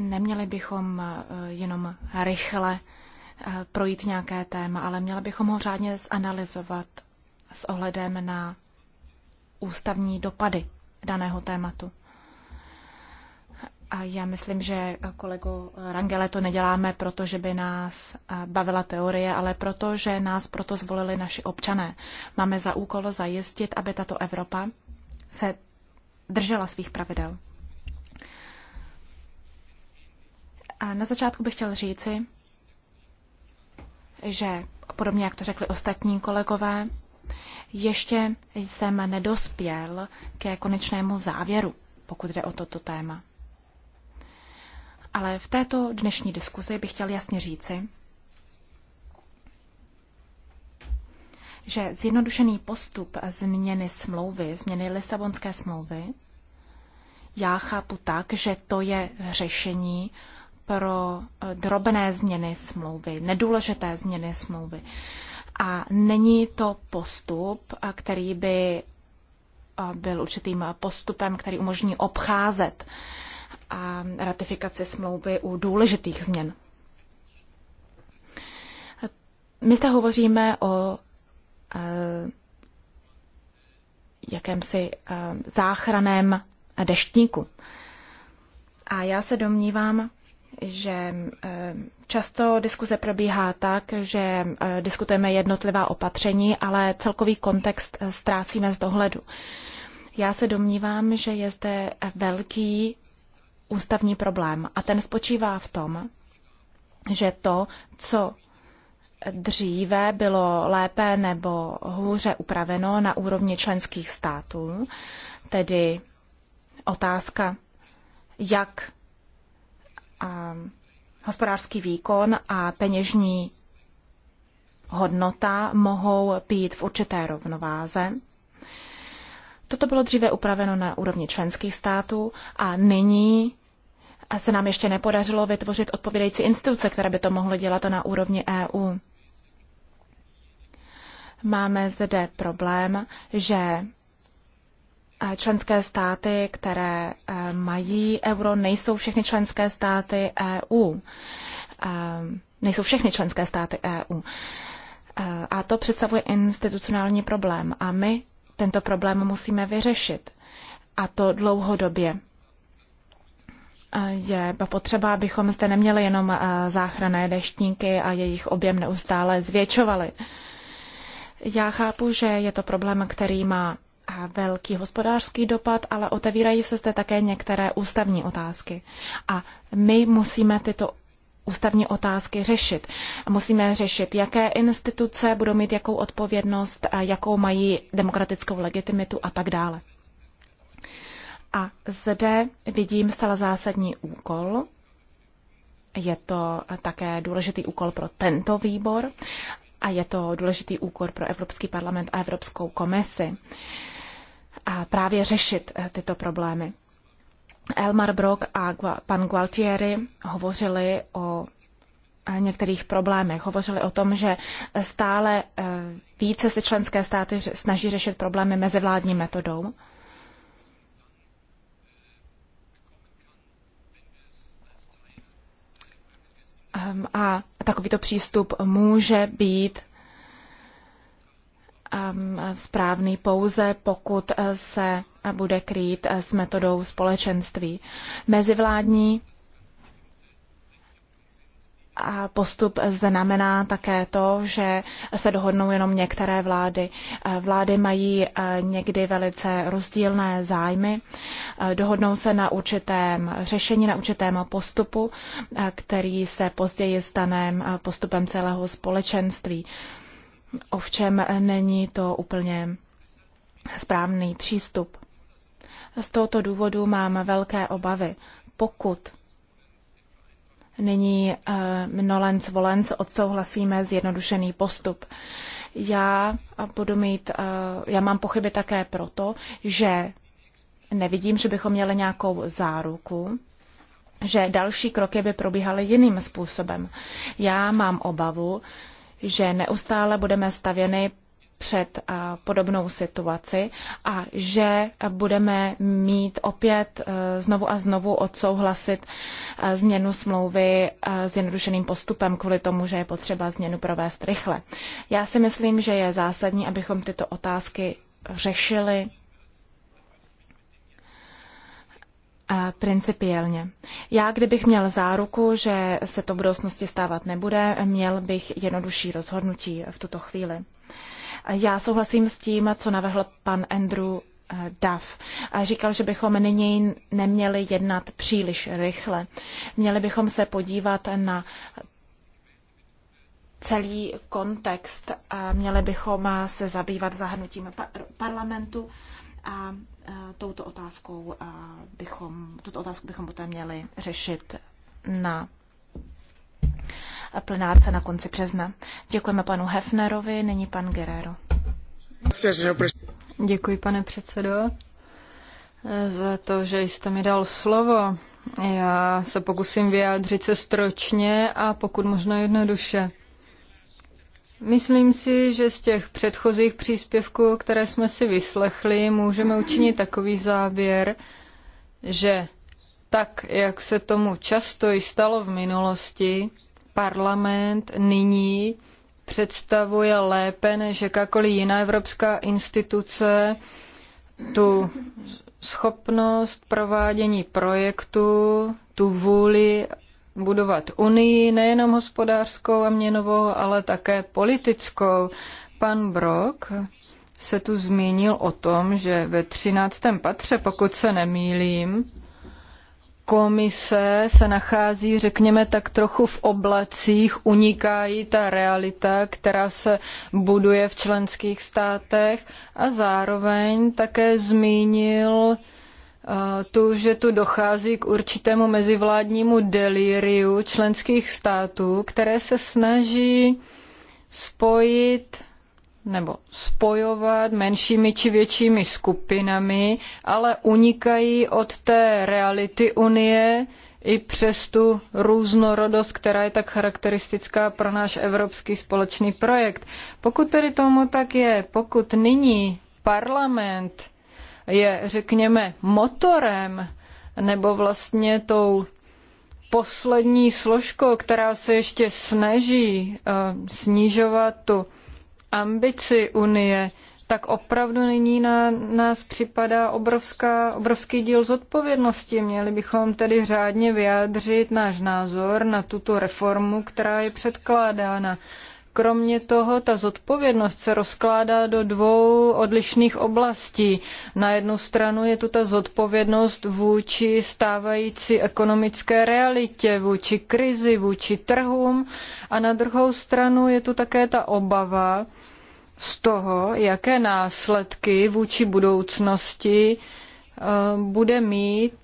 Neměli bychom eh, jenom rychle eh, projít nějaké téma, ale měli bychom ho řádně zanalizovat s ohledem na ústavní dopady daného tématu. A já myslím, že eh, kolego Rangele to neděláme, protože by nás eh, bavila teorie, ale proto, že nás proto zvolili naši občané. Máme za úkol zajistit, aby tato Evropa se držela svých pravidel. A na začátku bych chtěl říci, že podobně jak to řekli ostatní kolegové, ještě jsem nedospěl ke konečnému závěru, pokud jde o toto téma. Ale v této dnešní diskuzi bych chtěl jasně říci, že zjednodušený postup změny smlouvy, změny Lisabonské smlouvy, já chápu tak, že to je řešení pro drobné změny smlouvy, nedůležité změny smlouvy. A není to postup, který by byl určitým postupem, který umožní obcházet ratifikaci smlouvy u důležitých změn. My zde hovoříme o jakémsi záchraném deštníku. A já se domnívám, že eh, často diskuze probíhá tak, že eh, diskutujeme jednotlivá opatření, ale celkový kontext eh, ztrácíme z dohledu. Já se domnívám, že je zde velký ústavní problém a ten spočívá v tom, že to, co dříve bylo lépe nebo hůře upraveno na úrovni členských států, tedy otázka, jak hospodářský výkon a peněžní hodnota mohou být v určité rovnováze. Toto bylo dříve upraveno na úrovni členských států a nyní a se nám ještě nepodařilo vytvořit odpovědající instituce, které by to mohly dělat na úrovni EU. Máme zde problém, že členské státy, které eh, mají euro, nejsou všechny členské státy EU. Eh, nejsou všechny členské státy EU. Eh, a to představuje institucionální problém. A my tento problém musíme vyřešit. A to dlouhodobě. Je potřeba, abychom zde neměli jenom záchranné deštníky a jejich objem neustále zvětšovali. Já chápu, že je to problém, který má velký hospodářský dopad, ale otevírají se zde také některé ústavní otázky. A my musíme tyto ústavní otázky řešit. Musíme řešit, jaké instituce budou mít jakou odpovědnost, a jakou mají demokratickou legitimitu a tak dále. A zde vidím stále zásadní úkol. Je to také důležitý úkol pro tento výbor a je to důležitý úkol pro Evropský parlament a Evropskou komisi. Uh, právě řešit eh, tyto problémy. Elmar Brock a pan Gualtieri hovořili o eh, některých problémech. Hovořili o tom, že stále eh, více se členské státy snaží řešit problémy mezivládní metodou. Ehm, a takovýto přístup může být Um, správný pouze, pokud uh, se uh, bude krýt uh, s metodou společenství. Mezivládní a postup znamená také to, že se dohodnou jenom některé vlády. Vlády mají někdy velice rozdílné zájmy, dohodnou se na určitém řešení, na určitém postupu, který se později stane postupem celého společenství. Ovšem není to úplně správný přístup. Z tohoto důvodu mám velké obavy. Pokud nyní mnolenc eh, volenc odsouhlasíme zjednodušený postup, já budu mít, eh, já mám pochyby také proto, že nevidím, že bychom měli nějakou záruku, že další kroky by probíhaly jiným způsobem. Já mám obavu, že neustále budeme stavěny před podobnou situaci a že budeme mít opět e, znovu a znovu odsouhlasit e, změnu smlouvy e, s jednodušeným postupem kvůli tomu, že je potřeba změnu provést rychle. Já si myslím, že je zásadní, abychom tyto otázky řešili principiálně. Já, kdybych měl záruku, že se to v budoucnosti stávat nebude, měl bych jednodušší rozhodnutí v tuto chvíli. Já souhlasím s tím, co navrhl pan Andrew eh, Duff. Říkal, že bychom nyní neměli jednat příliš rychle. Měli bychom se podívat na celý kontext. Měli bychom se zabývat zahrnutím parlamentu a Eh, touto otázkou eh, bychom, tuto otázku bychom poté měli řešit na plenárce na konci března. Děkujeme panu Hefnerovi, nyní pan Guerrero. Děkuji, pane předsedo, za to, že jste mi dal slovo. Já se pokusím vyjádřit se stročně a pokud možno jednoduše. Myslím si, že z těch předchozích příspěvků, které jsme si vyslechli, můžeme učinit takový závěr, že tak, jak se tomu často i stalo v minulosti, parlament nyní představuje lépe než jakákoliv jiná evropská instituce tu schopnost provádění projektu, tu vůli budovat unii, nejenom hospodářskou a měnovou, ale také politickou. Pan Brok se tu zmínil o tom, že ve 13. patře, pokud se nemýlím, komise se nachází, řekněme, tak trochu v oblacích, unikají ta realita, která se buduje v členských státech a zároveň také zmínil Eh, to, že tu dochází k určitému mezivládnímu delíriu členských států, které se snaží spojit nebo spojovat menšími či většími skupinami, ale unikají od té reality Unie i přes tu různorodost, která je tak charakteristická pro náš evropský společný projekt. Pokud tedy tomu tak je, pokud nyní parlament je, řekněme, motorem nebo vlastně tou poslední složkou, která se ještě snaží eh, snižovat tu ambici Unie, tak opravdu nyní na nás připadá obrovská, obrovský díl zodpovědnosti. Měli bychom tedy řádně vyjádřit náš názor na tuto reformu, která je předkládána. Kromě toho, ta zodpovědnost se rozkládá do dvou odlišných oblastí. Na jednu stranu je tu ta zodpovědnost vůči stávající ekonomické realitě, vůči krizi, vůči trhům a na druhou stranu je tu také ta obava z toho, jaké následky vůči budoucnosti eh, bude mít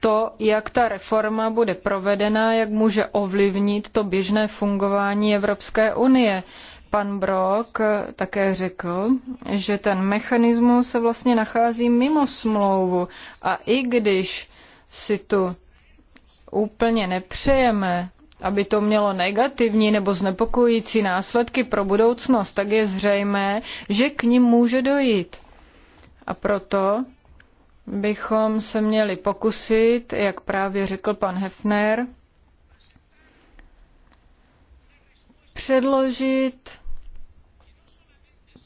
to, jak ta reforma bude provedena, jak může ovlivnit to běžné fungování Evropské unie. Pan Brok také řekl, že ten mechanismus se vlastně nachází mimo smlouvu a i když si tu úplně nepřejeme, aby to mělo negativní nebo znepokojící následky pro budoucnost, tak je zřejmé, že k nim může dojít. A proto bychom se měli pokusit, jak právě řekl pan Hefner, předložit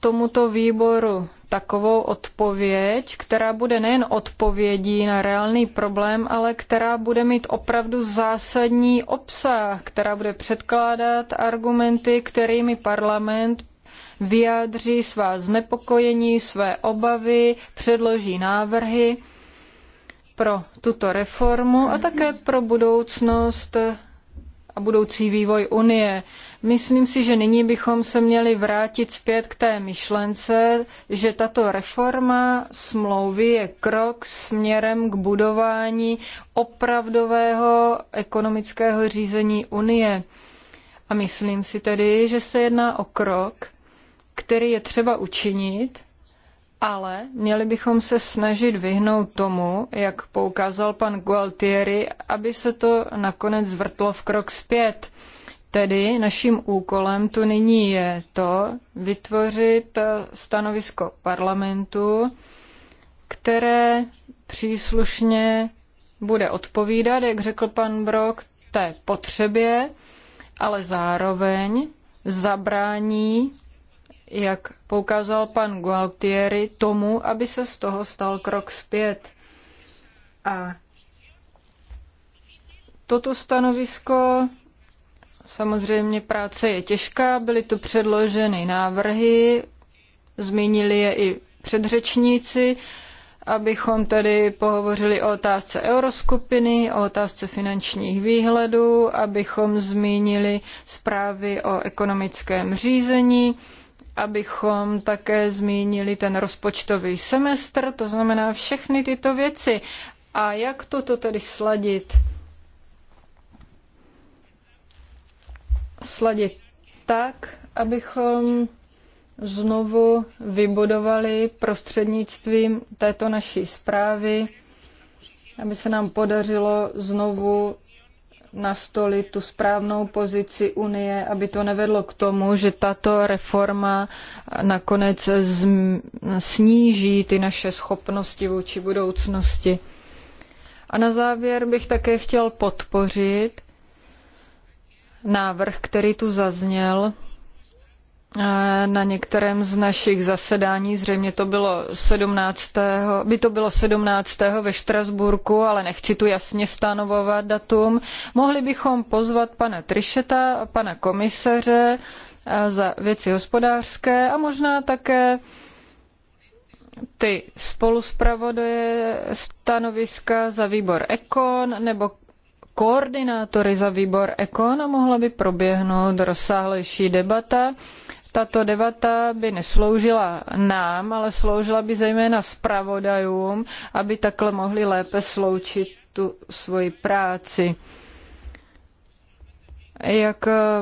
tomuto výboru takovou odpověď, která bude nejen odpovědí na reálný problém, ale která bude mít opravdu zásadní obsah, která bude předkládat argumenty, kterými parlament vyjádří svá znepokojení, své obavy, předloží návrhy pro tuto reformu a také pro budoucnost a budoucí vývoj Unie. Myslím si, že nyní bychom se měli vrátit zpět k té myšlence, že tato reforma smlouvy je krok směrem k budování opravdového ekonomického řízení Unie. A myslím si tedy, že se jedná o krok, který je třeba učinit, ale měli bychom se snažit vyhnout tomu, jak poukázal pan Gualtieri, aby se to nakonec zvrtlo v krok zpět. Tedy naším úkolem tu nyní je to vytvořit eh, stanovisko parlamentu, které příslušně bude odpovídat, jak řekl pan Brok, té potřebě, ale zároveň zabrání jak poukázal pan Gualtieri, tomu, aby se z toho stal krok zpět. A toto stanovisko Samozřejmě práce je těžká, byly tu předloženy návrhy, zmínili je i předřečníci, abychom tedy pohovořili o otázce euroskupiny, o otázce finančních výhledů, abychom zmínili zprávy o ekonomickém řízení, abychom také zmínili ten rozpočtový semestr, to znamená všechny tyto věci. A jak toto tedy sladit? Sladit tak, abychom znovu vybudovali prostřednictvím této naší zprávy, aby se nám podařilo znovu nastolit tu správnou pozici Unie, aby to nevedlo k tomu, že tato reforma nakonec sníží ty naše schopnosti vůči budoucnosti. A na závěr bych také chtěl podpořit návrh, který tu zazněl, Eh, na některém z našich zasedání, zřejmě to bylo 17. by to bylo 17. ve Štrasburku, ale nechci tu jasně stanovovat datum. Mohli bychom pozvat pana Trišeta a pana komisaře eh, za věci hospodářské a možná také ty spoluspravodaje stanoviska za výbor Ekon nebo koordinátory za výbor Ekon a mohla by proběhnout rozsáhlejší debata tato debata by nesloužila nám, ale sloužila by zejména zpravodajům, aby takhle mohli lépe sloučit tu svoji práci. Jak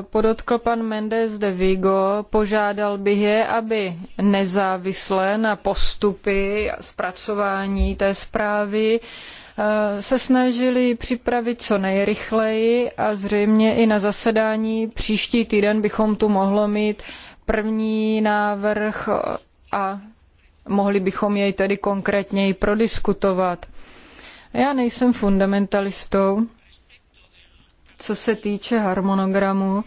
podotkl pan Mendes de Vigo, požádal bych je, aby nezávisle na postupy a zpracování té zprávy eh, se snažili připravit co nejrychleji a zřejmě i na zasedání příští týden bychom tu mohlo mít první návrh a mohli bychom jej tedy konkrétněji prodiskutovat. Já nejsem fundamentalistou, co se týče harmonogramu,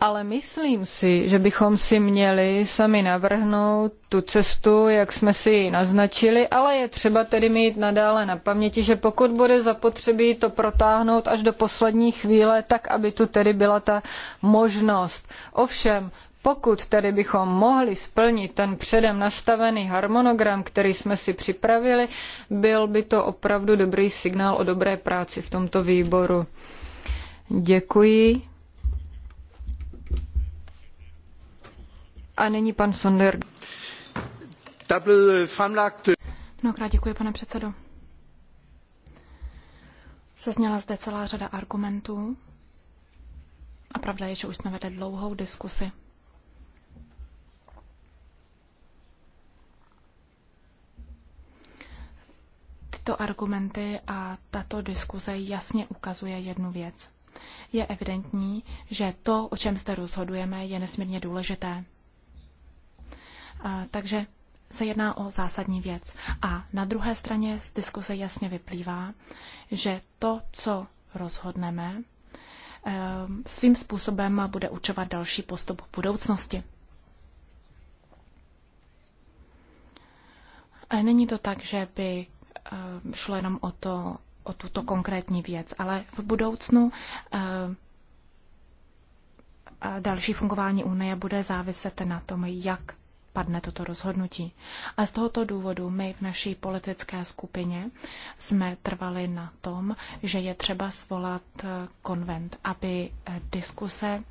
ale myslím si, že bychom si měli sami navrhnout tu cestu, jak jsme si ji naznačili, ale je třeba tedy mít nadále na paměti, že pokud bude zapotřebí to protáhnout až do poslední chvíle, tak aby tu tedy byla ta možnost. Ovšem, pokud tedy bychom mohli splnit ten předem nastavený harmonogram, který jsme si připravili, byl by to opravdu dobrý signál o dobré práci v tomto výboru. Děkuji. A nyní pan Sonder. Eh, eh, Mnohokrát děkuji, pane předsedo. Zazněla zde celá řada argumentů a pravda je, že už jsme vedli dlouhou diskusi Tyto argumenty a tato diskuze jasně ukazuje jednu věc. Je evidentní, že to, o čem zde rozhodujeme, je nesmírně důležité. A, takže se jedná o zásadní věc. A na druhé straně z diskuze jasně vyplývá, že to, co rozhodneme, e, svým způsobem bude určovat další postup v budoucnosti. Není to tak, že by Eh, šlo jenom o, to, o tuto konkrétní věc, ale v budoucnu eh, další fungování Unie bude záviset na tom, jak padne toto rozhodnutí. A z tohoto důvodu my v naší politické skupině jsme trvali na tom, že je třeba svolat eh, konvent, aby diskuse,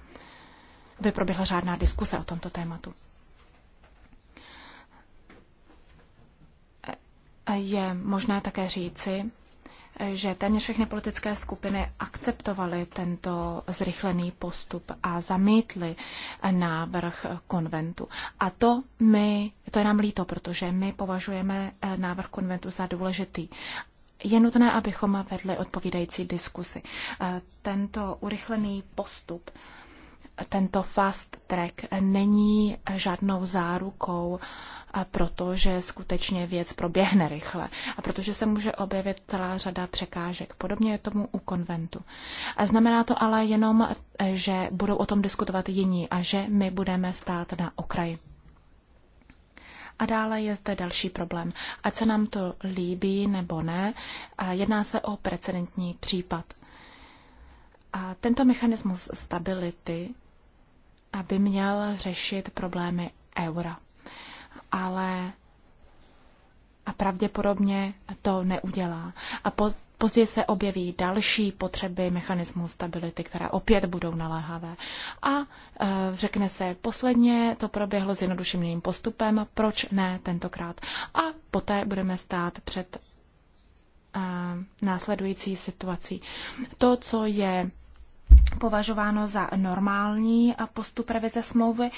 aby proběhla řádná diskuse o tomto tématu. je možné také říci, že téměř všechny politické skupiny akceptovaly tento zrychlený postup a zamítly návrh konventu. A to, my, to je nám líto, protože my považujeme eh, návrh konventu za důležitý. Je nutné, abychom vedli odpovídající diskusy. Eh, tento urychlený postup tento fast track není žádnou zárukou a protože skutečně věc proběhne rychle a protože se může objevit celá řada překážek. Podobně je tomu u konventu. A znamená to ale jenom, eh, že budou o tom diskutovat jiní a že my budeme stát na okraji. A dále je zde další problém. Ať se nám to líbí nebo ne, jedná se o precedentní případ. A tento mechanismus stability aby měl řešit problémy eura ale a pravděpodobně to neudělá. A po, později se objeví další potřeby mechanismu stability, které opět budou naléhavé. A e, řekne se, posledně to proběhlo s jednodušeným postupem, proč ne tentokrát. A poté budeme stát před e, následující situací. To, co je považováno za normální postup revize smlouvy,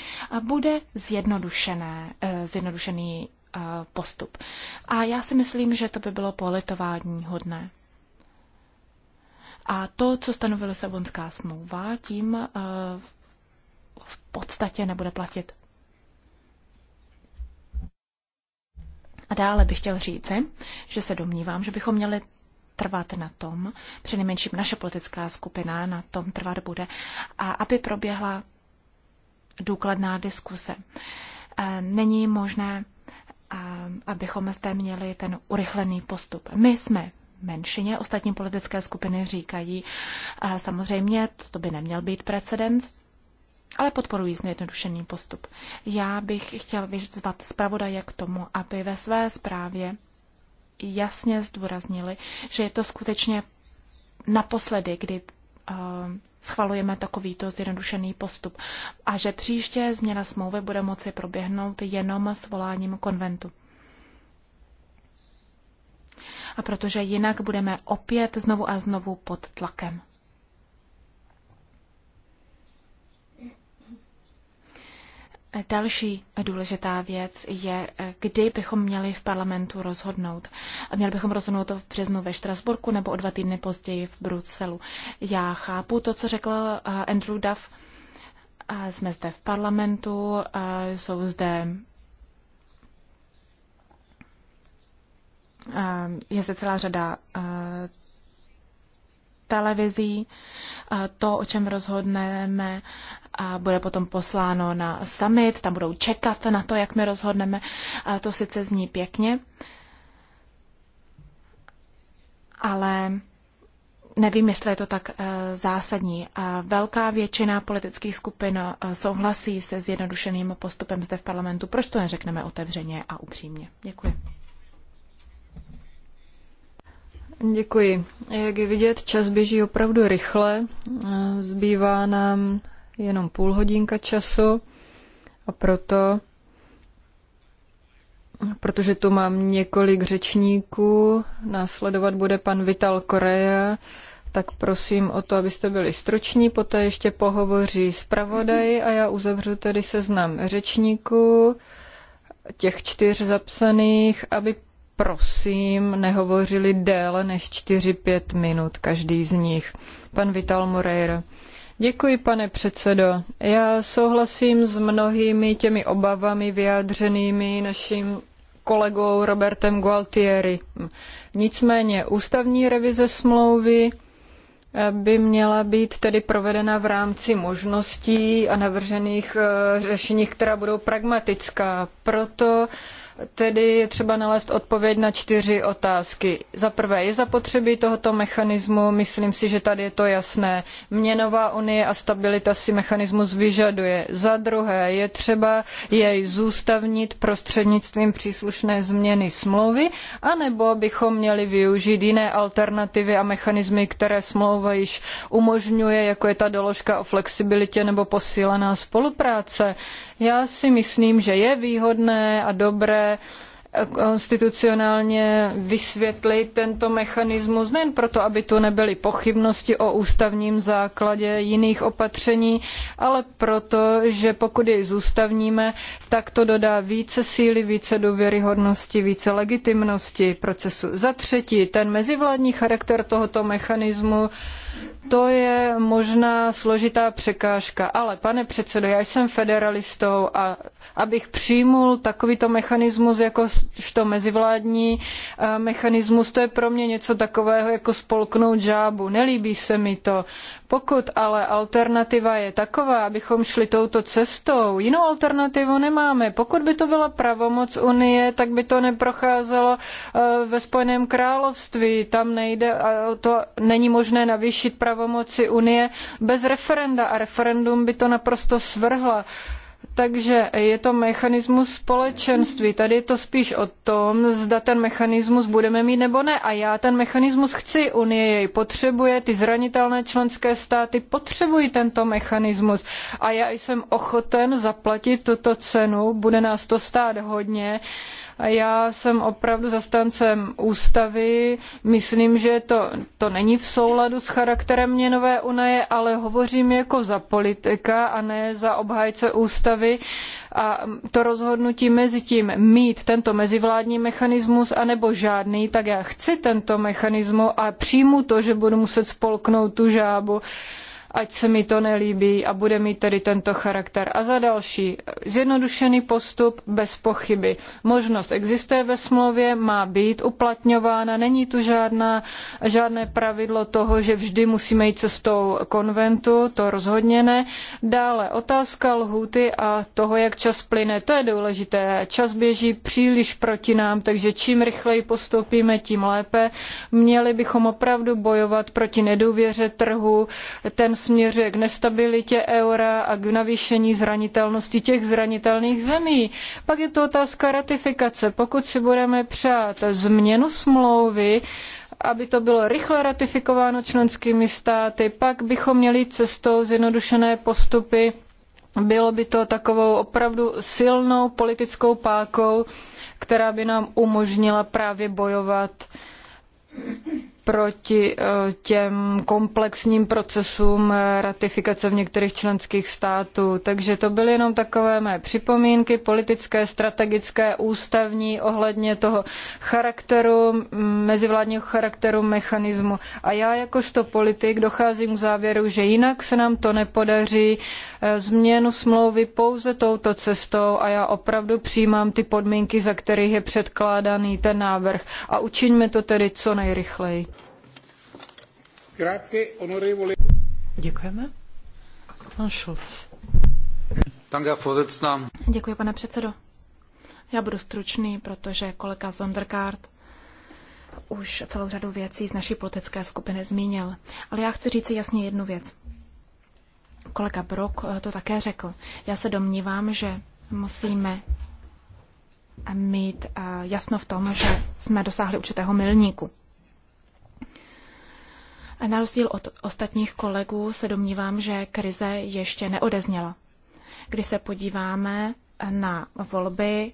bude zjednodušené, eh, zjednodušený eh, postup. A já si myslím, že to by bylo politování hodné. A to, co stanovila Sabonská smlouva, tím eh, v podstatě nebude platit. A dále bych chtěl říci, že se domnívám, že bychom měli trvat na tom, přinejmenším naše politická skupina na tom trvat bude, a aby proběhla důkladná diskuse. E, není možné, e, abychom zde měli ten urychlený postup. My jsme menšině, ostatní politické skupiny říkají, e, samozřejmě to by neměl být precedens, ale podporují zjednodušený postup. Já bych chtěl vyzvat zpravodaje k tomu, aby ve své zprávě jasně zdůraznili, že je to skutečně naposledy, kdy eh, schvalujeme takovýto zjednodušený postup a že příště změna smlouvy bude moci proběhnout jenom s voláním konventu. A protože jinak budeme opět znovu a znovu pod tlakem. Další důležitá věc je, kdy bychom měli v parlamentu rozhodnout. Měli bychom rozhodnout to v březnu ve Štrasburku nebo o dva týdny později v Bruselu. Já chápu to, co řekl eh, Andrew Duff. Eh, jsme zde v parlamentu, eh, jsou zde je zde celá řada televizí. To, o čem rozhodneme, a bude potom posláno na summit, tam budou čekat na to, jak my rozhodneme. A to sice zní pěkně, ale nevím, jestli je to tak eh, zásadní. Velká většina politických skupin eh, souhlasí se zjednodušeným postupem zde v parlamentu. Proč to neřekneme otevřeně a upřímně? Děkuji. Děkuji. Jak je vidět, čas běží opravdu rychle. Eh, zbývá nám jenom půl hodinka času a proto, protože tu mám několik řečníků, následovat bude pan Vital Korea, tak prosím o to, abyste byli struční, poté ještě pohovoří zpravodaj a já uzavřu tedy seznam řečníků, těch čtyř zapsaných, aby prosím nehovořili déle než 4-5 minut každý z nich. Pan Vital Moreira. Děkuji, pane předsedo. Já souhlasím s mnohými těmi obavami vyjádřenými naším kolegou Robertem Gualtieri. Nicméně ústavní revize smlouvy eh, by měla být tedy provedena v rámci možností a navržených eh, řešení, která budou pragmatická. Proto uh, Tedy je třeba nalézt odpověď na čtyři otázky. Za prvé, je zapotřebí tohoto mechanismu? Myslím si, že tady je to jasné. Měnová unie a stabilita si mechanismus vyžaduje. Za druhé, je třeba jej zůstavnit prostřednictvím příslušné změny smlouvy, anebo bychom měli využít jiné alternativy a mechanismy, které smlouva již umožňuje, jako je ta doložka o flexibilitě nebo posílená spolupráce. Já si myslím, že je výhodné a dobré konstitucionálně vysvětlit tento mechanismus, nejen proto, aby tu nebyly pochybnosti o ústavním základě jiných opatření, ale proto, že pokud jej zústavníme, tak to dodá více síly, více důvěryhodnosti, více legitimnosti procesu. Za třetí, ten mezivládní charakter tohoto mechanismu to je možná složitá překážka, ale pane předsedo, já jsem federalistou a abych přijmul takovýto mechanismus jakožto mezivládní eh, mechanismus, to je pro mě něco takového jako spolknout žábu. Nelíbí se mi to. Pokud ale alternativa je taková, abychom šli touto cestou, jinou alternativu nemáme. Pokud by to byla pravomoc Unie, tak by to neprocházelo eh, ve Spojeném království. Tam nejde, to není možné navýšit pravomoc pravomoci Unie bez referenda a referendum by to naprosto svrhlo. Takže je to mechanismus společenství. Tady je to spíš o tom, zda ten mechanismus budeme mít nebo ne. A já ten mechanismus chci, Unie jej potřebuje, ty zranitelné členské státy potřebují tento mechanismus. A já jsem ochoten zaplatit tuto cenu, bude nás to stát hodně. Uh, já jsem opravdu zastáncem ústavy. Myslím, že to, to není v souladu s charakterem měnové unie, ale hovořím jako za politika a ne za obhájce ústavy. A to rozhodnutí mezi tím mít tento mezivládní mechanismus anebo žádný, tak já chci tento mechanismus a přijmu to, že budu muset spolknout tu žábu. Uh, ať se mi to nelíbí a bude mít tedy tento charakter. A za další, zjednodušený postup bez pochyby. Možnost existuje ve smlouvě, má být uplatňována, není tu žádná, žádné pravidlo toho, že vždy musíme jít cestou konventu, to rozhodně ne. Dále otázka lhůty a toho, jak čas plyne, to je důležité. Čas běží příliš proti nám, takže čím rychleji postoupíme, tím lépe. Měli bychom opravdu bojovat proti nedůvěře trhu. Ten směřuje k nestabilitě eura a k navýšení zranitelnosti těch zranitelných zemí. Pak je to otázka ratifikace. Pokud si budeme přát změnu smlouvy, aby to bylo rychle ratifikováno členskými státy, pak bychom měli cestou zjednodušené postupy. Bylo by to takovou opravdu silnou politickou pákou, která by nám umožnila právě bojovat proti eh, těm komplexním procesům eh, ratifikace v některých členských států. Takže to byly jenom takové mé připomínky politické, strategické, ústavní ohledně toho charakteru, mezivládního charakteru mechanismu. A já jakožto politik docházím k závěru, že jinak se nám to nepodaří eh, změnu smlouvy pouze touto cestou a já opravdu přijímám ty podmínky, za kterých je předkládaný ten návrh. A učiňme to tedy co nejrychleji. Děkujeme. Pan Schulz. Děkuji, pane předsedo. Já budu stručný, protože kolega Zondergaard už celou řadu věcí z naší politické skupiny zmínil. Ale já chci říct jasně jednu věc. Kolega Brok eh, to také řekl. Já se domnívám, že musíme mít eh, jasno v tom, že jsme dosáhli určitého milníku. Na rozdíl od ostatních kolegů se domnívám, že krize ještě neodezněla. Když se podíváme na volby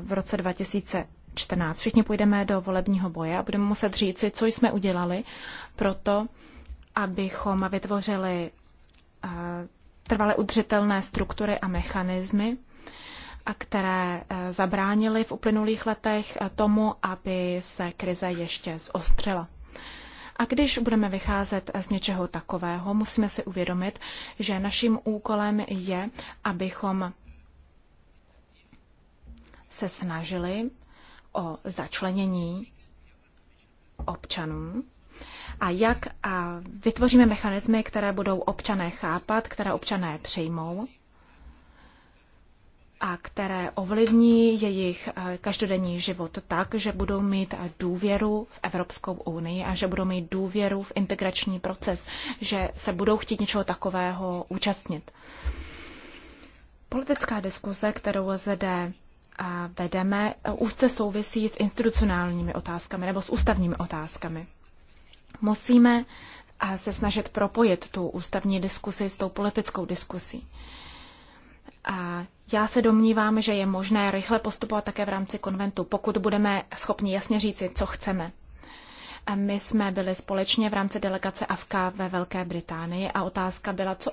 v roce 2014, všichni půjdeme do volebního boje a budeme muset říci, co jsme udělali pro to, abychom vytvořili trvale udržitelné struktury a mechanismy, a které zabránily v uplynulých letech tomu, aby se krize ještě zostřila. A když budeme vycházet z něčeho takového, musíme si uvědomit, že naším úkolem je, abychom se snažili o začlenění občanů a jak a vytvoříme mechanismy, které budou občané chápat, které občané přijmou a které ovlivní jejich eh, každodenní život tak, že budou mít eh, důvěru v Evropskou unii a že budou mít důvěru v integrační proces, že se budou chtít něčeho takového účastnit. Politická diskuse, kterou zde eh, vedeme, úzce souvisí s institucionálními otázkami nebo s ústavními otázkami. Musíme se snažit propojit tu ústavní diskusi s tou politickou diskusí. A já se domnívám, že je možné rychle postupovat také v rámci konventu, pokud budeme schopni jasně říci, co chceme. A my jsme byli společně v rámci delegace AFK ve Velké Británii a otázka byla, co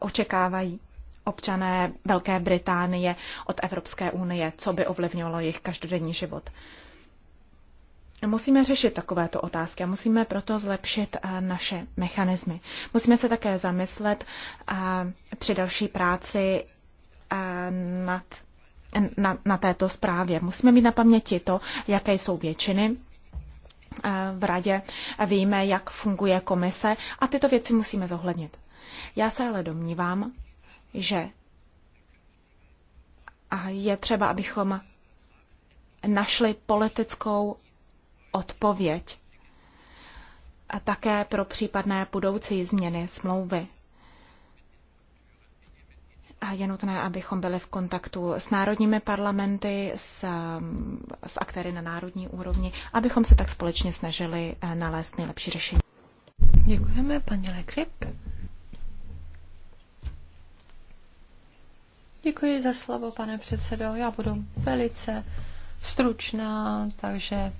očekávají občané Velké Británie od Evropské unie, co by ovlivňovalo jejich každodenní život. Musíme řešit takovéto otázky a musíme proto zlepšit eh, naše mechanismy. Musíme se také zamyslet eh, při další práci nad, na, na této zprávě. Musíme mít na paměti to, jaké jsou většiny v radě, víme, jak funguje komise a tyto věci musíme zohlednit. Já se ale domnívám, že je třeba, abychom našli politickou odpověď a také pro případné budoucí změny smlouvy je nutné, abychom byli v kontaktu s národními parlamenty, s, s aktéry na národní úrovni, abychom se tak společně snažili eh, nalézt nejlepší řešení. Děkujeme, paní Lekryp. Děkuji za slovo, pane předsedo. Já budu velice stručná, takže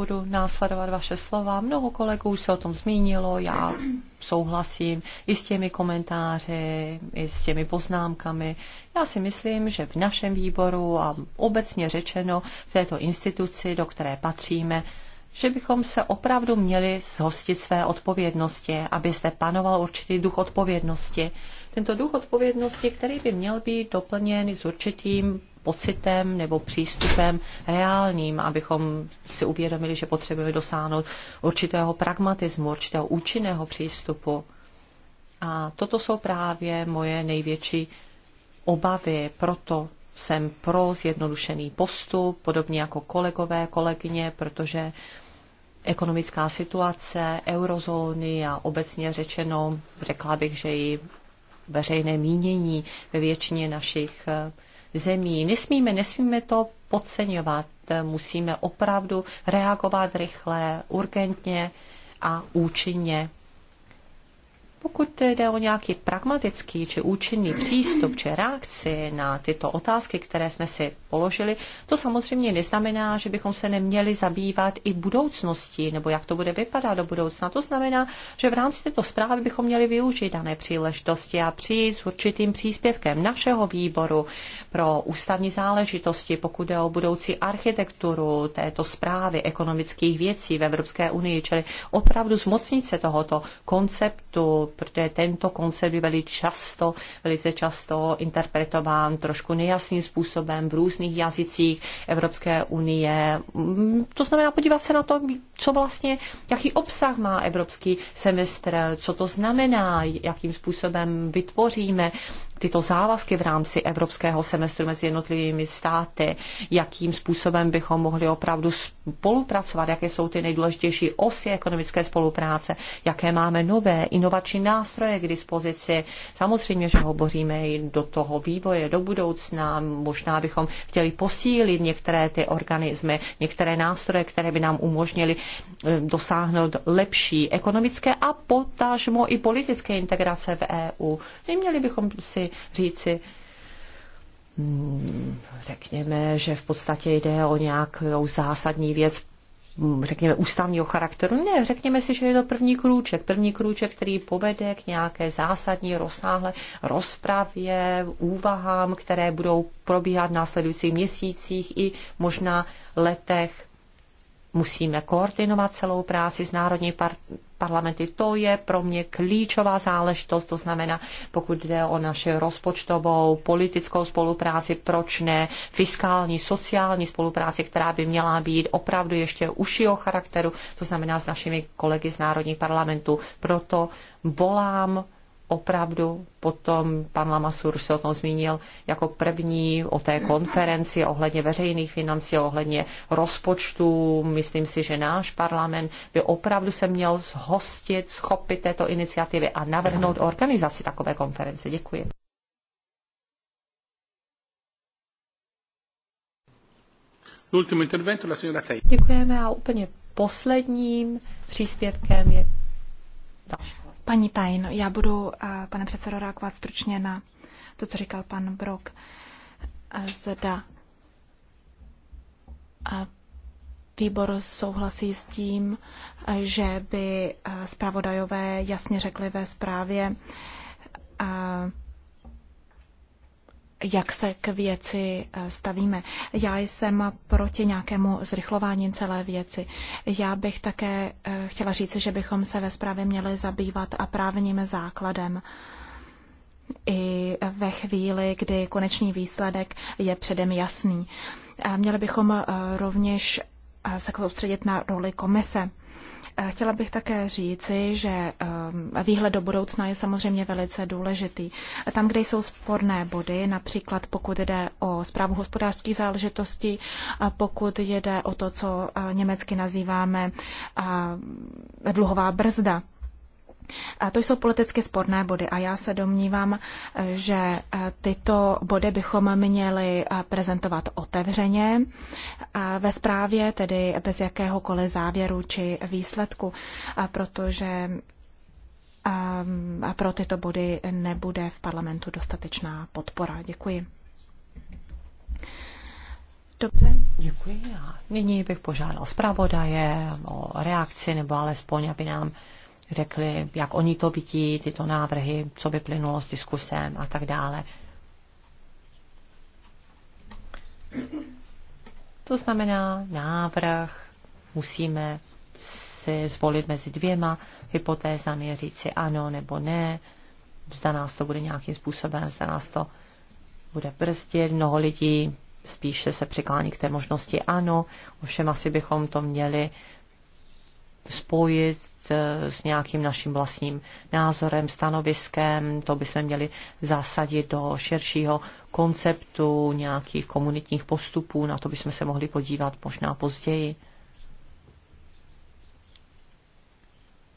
budu následovat vaše slova. Mnoho kolegů už se o tom zmínilo, já souhlasím i s těmi komentáři, i s těmi poznámkami. Já si myslím, že v našem výboru a obecně řečeno v této instituci, do které patříme, že bychom se opravdu měli zhostit své odpovědnosti, aby zde panoval určitý duch odpovědnosti. Tento duch odpovědnosti, který by měl být doplněn s určitým pocitem nebo přístupem reálným, abychom si uvědomili, že potřebujeme dosáhnout určitého pragmatismu, určitého účinného přístupu. A toto jsou právě moje největší obavy, proto jsem pro zjednodušený postup, podobně jako kolegové, kolegyně, protože ekonomická situace eurozóny a obecně řečeno, řekla bych, že i veřejné mínění ve většině našich zemí. Nesmíme, nesmíme to podceňovat. Musíme opravdu reagovat rychle, urgentně a účinně. Pokud jde o nějaký pragmatický či účinný přístup či reakci na tyto otázky, které jsme si položili, to samozřejmě neznamená, že bychom se neměli zabývat i budoucností, nebo jak to bude vypadat do budoucna. To znamená, že v rámci této zprávy bychom měli využít dané příležitosti a přijít s určitým příspěvkem našeho výboru pro ústavní záležitosti, pokud jde o budoucí architekturu této zprávy ekonomických věcí v Evropské unii, čili opravdu zmocnit se tohoto konceptu protože tento koncept je velice často, velice často interpretován trošku nejasným způsobem v různých jazycích Evropské unie. Mm, to znamená podívat se na to, co vlastně, jaký obsah má evropský semestr, co to znamená, jakým způsobem vytvoříme tyto závazky v rámci evropského semestru mezi jednotlivými státy, jakým způsobem bychom mohli opravdu spolupracovat, jaké jsou ty nejdůležitější osy ekonomické spolupráce, jaké máme nové inovační nástroje k dispozici. Samozřejmě, že hovoříme i do toho vývoje, do budoucna, možná bychom chtěli posílit některé ty organismy, některé nástroje, které by nám umožnily eh, dosáhnout lepší ekonomické a potažmo i politické integrace v EU. Neměli bychom si říci, mm, řekněme, že v podstatě jde o nějakou zásadní věc, mm, řekněme, ústavního charakteru. Ne, řekněme si, že je to první krůček. První krůček, který povede k nějaké zásadní, rozsáhlé rozpravě, úvahám, které budou probíhat v následujících měsících i možná letech musíme koordinovat celou práci s národní par- parlamenty. To je pro mě klíčová záležitost, to znamená, pokud jde o naše rozpočtovou, politickou spolupráci, proč ne, fiskální, sociální spolupráci, která by měla být opravdu ještě užšího charakteru, to znamená s našimi kolegy z národních parlamentů. Proto volám opravdu potom pan Lamasur se o tom zmínil jako první o té konferenci ohledně veřejných financí, ohledně rozpočtu. Myslím si, že náš parlament by opravdu se měl zhostit, schopit této iniciativy a navrhnout organizaci takové konference. Děkuji. Děkujeme a úplně posledním příspěvkem je Paní Tajn, já budu, eh, pane předsedo, reagovat stručně na to, co říkal pan Brok. Eh, zda eh, výbor souhlasí s tím, že by zpravodajové jasně řekli ve zprávě, jak se k věci eh, stavíme. Já jsem proti nějakému zrychlování celé věci. Já bych také eh, chtěla říct, že bychom se ve zprávě měli zabývat a právním základem i ve chvíli, kdy konečný výsledek je předem jasný. Eh, měli bychom rovněž se soustředit na roli komise. Eh, chtěla bych také říci, že eh, výhled do budoucna je samozřejmě velice důležitý. Eh, tam, kde jsou sporné body, například pokud jde o zprávu hospodářských záležitostí, pokud jde o to, co německy nazýváme dluhová brzda, a to jsou politicky sporné body a já se domnívám, že e, tyto body bychom měli e, prezentovat otevřeně e, ve zprávě, tedy bez jakéhokoliv závěru či výsledku, protože a pro tyto body nebude v parlamentu dostatečná podpora. Děkuji. Dobře. Děkuji. A nyní bych požádal zpravodaje o reakci nebo alespoň, aby nám řekli, jak oni to vidí, tyto návrhy, co by plynulo s diskusem a tak dále. To znamená, návrh musíme si zvolit mezi dvěma hypotézami, říct si ano nebo ne, zda nás to bude nějakým způsobem, zda nás to bude brzdit. Mnoho lidí spíše se přiklání k té možnosti ano, ovšem asi bychom to měli spojit Eh, s nějakým naším vlastním názorem, stanoviskem. To bychom měli zasadit do širšího konceptu nějakých komunitních postupů. Na to bychom se mohli podívat možná později.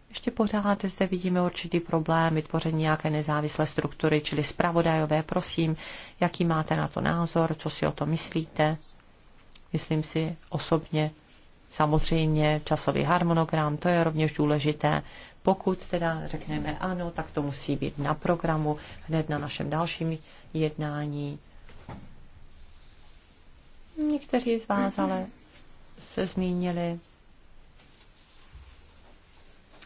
Ještě pořád zde vidíme určitý problém vytvoření nějaké nezávislé struktury, čili zpravodajové, prosím, jaký máte na to názor, co si o to myslíte. Myslím si osobně, Samozřejmě časový harmonogram, to je rovněž důležité. Pokud teda řekneme ano, tak to musí být na programu hned na našem dalším jednání. Někteří z vás mhm. ale se zmínili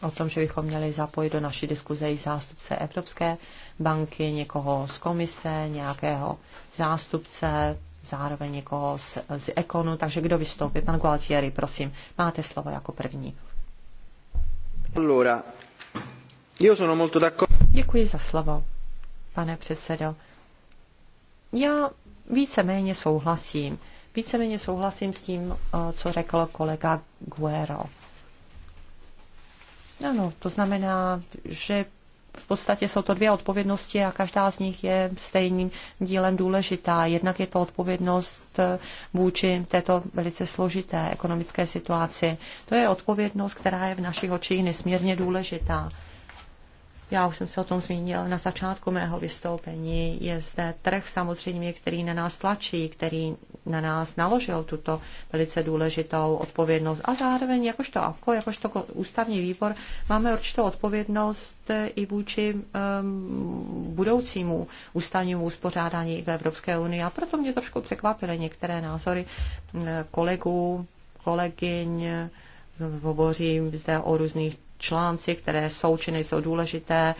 o tom, že bychom měli zapojit do naší diskuze i zástupce Evropské banky, někoho z komise, nějakého zástupce zároveň někoho z, z Ekonu, takže kdo vystoupí? Pan Gualtieri, prosím, máte slovo jako první. Allora, io sono molto Děkuji za slovo, pane předsedo. Já víceméně souhlasím. Víceméně souhlasím s tím, eh, co řekl kolega Guero. Ano, to znamená, že v podstatě jsou to dvě odpovědnosti a každá z nich je stejným dílem důležitá. Jednak je to odpovědnost eh, vůči této velice složité ekonomické situaci. To je odpovědnost, která je v našich očích nesmírně důležitá. Já už jsem se o tom zmínil na začátku mého vystoupení. Je zde trh samozřejmě, který na nás tlačí, který na nás naložil tuto velice důležitou odpovědnost. A zároveň, jakožto AFKO, jakožto ústavní výbor, máme určitou odpovědnost i vůči um, budoucímu ústavnímu uspořádání v Evropské unii. A proto mě trošku překvapily některé názory ehm, kolegů, kolegyň, hovořím zde o různých články, které jsou či nejsou důležité,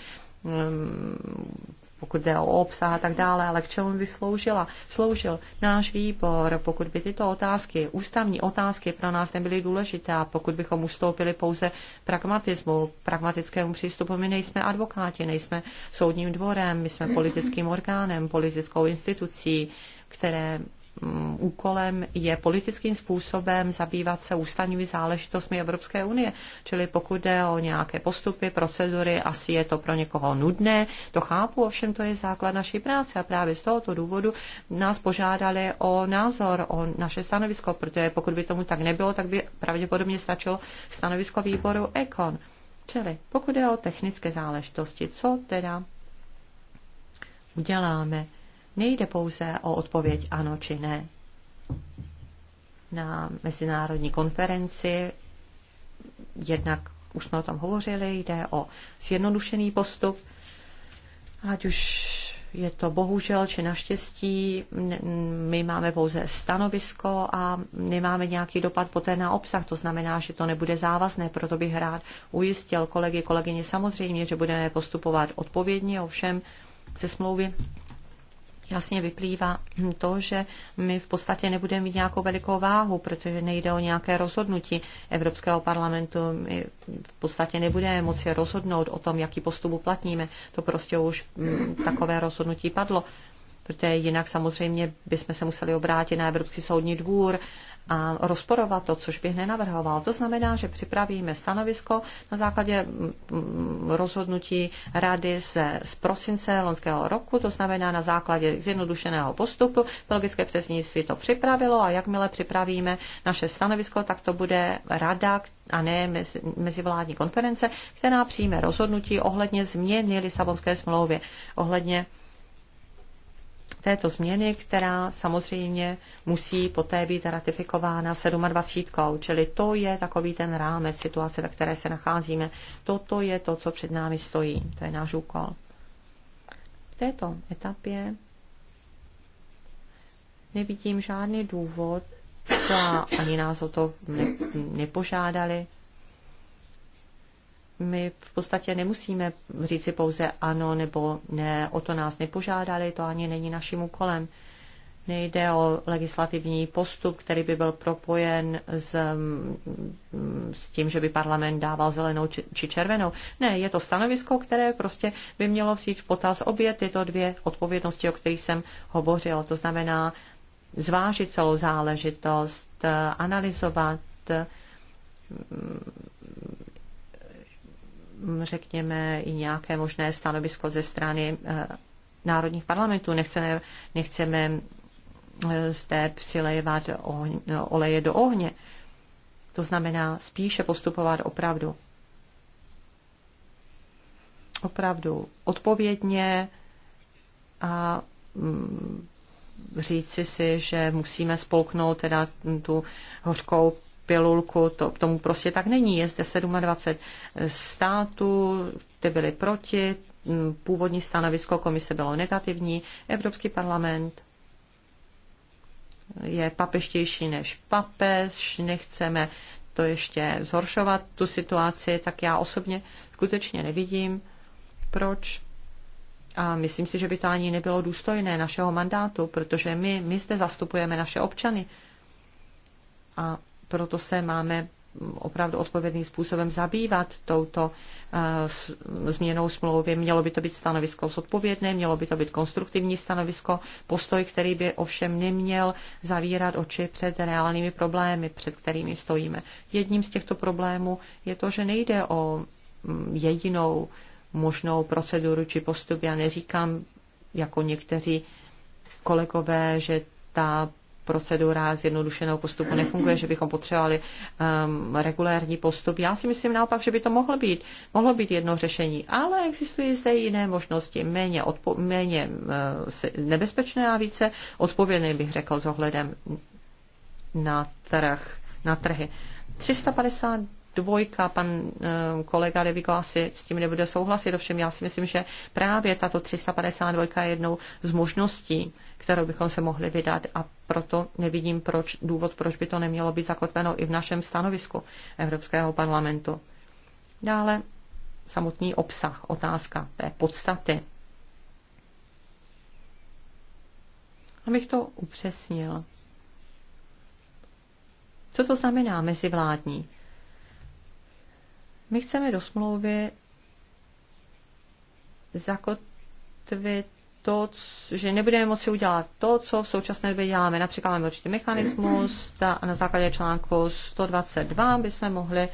mm, pokud jde o obsah a tak dále, ale k čemu by sloužila? Sloužil náš výbor, pokud by tyto otázky, ústavní otázky pro nás nebyly důležité a pokud bychom ustoupili pouze pragmatismu, pragmatickému přístupu, my nejsme advokáti, nejsme soudním dvorem, my jsme politickým orgánem, politickou institucí, které Mm, úkolem je politickým způsobem zabývat se ústavními záležitostmi Evropské unie. Čili pokud jde o nějaké postupy, procedury, asi je to pro někoho nudné, to chápu, ovšem to je základ naší práce a právě z tohoto důvodu nás požádali o názor, o naše stanovisko, protože pokud by tomu tak nebylo, tak by pravděpodobně stačilo stanovisko výboru ECON. Čili pokud je o technické záležitosti, co teda uděláme? Nejde pouze o odpověď ano či ne. Na mezinárodní konferenci jednak už jsme o tom hovořili, jde o zjednodušený postup, ať už je to bohužel či naštěstí, my máme pouze stanovisko a nemáme nějaký dopad poté na obsah. To znamená, že to nebude závazné, proto bych rád ujistil kolegy, kolegyně samozřejmě, že budeme postupovat odpovědně, ovšem ze smlouvy jasně vyplývá to, že my v podstatě nebudeme mít nějakou velikou váhu, protože nejde o nějaké rozhodnutí Evropského parlamentu. My v podstatě nebudeme moci rozhodnout o tom, jaký postup uplatníme. To prostě už mm, takové rozhodnutí padlo protože jinak samozřejmě bychom se museli obrátit na Evropský soudní dvůr a rozporovat to, což bych nenavrhoval. To znamená, že připravíme stanovisko na základě mm, mm, rozhodnutí rady z, z prosince loňského roku, to znamená na základě zjednodušeného postupu. Logické přesnictví to připravilo a jakmile připravíme naše stanovisko, tak to bude rada a ne mezi, mezivládní konference, která přijme rozhodnutí ohledně změny Lisabonské smlouvy, ohledně této změny, která samozřejmě musí poté být ratifikována 27. Čili to je takový ten rámec situace, ve které se nacházíme. Toto je to, co před námi stojí. To je náš úkol. V této etapě nevidím žádný důvod, ani nás o to nepožádali, my v podstatě nemusíme říci pouze ano nebo ne, o to nás nepožádali, to ani není naším úkolem. Nejde o legislativní postup, který by byl propojen s, s tím, že by parlament dával zelenou či, červenou. Ne, je to stanovisko, které prostě by mělo vzít v potaz obě tyto dvě odpovědnosti, o kterých jsem hovořil. To znamená zvážit celou záležitost, analyzovat Mm, řekněme, i nějaké možné stanovisko ze strany eh, národních parlamentů. Nechceme, nechceme eh, zde přilévat oleje do ohně. To znamená spíše postupovat opravdu. Opravdu odpovědně a mm, říci si, že musíme spolknout teda tu hořkou pilulku, to tomu prostě tak není. Je zde 27 států, ty byly proti, původní stanovisko komise bylo negativní, Evropský parlament je papeštější než papež, nechceme to ještě zhoršovat, tu situaci, tak já osobně skutečně nevidím, proč. A myslím si, že by to ani nebylo důstojné našeho mandátu, protože my, my zde zastupujeme naše občany. A proto se máme opravdu odpovědným způsobem zabývat touto eh, změnou smlouvy. Mělo by to být stanovisko zodpovědné, mělo by to být konstruktivní stanovisko, postoj, který by ovšem neměl zavírat oči před reálnými problémy, před kterými stojíme. Jedním z těchto problémů je to, že nejde o mm, jedinou možnou proceduru či postup. Já neříkám, jako někteří kolegové, že ta procedura zjednodušeného postupu nefunguje, že bychom potřebovali um, regulérní postup. Já si myslím naopak, že by to mohlo být, mohlo být jedno řešení, ale existují zde jiné možnosti, méně, odpo- méně uh, nebezpečné a více odpovědné, bych řekl, s ohledem na, trh, na trhy. 350 dvojka, pan um, kolega Deviko asi s tím nebude souhlasit, ovšem já si myslím, že právě tato 352 je jednou z možností, kterou bychom se mohli vydat a proto nevidím proč, důvod, proč by to nemělo být zakotveno i v našem stanovisku Evropského parlamentu. Dále samotný obsah, otázka té podstaty. Abych to upřesnil. Co to znamená mezivládní? My chceme do smlouvy zakotvit to, že nebudeme moci udělat to, co v současné době děláme. Například máme určitý mechanismus a na základě článku 122 bychom mohli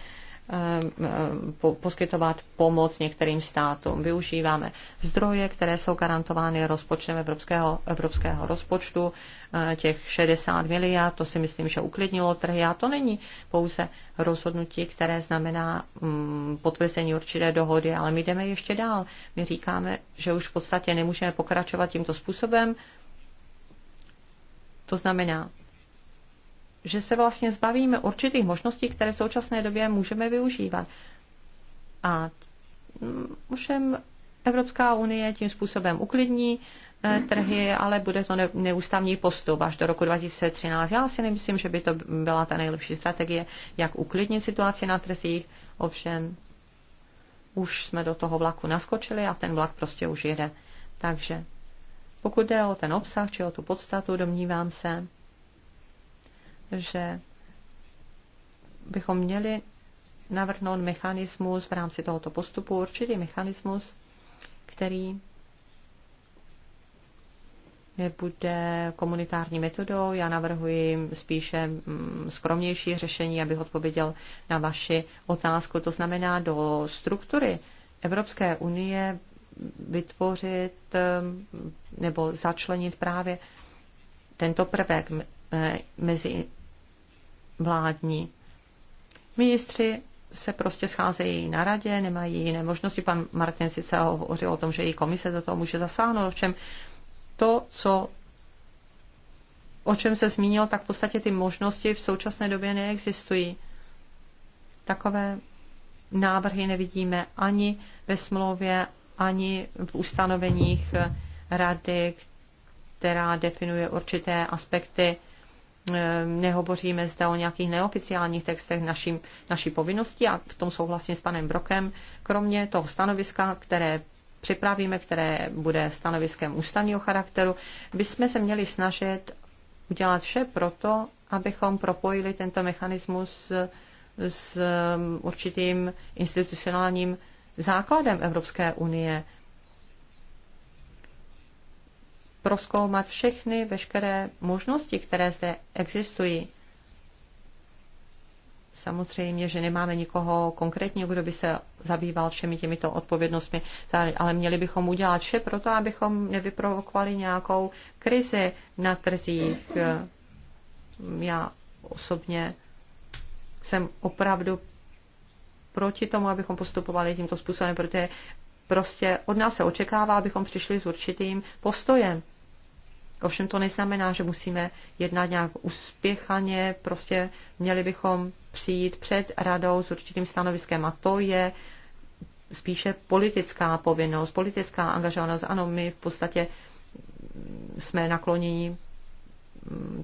Eh, poskytovat pomoc některým státům. Využíváme zdroje, které jsou garantovány rozpočtem evropského, evropského rozpočtu, eh, těch 60 miliard, to si myslím, že uklidnilo trhy a to není pouze rozhodnutí, které znamená mm, potvrzení určité dohody, ale my jdeme ještě dál. My říkáme, že už v podstatě nemůžeme pokračovat tímto způsobem, to znamená, že se vlastně zbavíme určitých možností, které v současné době můžeme využívat. A ovšem Evropská unie tím způsobem uklidní eh, trhy, ale bude to neústavní postup až do roku 2013. Já si nemyslím, že by to byla ta nejlepší strategie, jak uklidnit situaci na trzích. Ovšem, už jsme do toho vlaku naskočili a ten vlak prostě už jede. Takže pokud jde o ten obsah či o tu podstatu, domnívám se, že bychom měli navrhnout mechanismus v rámci tohoto postupu, určitý mechanismus, který nebude komunitární metodou. Já navrhuji spíše mm, skromnější řešení, abych odpověděl na vaši otázku. To znamená do struktury Evropské unie vytvořit mm, nebo začlenit právě tento prvek e, mezi vládní. Ministři se prostě scházejí na radě, nemají jiné možnosti. Pan Martin sice hovořil o tom, že i komise do toho může zasáhnout, ovšem to, co o čem se zmínil, tak v podstatě ty možnosti v současné době neexistují. Takové návrhy nevidíme ani ve smlouvě, ani v ustanoveních rady, která definuje určité aspekty Eh, nehovoříme zde o nějakých neoficiálních textech naší, naší povinnosti a v tom souhlasím s panem Brokem, kromě toho stanoviska, které připravíme, které bude stanoviskem ústavního charakteru, bychom se měli snažit udělat vše proto, abychom propojili tento mechanismus s, s určitým institucionálním základem Evropské unie. proskoumat všechny, veškeré možnosti, které zde existují. Samozřejmě, že nemáme nikoho konkrétního, kdo by se zabýval všemi těmito odpovědnostmi, ale měli bychom udělat vše pro to, abychom nevyprovokovali nějakou krizi na trzích. Já osobně jsem opravdu proti tomu, abychom postupovali tímto způsobem, protože prostě od nás se očekává, abychom přišli s určitým postojem. Ovšem to neznamená, že musíme jednat nějak uspěchaně, prostě měli bychom přijít před radou s určitým stanoviskem a to je spíše politická povinnost, politická angažovanost. Ano, my v podstatě jsme nakloněni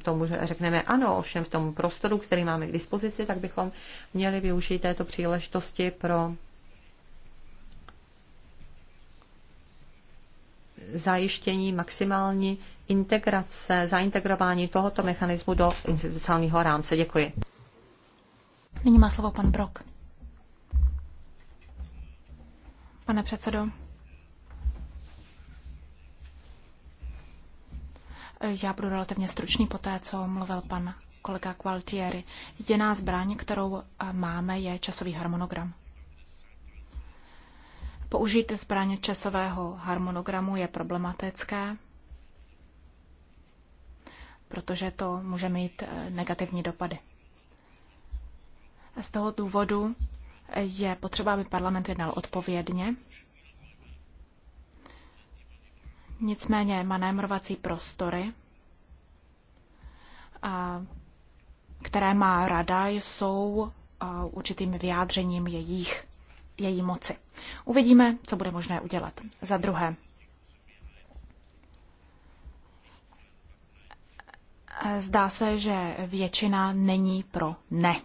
tomu, že řekneme ano, ovšem v tom prostoru, který máme k dispozici, tak bychom měli využít této příležitosti pro zajištění maximální integrace, zaintegrování tohoto mechanismu do institucionálního rámce. Děkuji. Nyní má slovo pan Brok. Pane předsedo, já budu relativně stručný po té, co mluvil pan kolega Qualtieri. Jediná zbraň, kterou eh, máme, je časový harmonogram. Použít zbraně časového harmonogramu je problematické, protože to může mít eh, negativní dopady. Z toho důvodu eh, je potřeba, aby parlament jednal odpovědně. Nicméně manémrovací prostory, které má rada, jsou eh, určitým vyjádřením jejich, její moci. Uvidíme, co bude možné udělat. Za druhé, Zdá se, že většina není pro ne.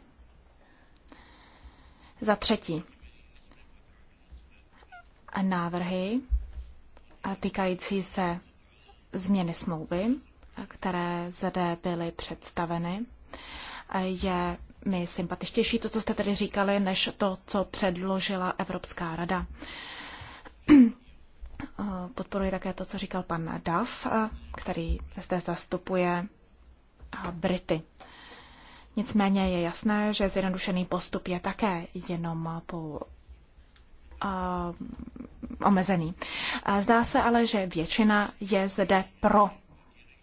Za třetí, návrhy týkající se změny smlouvy, které zde byly představeny, je mi sympatičtější to, co jste tady říkali, než to, co předložila Evropská rada. Podporuji také to, co říkal pan Dav, který zde zastupuje Brity. Nicméně je jasné, že zjednodušený postup je také jenom po a, omezený. A zdá se ale, že většina je zde pro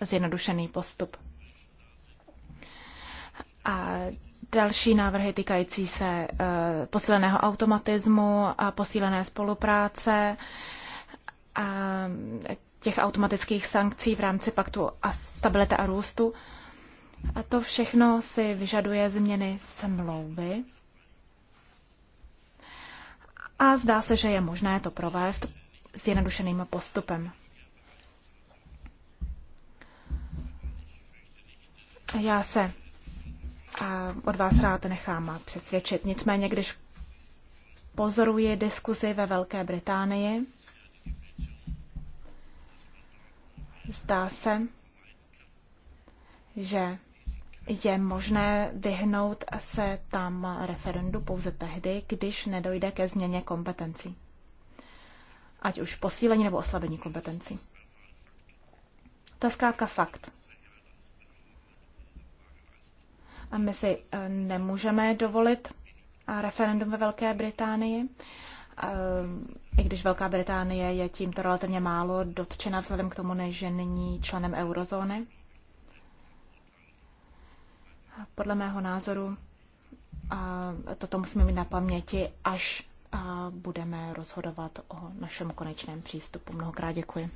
zjednodušený postup. A další návrhy týkající se e, posíleného automatismu a posílené spolupráce a těch automatických sankcí v rámci paktu a stabilita a růstu. A to všechno si vyžaduje změny semlouby. A zdá se, že je možné to provést s jednodušeným postupem. Já se a od vás rád nechám přesvědčit. Nicméně, když pozoruji diskuzi ve Velké Británii, zdá se, že je možné vyhnout se tam referendu pouze tehdy, když nedojde ke změně kompetencí. Ať už posílení nebo oslabení kompetencí. To je zkrátka fakt. A my si eh, nemůžeme dovolit eh, referendum ve Velké Británii, eh, i když Velká Británie je tímto relativně málo dotčena vzhledem k tomu, že není členem eurozóny. Podle mého názoru toto musíme mít na paměti, až budeme rozhodovat o našem konečném přístupu. Mnohokrát děkuji.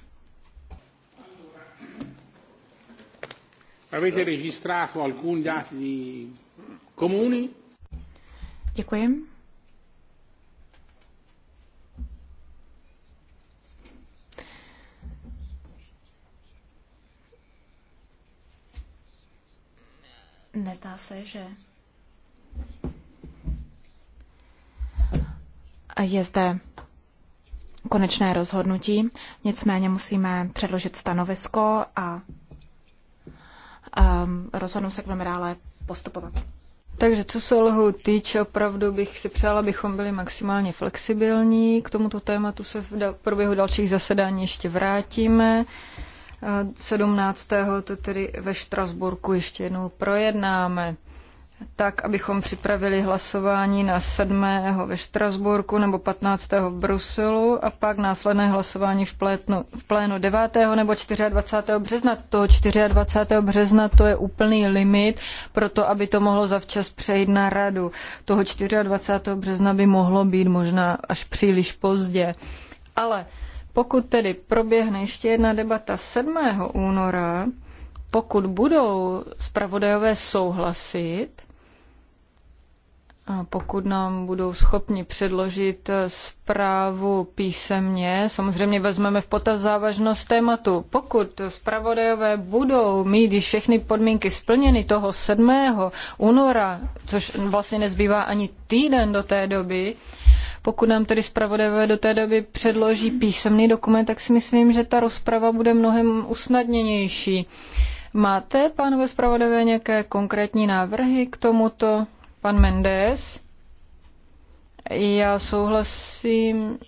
Avete registrato alcuni dati comuni? Děkuji. Nezdá se, že je zde konečné rozhodnutí, nicméně musíme předložit stanovisko a um, rozhodnout se, jak budeme dále postupovat. Takže co se lhu týče, opravdu bych si přála, abychom byli maximálně flexibilní. K tomuto tématu se v průběhu dalších zasedání ještě vrátíme. 17. to tedy ve Štrasburku ještě jednou projednáme tak, abychom připravili hlasování na 7. ve Štrasburku nebo 15. v Bruselu a pak následné hlasování v, plétnu, v plénu 9. nebo 24. března. To 24. března to je úplný limit pro to, aby to mohlo zavčas přejít na radu. Toho 24. března by mohlo být možná až příliš pozdě. Ale pokud tedy proběhne ještě jedna debata 7. února, pokud budou zpravodajové souhlasit, a pokud nám budou schopni předložit zprávu písemně, samozřejmě vezmeme v potaz závažnost tématu. Pokud zpravodajové budou mít již všechny podmínky splněny toho 7. února, což vlastně nezbývá ani týden do té doby, pokud nám tedy zpravodajové do té doby předloží písemný dokument, tak si myslím, že ta rozprava bude mnohem usnadněnější. Máte, pánové zpravodajové, nějaké konkrétní návrhy k tomuto? Pan Mendes? Já souhlasím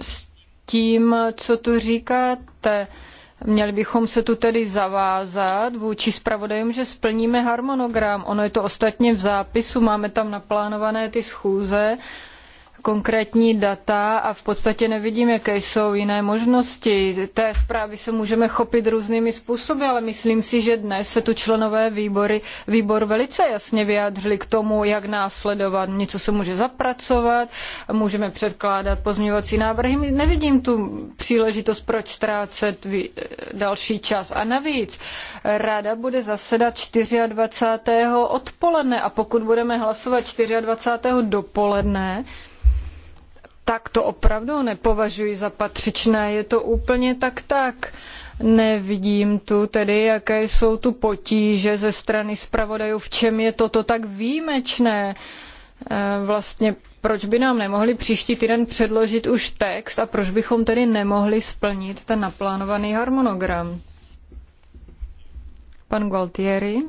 s tím, co tu říkáte. Měli bychom se tu tedy zavázat vůči zpravodajům, že splníme harmonogram. Ono je to ostatně v zápisu, máme tam naplánované ty schůze konkrétní data a v podstatě nevidím, jaké jsou jiné možnosti. Té zprávy se můžeme chopit různými způsoby, ale myslím si, že dnes se tu členové výbory, výbor velice jasně vyjádřili k tomu, jak následovat. Něco se může zapracovat, můžeme předkládat pozměňovací návrhy. Nevidím tu příležitost, proč ztrácet další čas. A navíc, rada bude zasedat 24. odpoledne a pokud budeme hlasovat 24. dopoledne, tak to opravdu nepovažuji za patřičné. Je to úplně tak tak. Nevidím tu tedy, jaké jsou tu potíže ze strany zpravodajů, v čem je toto tak výjimečné. E, vlastně proč by nám nemohli příští týden předložit už text a proč bychom tedy nemohli splnit ten naplánovaný harmonogram? Pan Gualtieri.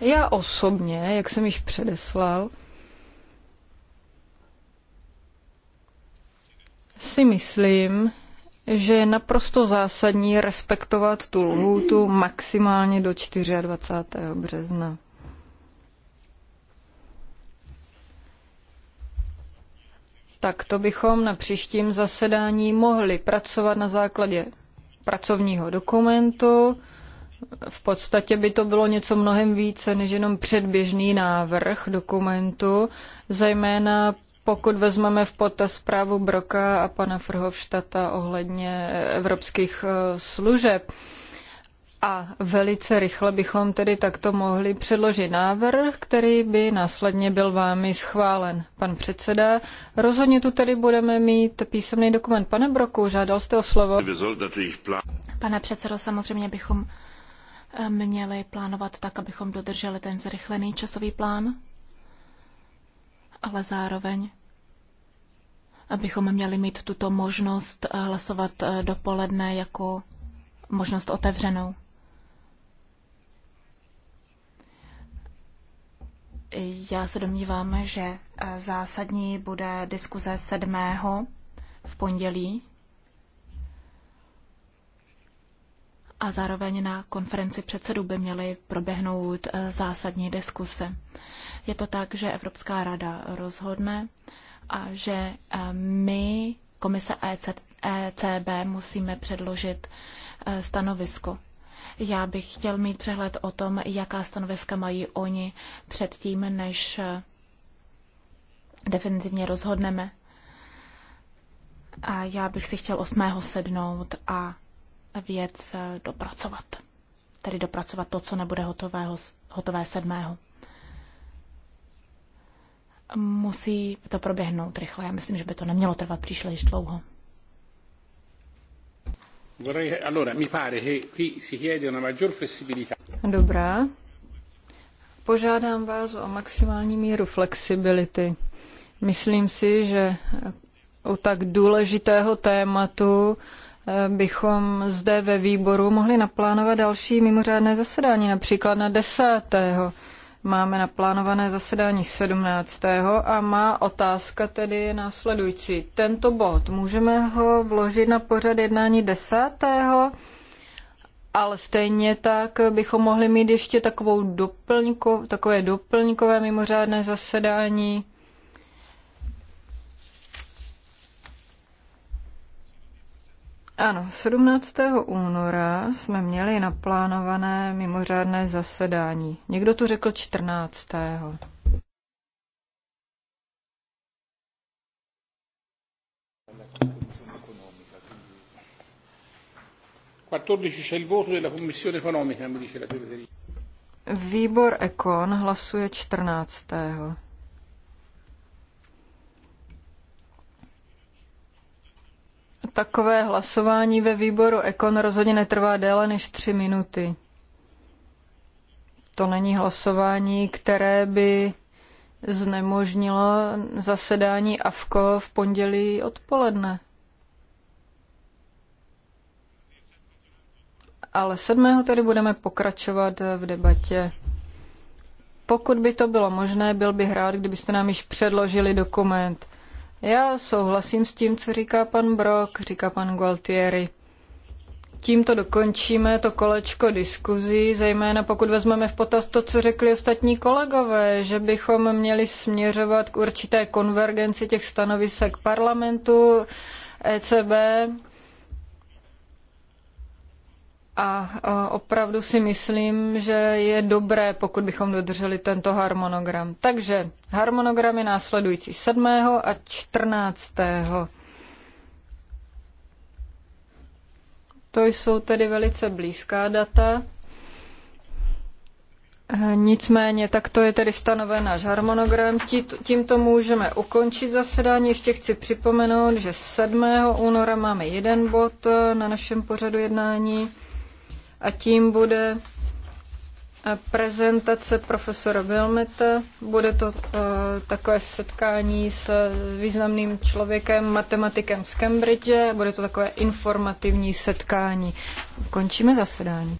Já osobně, jak jsem již předeslal, si myslím, že je naprosto zásadní respektovat tu lhůtu maximálně do 24. března. Tak to bychom na příštím zasedání mohli pracovat na základě pracovního dokumentu, v podstatě by to bylo něco mnohem více než jenom předběžný návrh dokumentu, zejména pokud vezmeme v potaz zprávu Broka a pana Frhovštata ohledně evropských eh, služeb. A velice rychle bychom tedy takto mohli předložit návrh, který by následně byl vámi schválen. Pan předseda, rozhodně tu tedy budeme mít písemný dokument. Pane Broku, žádal jste o slovo. Pane předsedo, samozřejmě bychom měli plánovat tak, abychom dodrželi ten zrychlený časový plán, ale zároveň abychom měli mít tuto možnost eh, hlasovat eh, dopoledne jako možnost otevřenou. Já se domnívám, že eh, zásadní bude diskuze 7. v pondělí a zároveň na konferenci předsedů by měly proběhnout eh, zásadní diskuse. Je to tak, že Evropská rada rozhodne a že eh, my, komise ECB, e musíme předložit eh, stanovisko. Já bych chtěl mít přehled o tom, jaká stanoviska mají oni předtím, než definitivně rozhodneme. A já bych si chtěl 8. sednout a věc eh, dopracovat. Tedy dopracovat to, co nebude hotového, hotové sedmého. Musí to proběhnout rychle. Já myslím, že by to nemělo trvat příliš dlouho. Dobrá. Požádám vás o maximální míru flexibility. Myslím si, že u tak důležitého tématu bychom zde ve výboru mohli naplánovat další mimořádné zasedání, například na 10. Máme naplánované zasedání 17. a má otázka tedy je následující. Tento bod, můžeme ho vložit na pořad jednání 10. Ale stejně tak bychom mohli mít ještě takovou doplňko, takové doplňkové mimořádné zasedání Ano, 17. února jsme měli naplánované mimořádné zasedání. Někdo tu řekl 14. Výbor Ekon hlasuje 14. takové hlasování ve výboru Ekon rozhodně netrvá déle než tři minuty. To není hlasování, které by znemožnilo zasedání AFKO v pondělí odpoledne. Ale sedmého tedy budeme pokračovat v debatě. Pokud by to bylo možné, byl bych rád, kdybyste nám již předložili dokument. Já souhlasím s tím, co říká pan Brok, říká pan Gualtieri. Tímto dokončíme to kolečko diskuzí, zejména pokud vezmeme v potaz to, co řekli ostatní kolegové, že bychom měli směřovat k určité konvergenci těch stanovisek parlamentu, ECB a opravdu si myslím, že je dobré, pokud bychom dodrželi tento harmonogram. Takže harmonogram je následující 7. a 14. To jsou tedy velice blízká data. Nicméně, takto je tedy stanoven náš harmonogram. Tímto můžeme ukončit zasedání. Ještě chci připomenout, že 7. února máme jeden bod na našem pořadu jednání. A tím bude prezentace profesora Wilmeta. Bude to eh, takové setkání s významným člověkem, matematikem z Cambridge. Bude to takové informativní setkání. Končíme zasedání.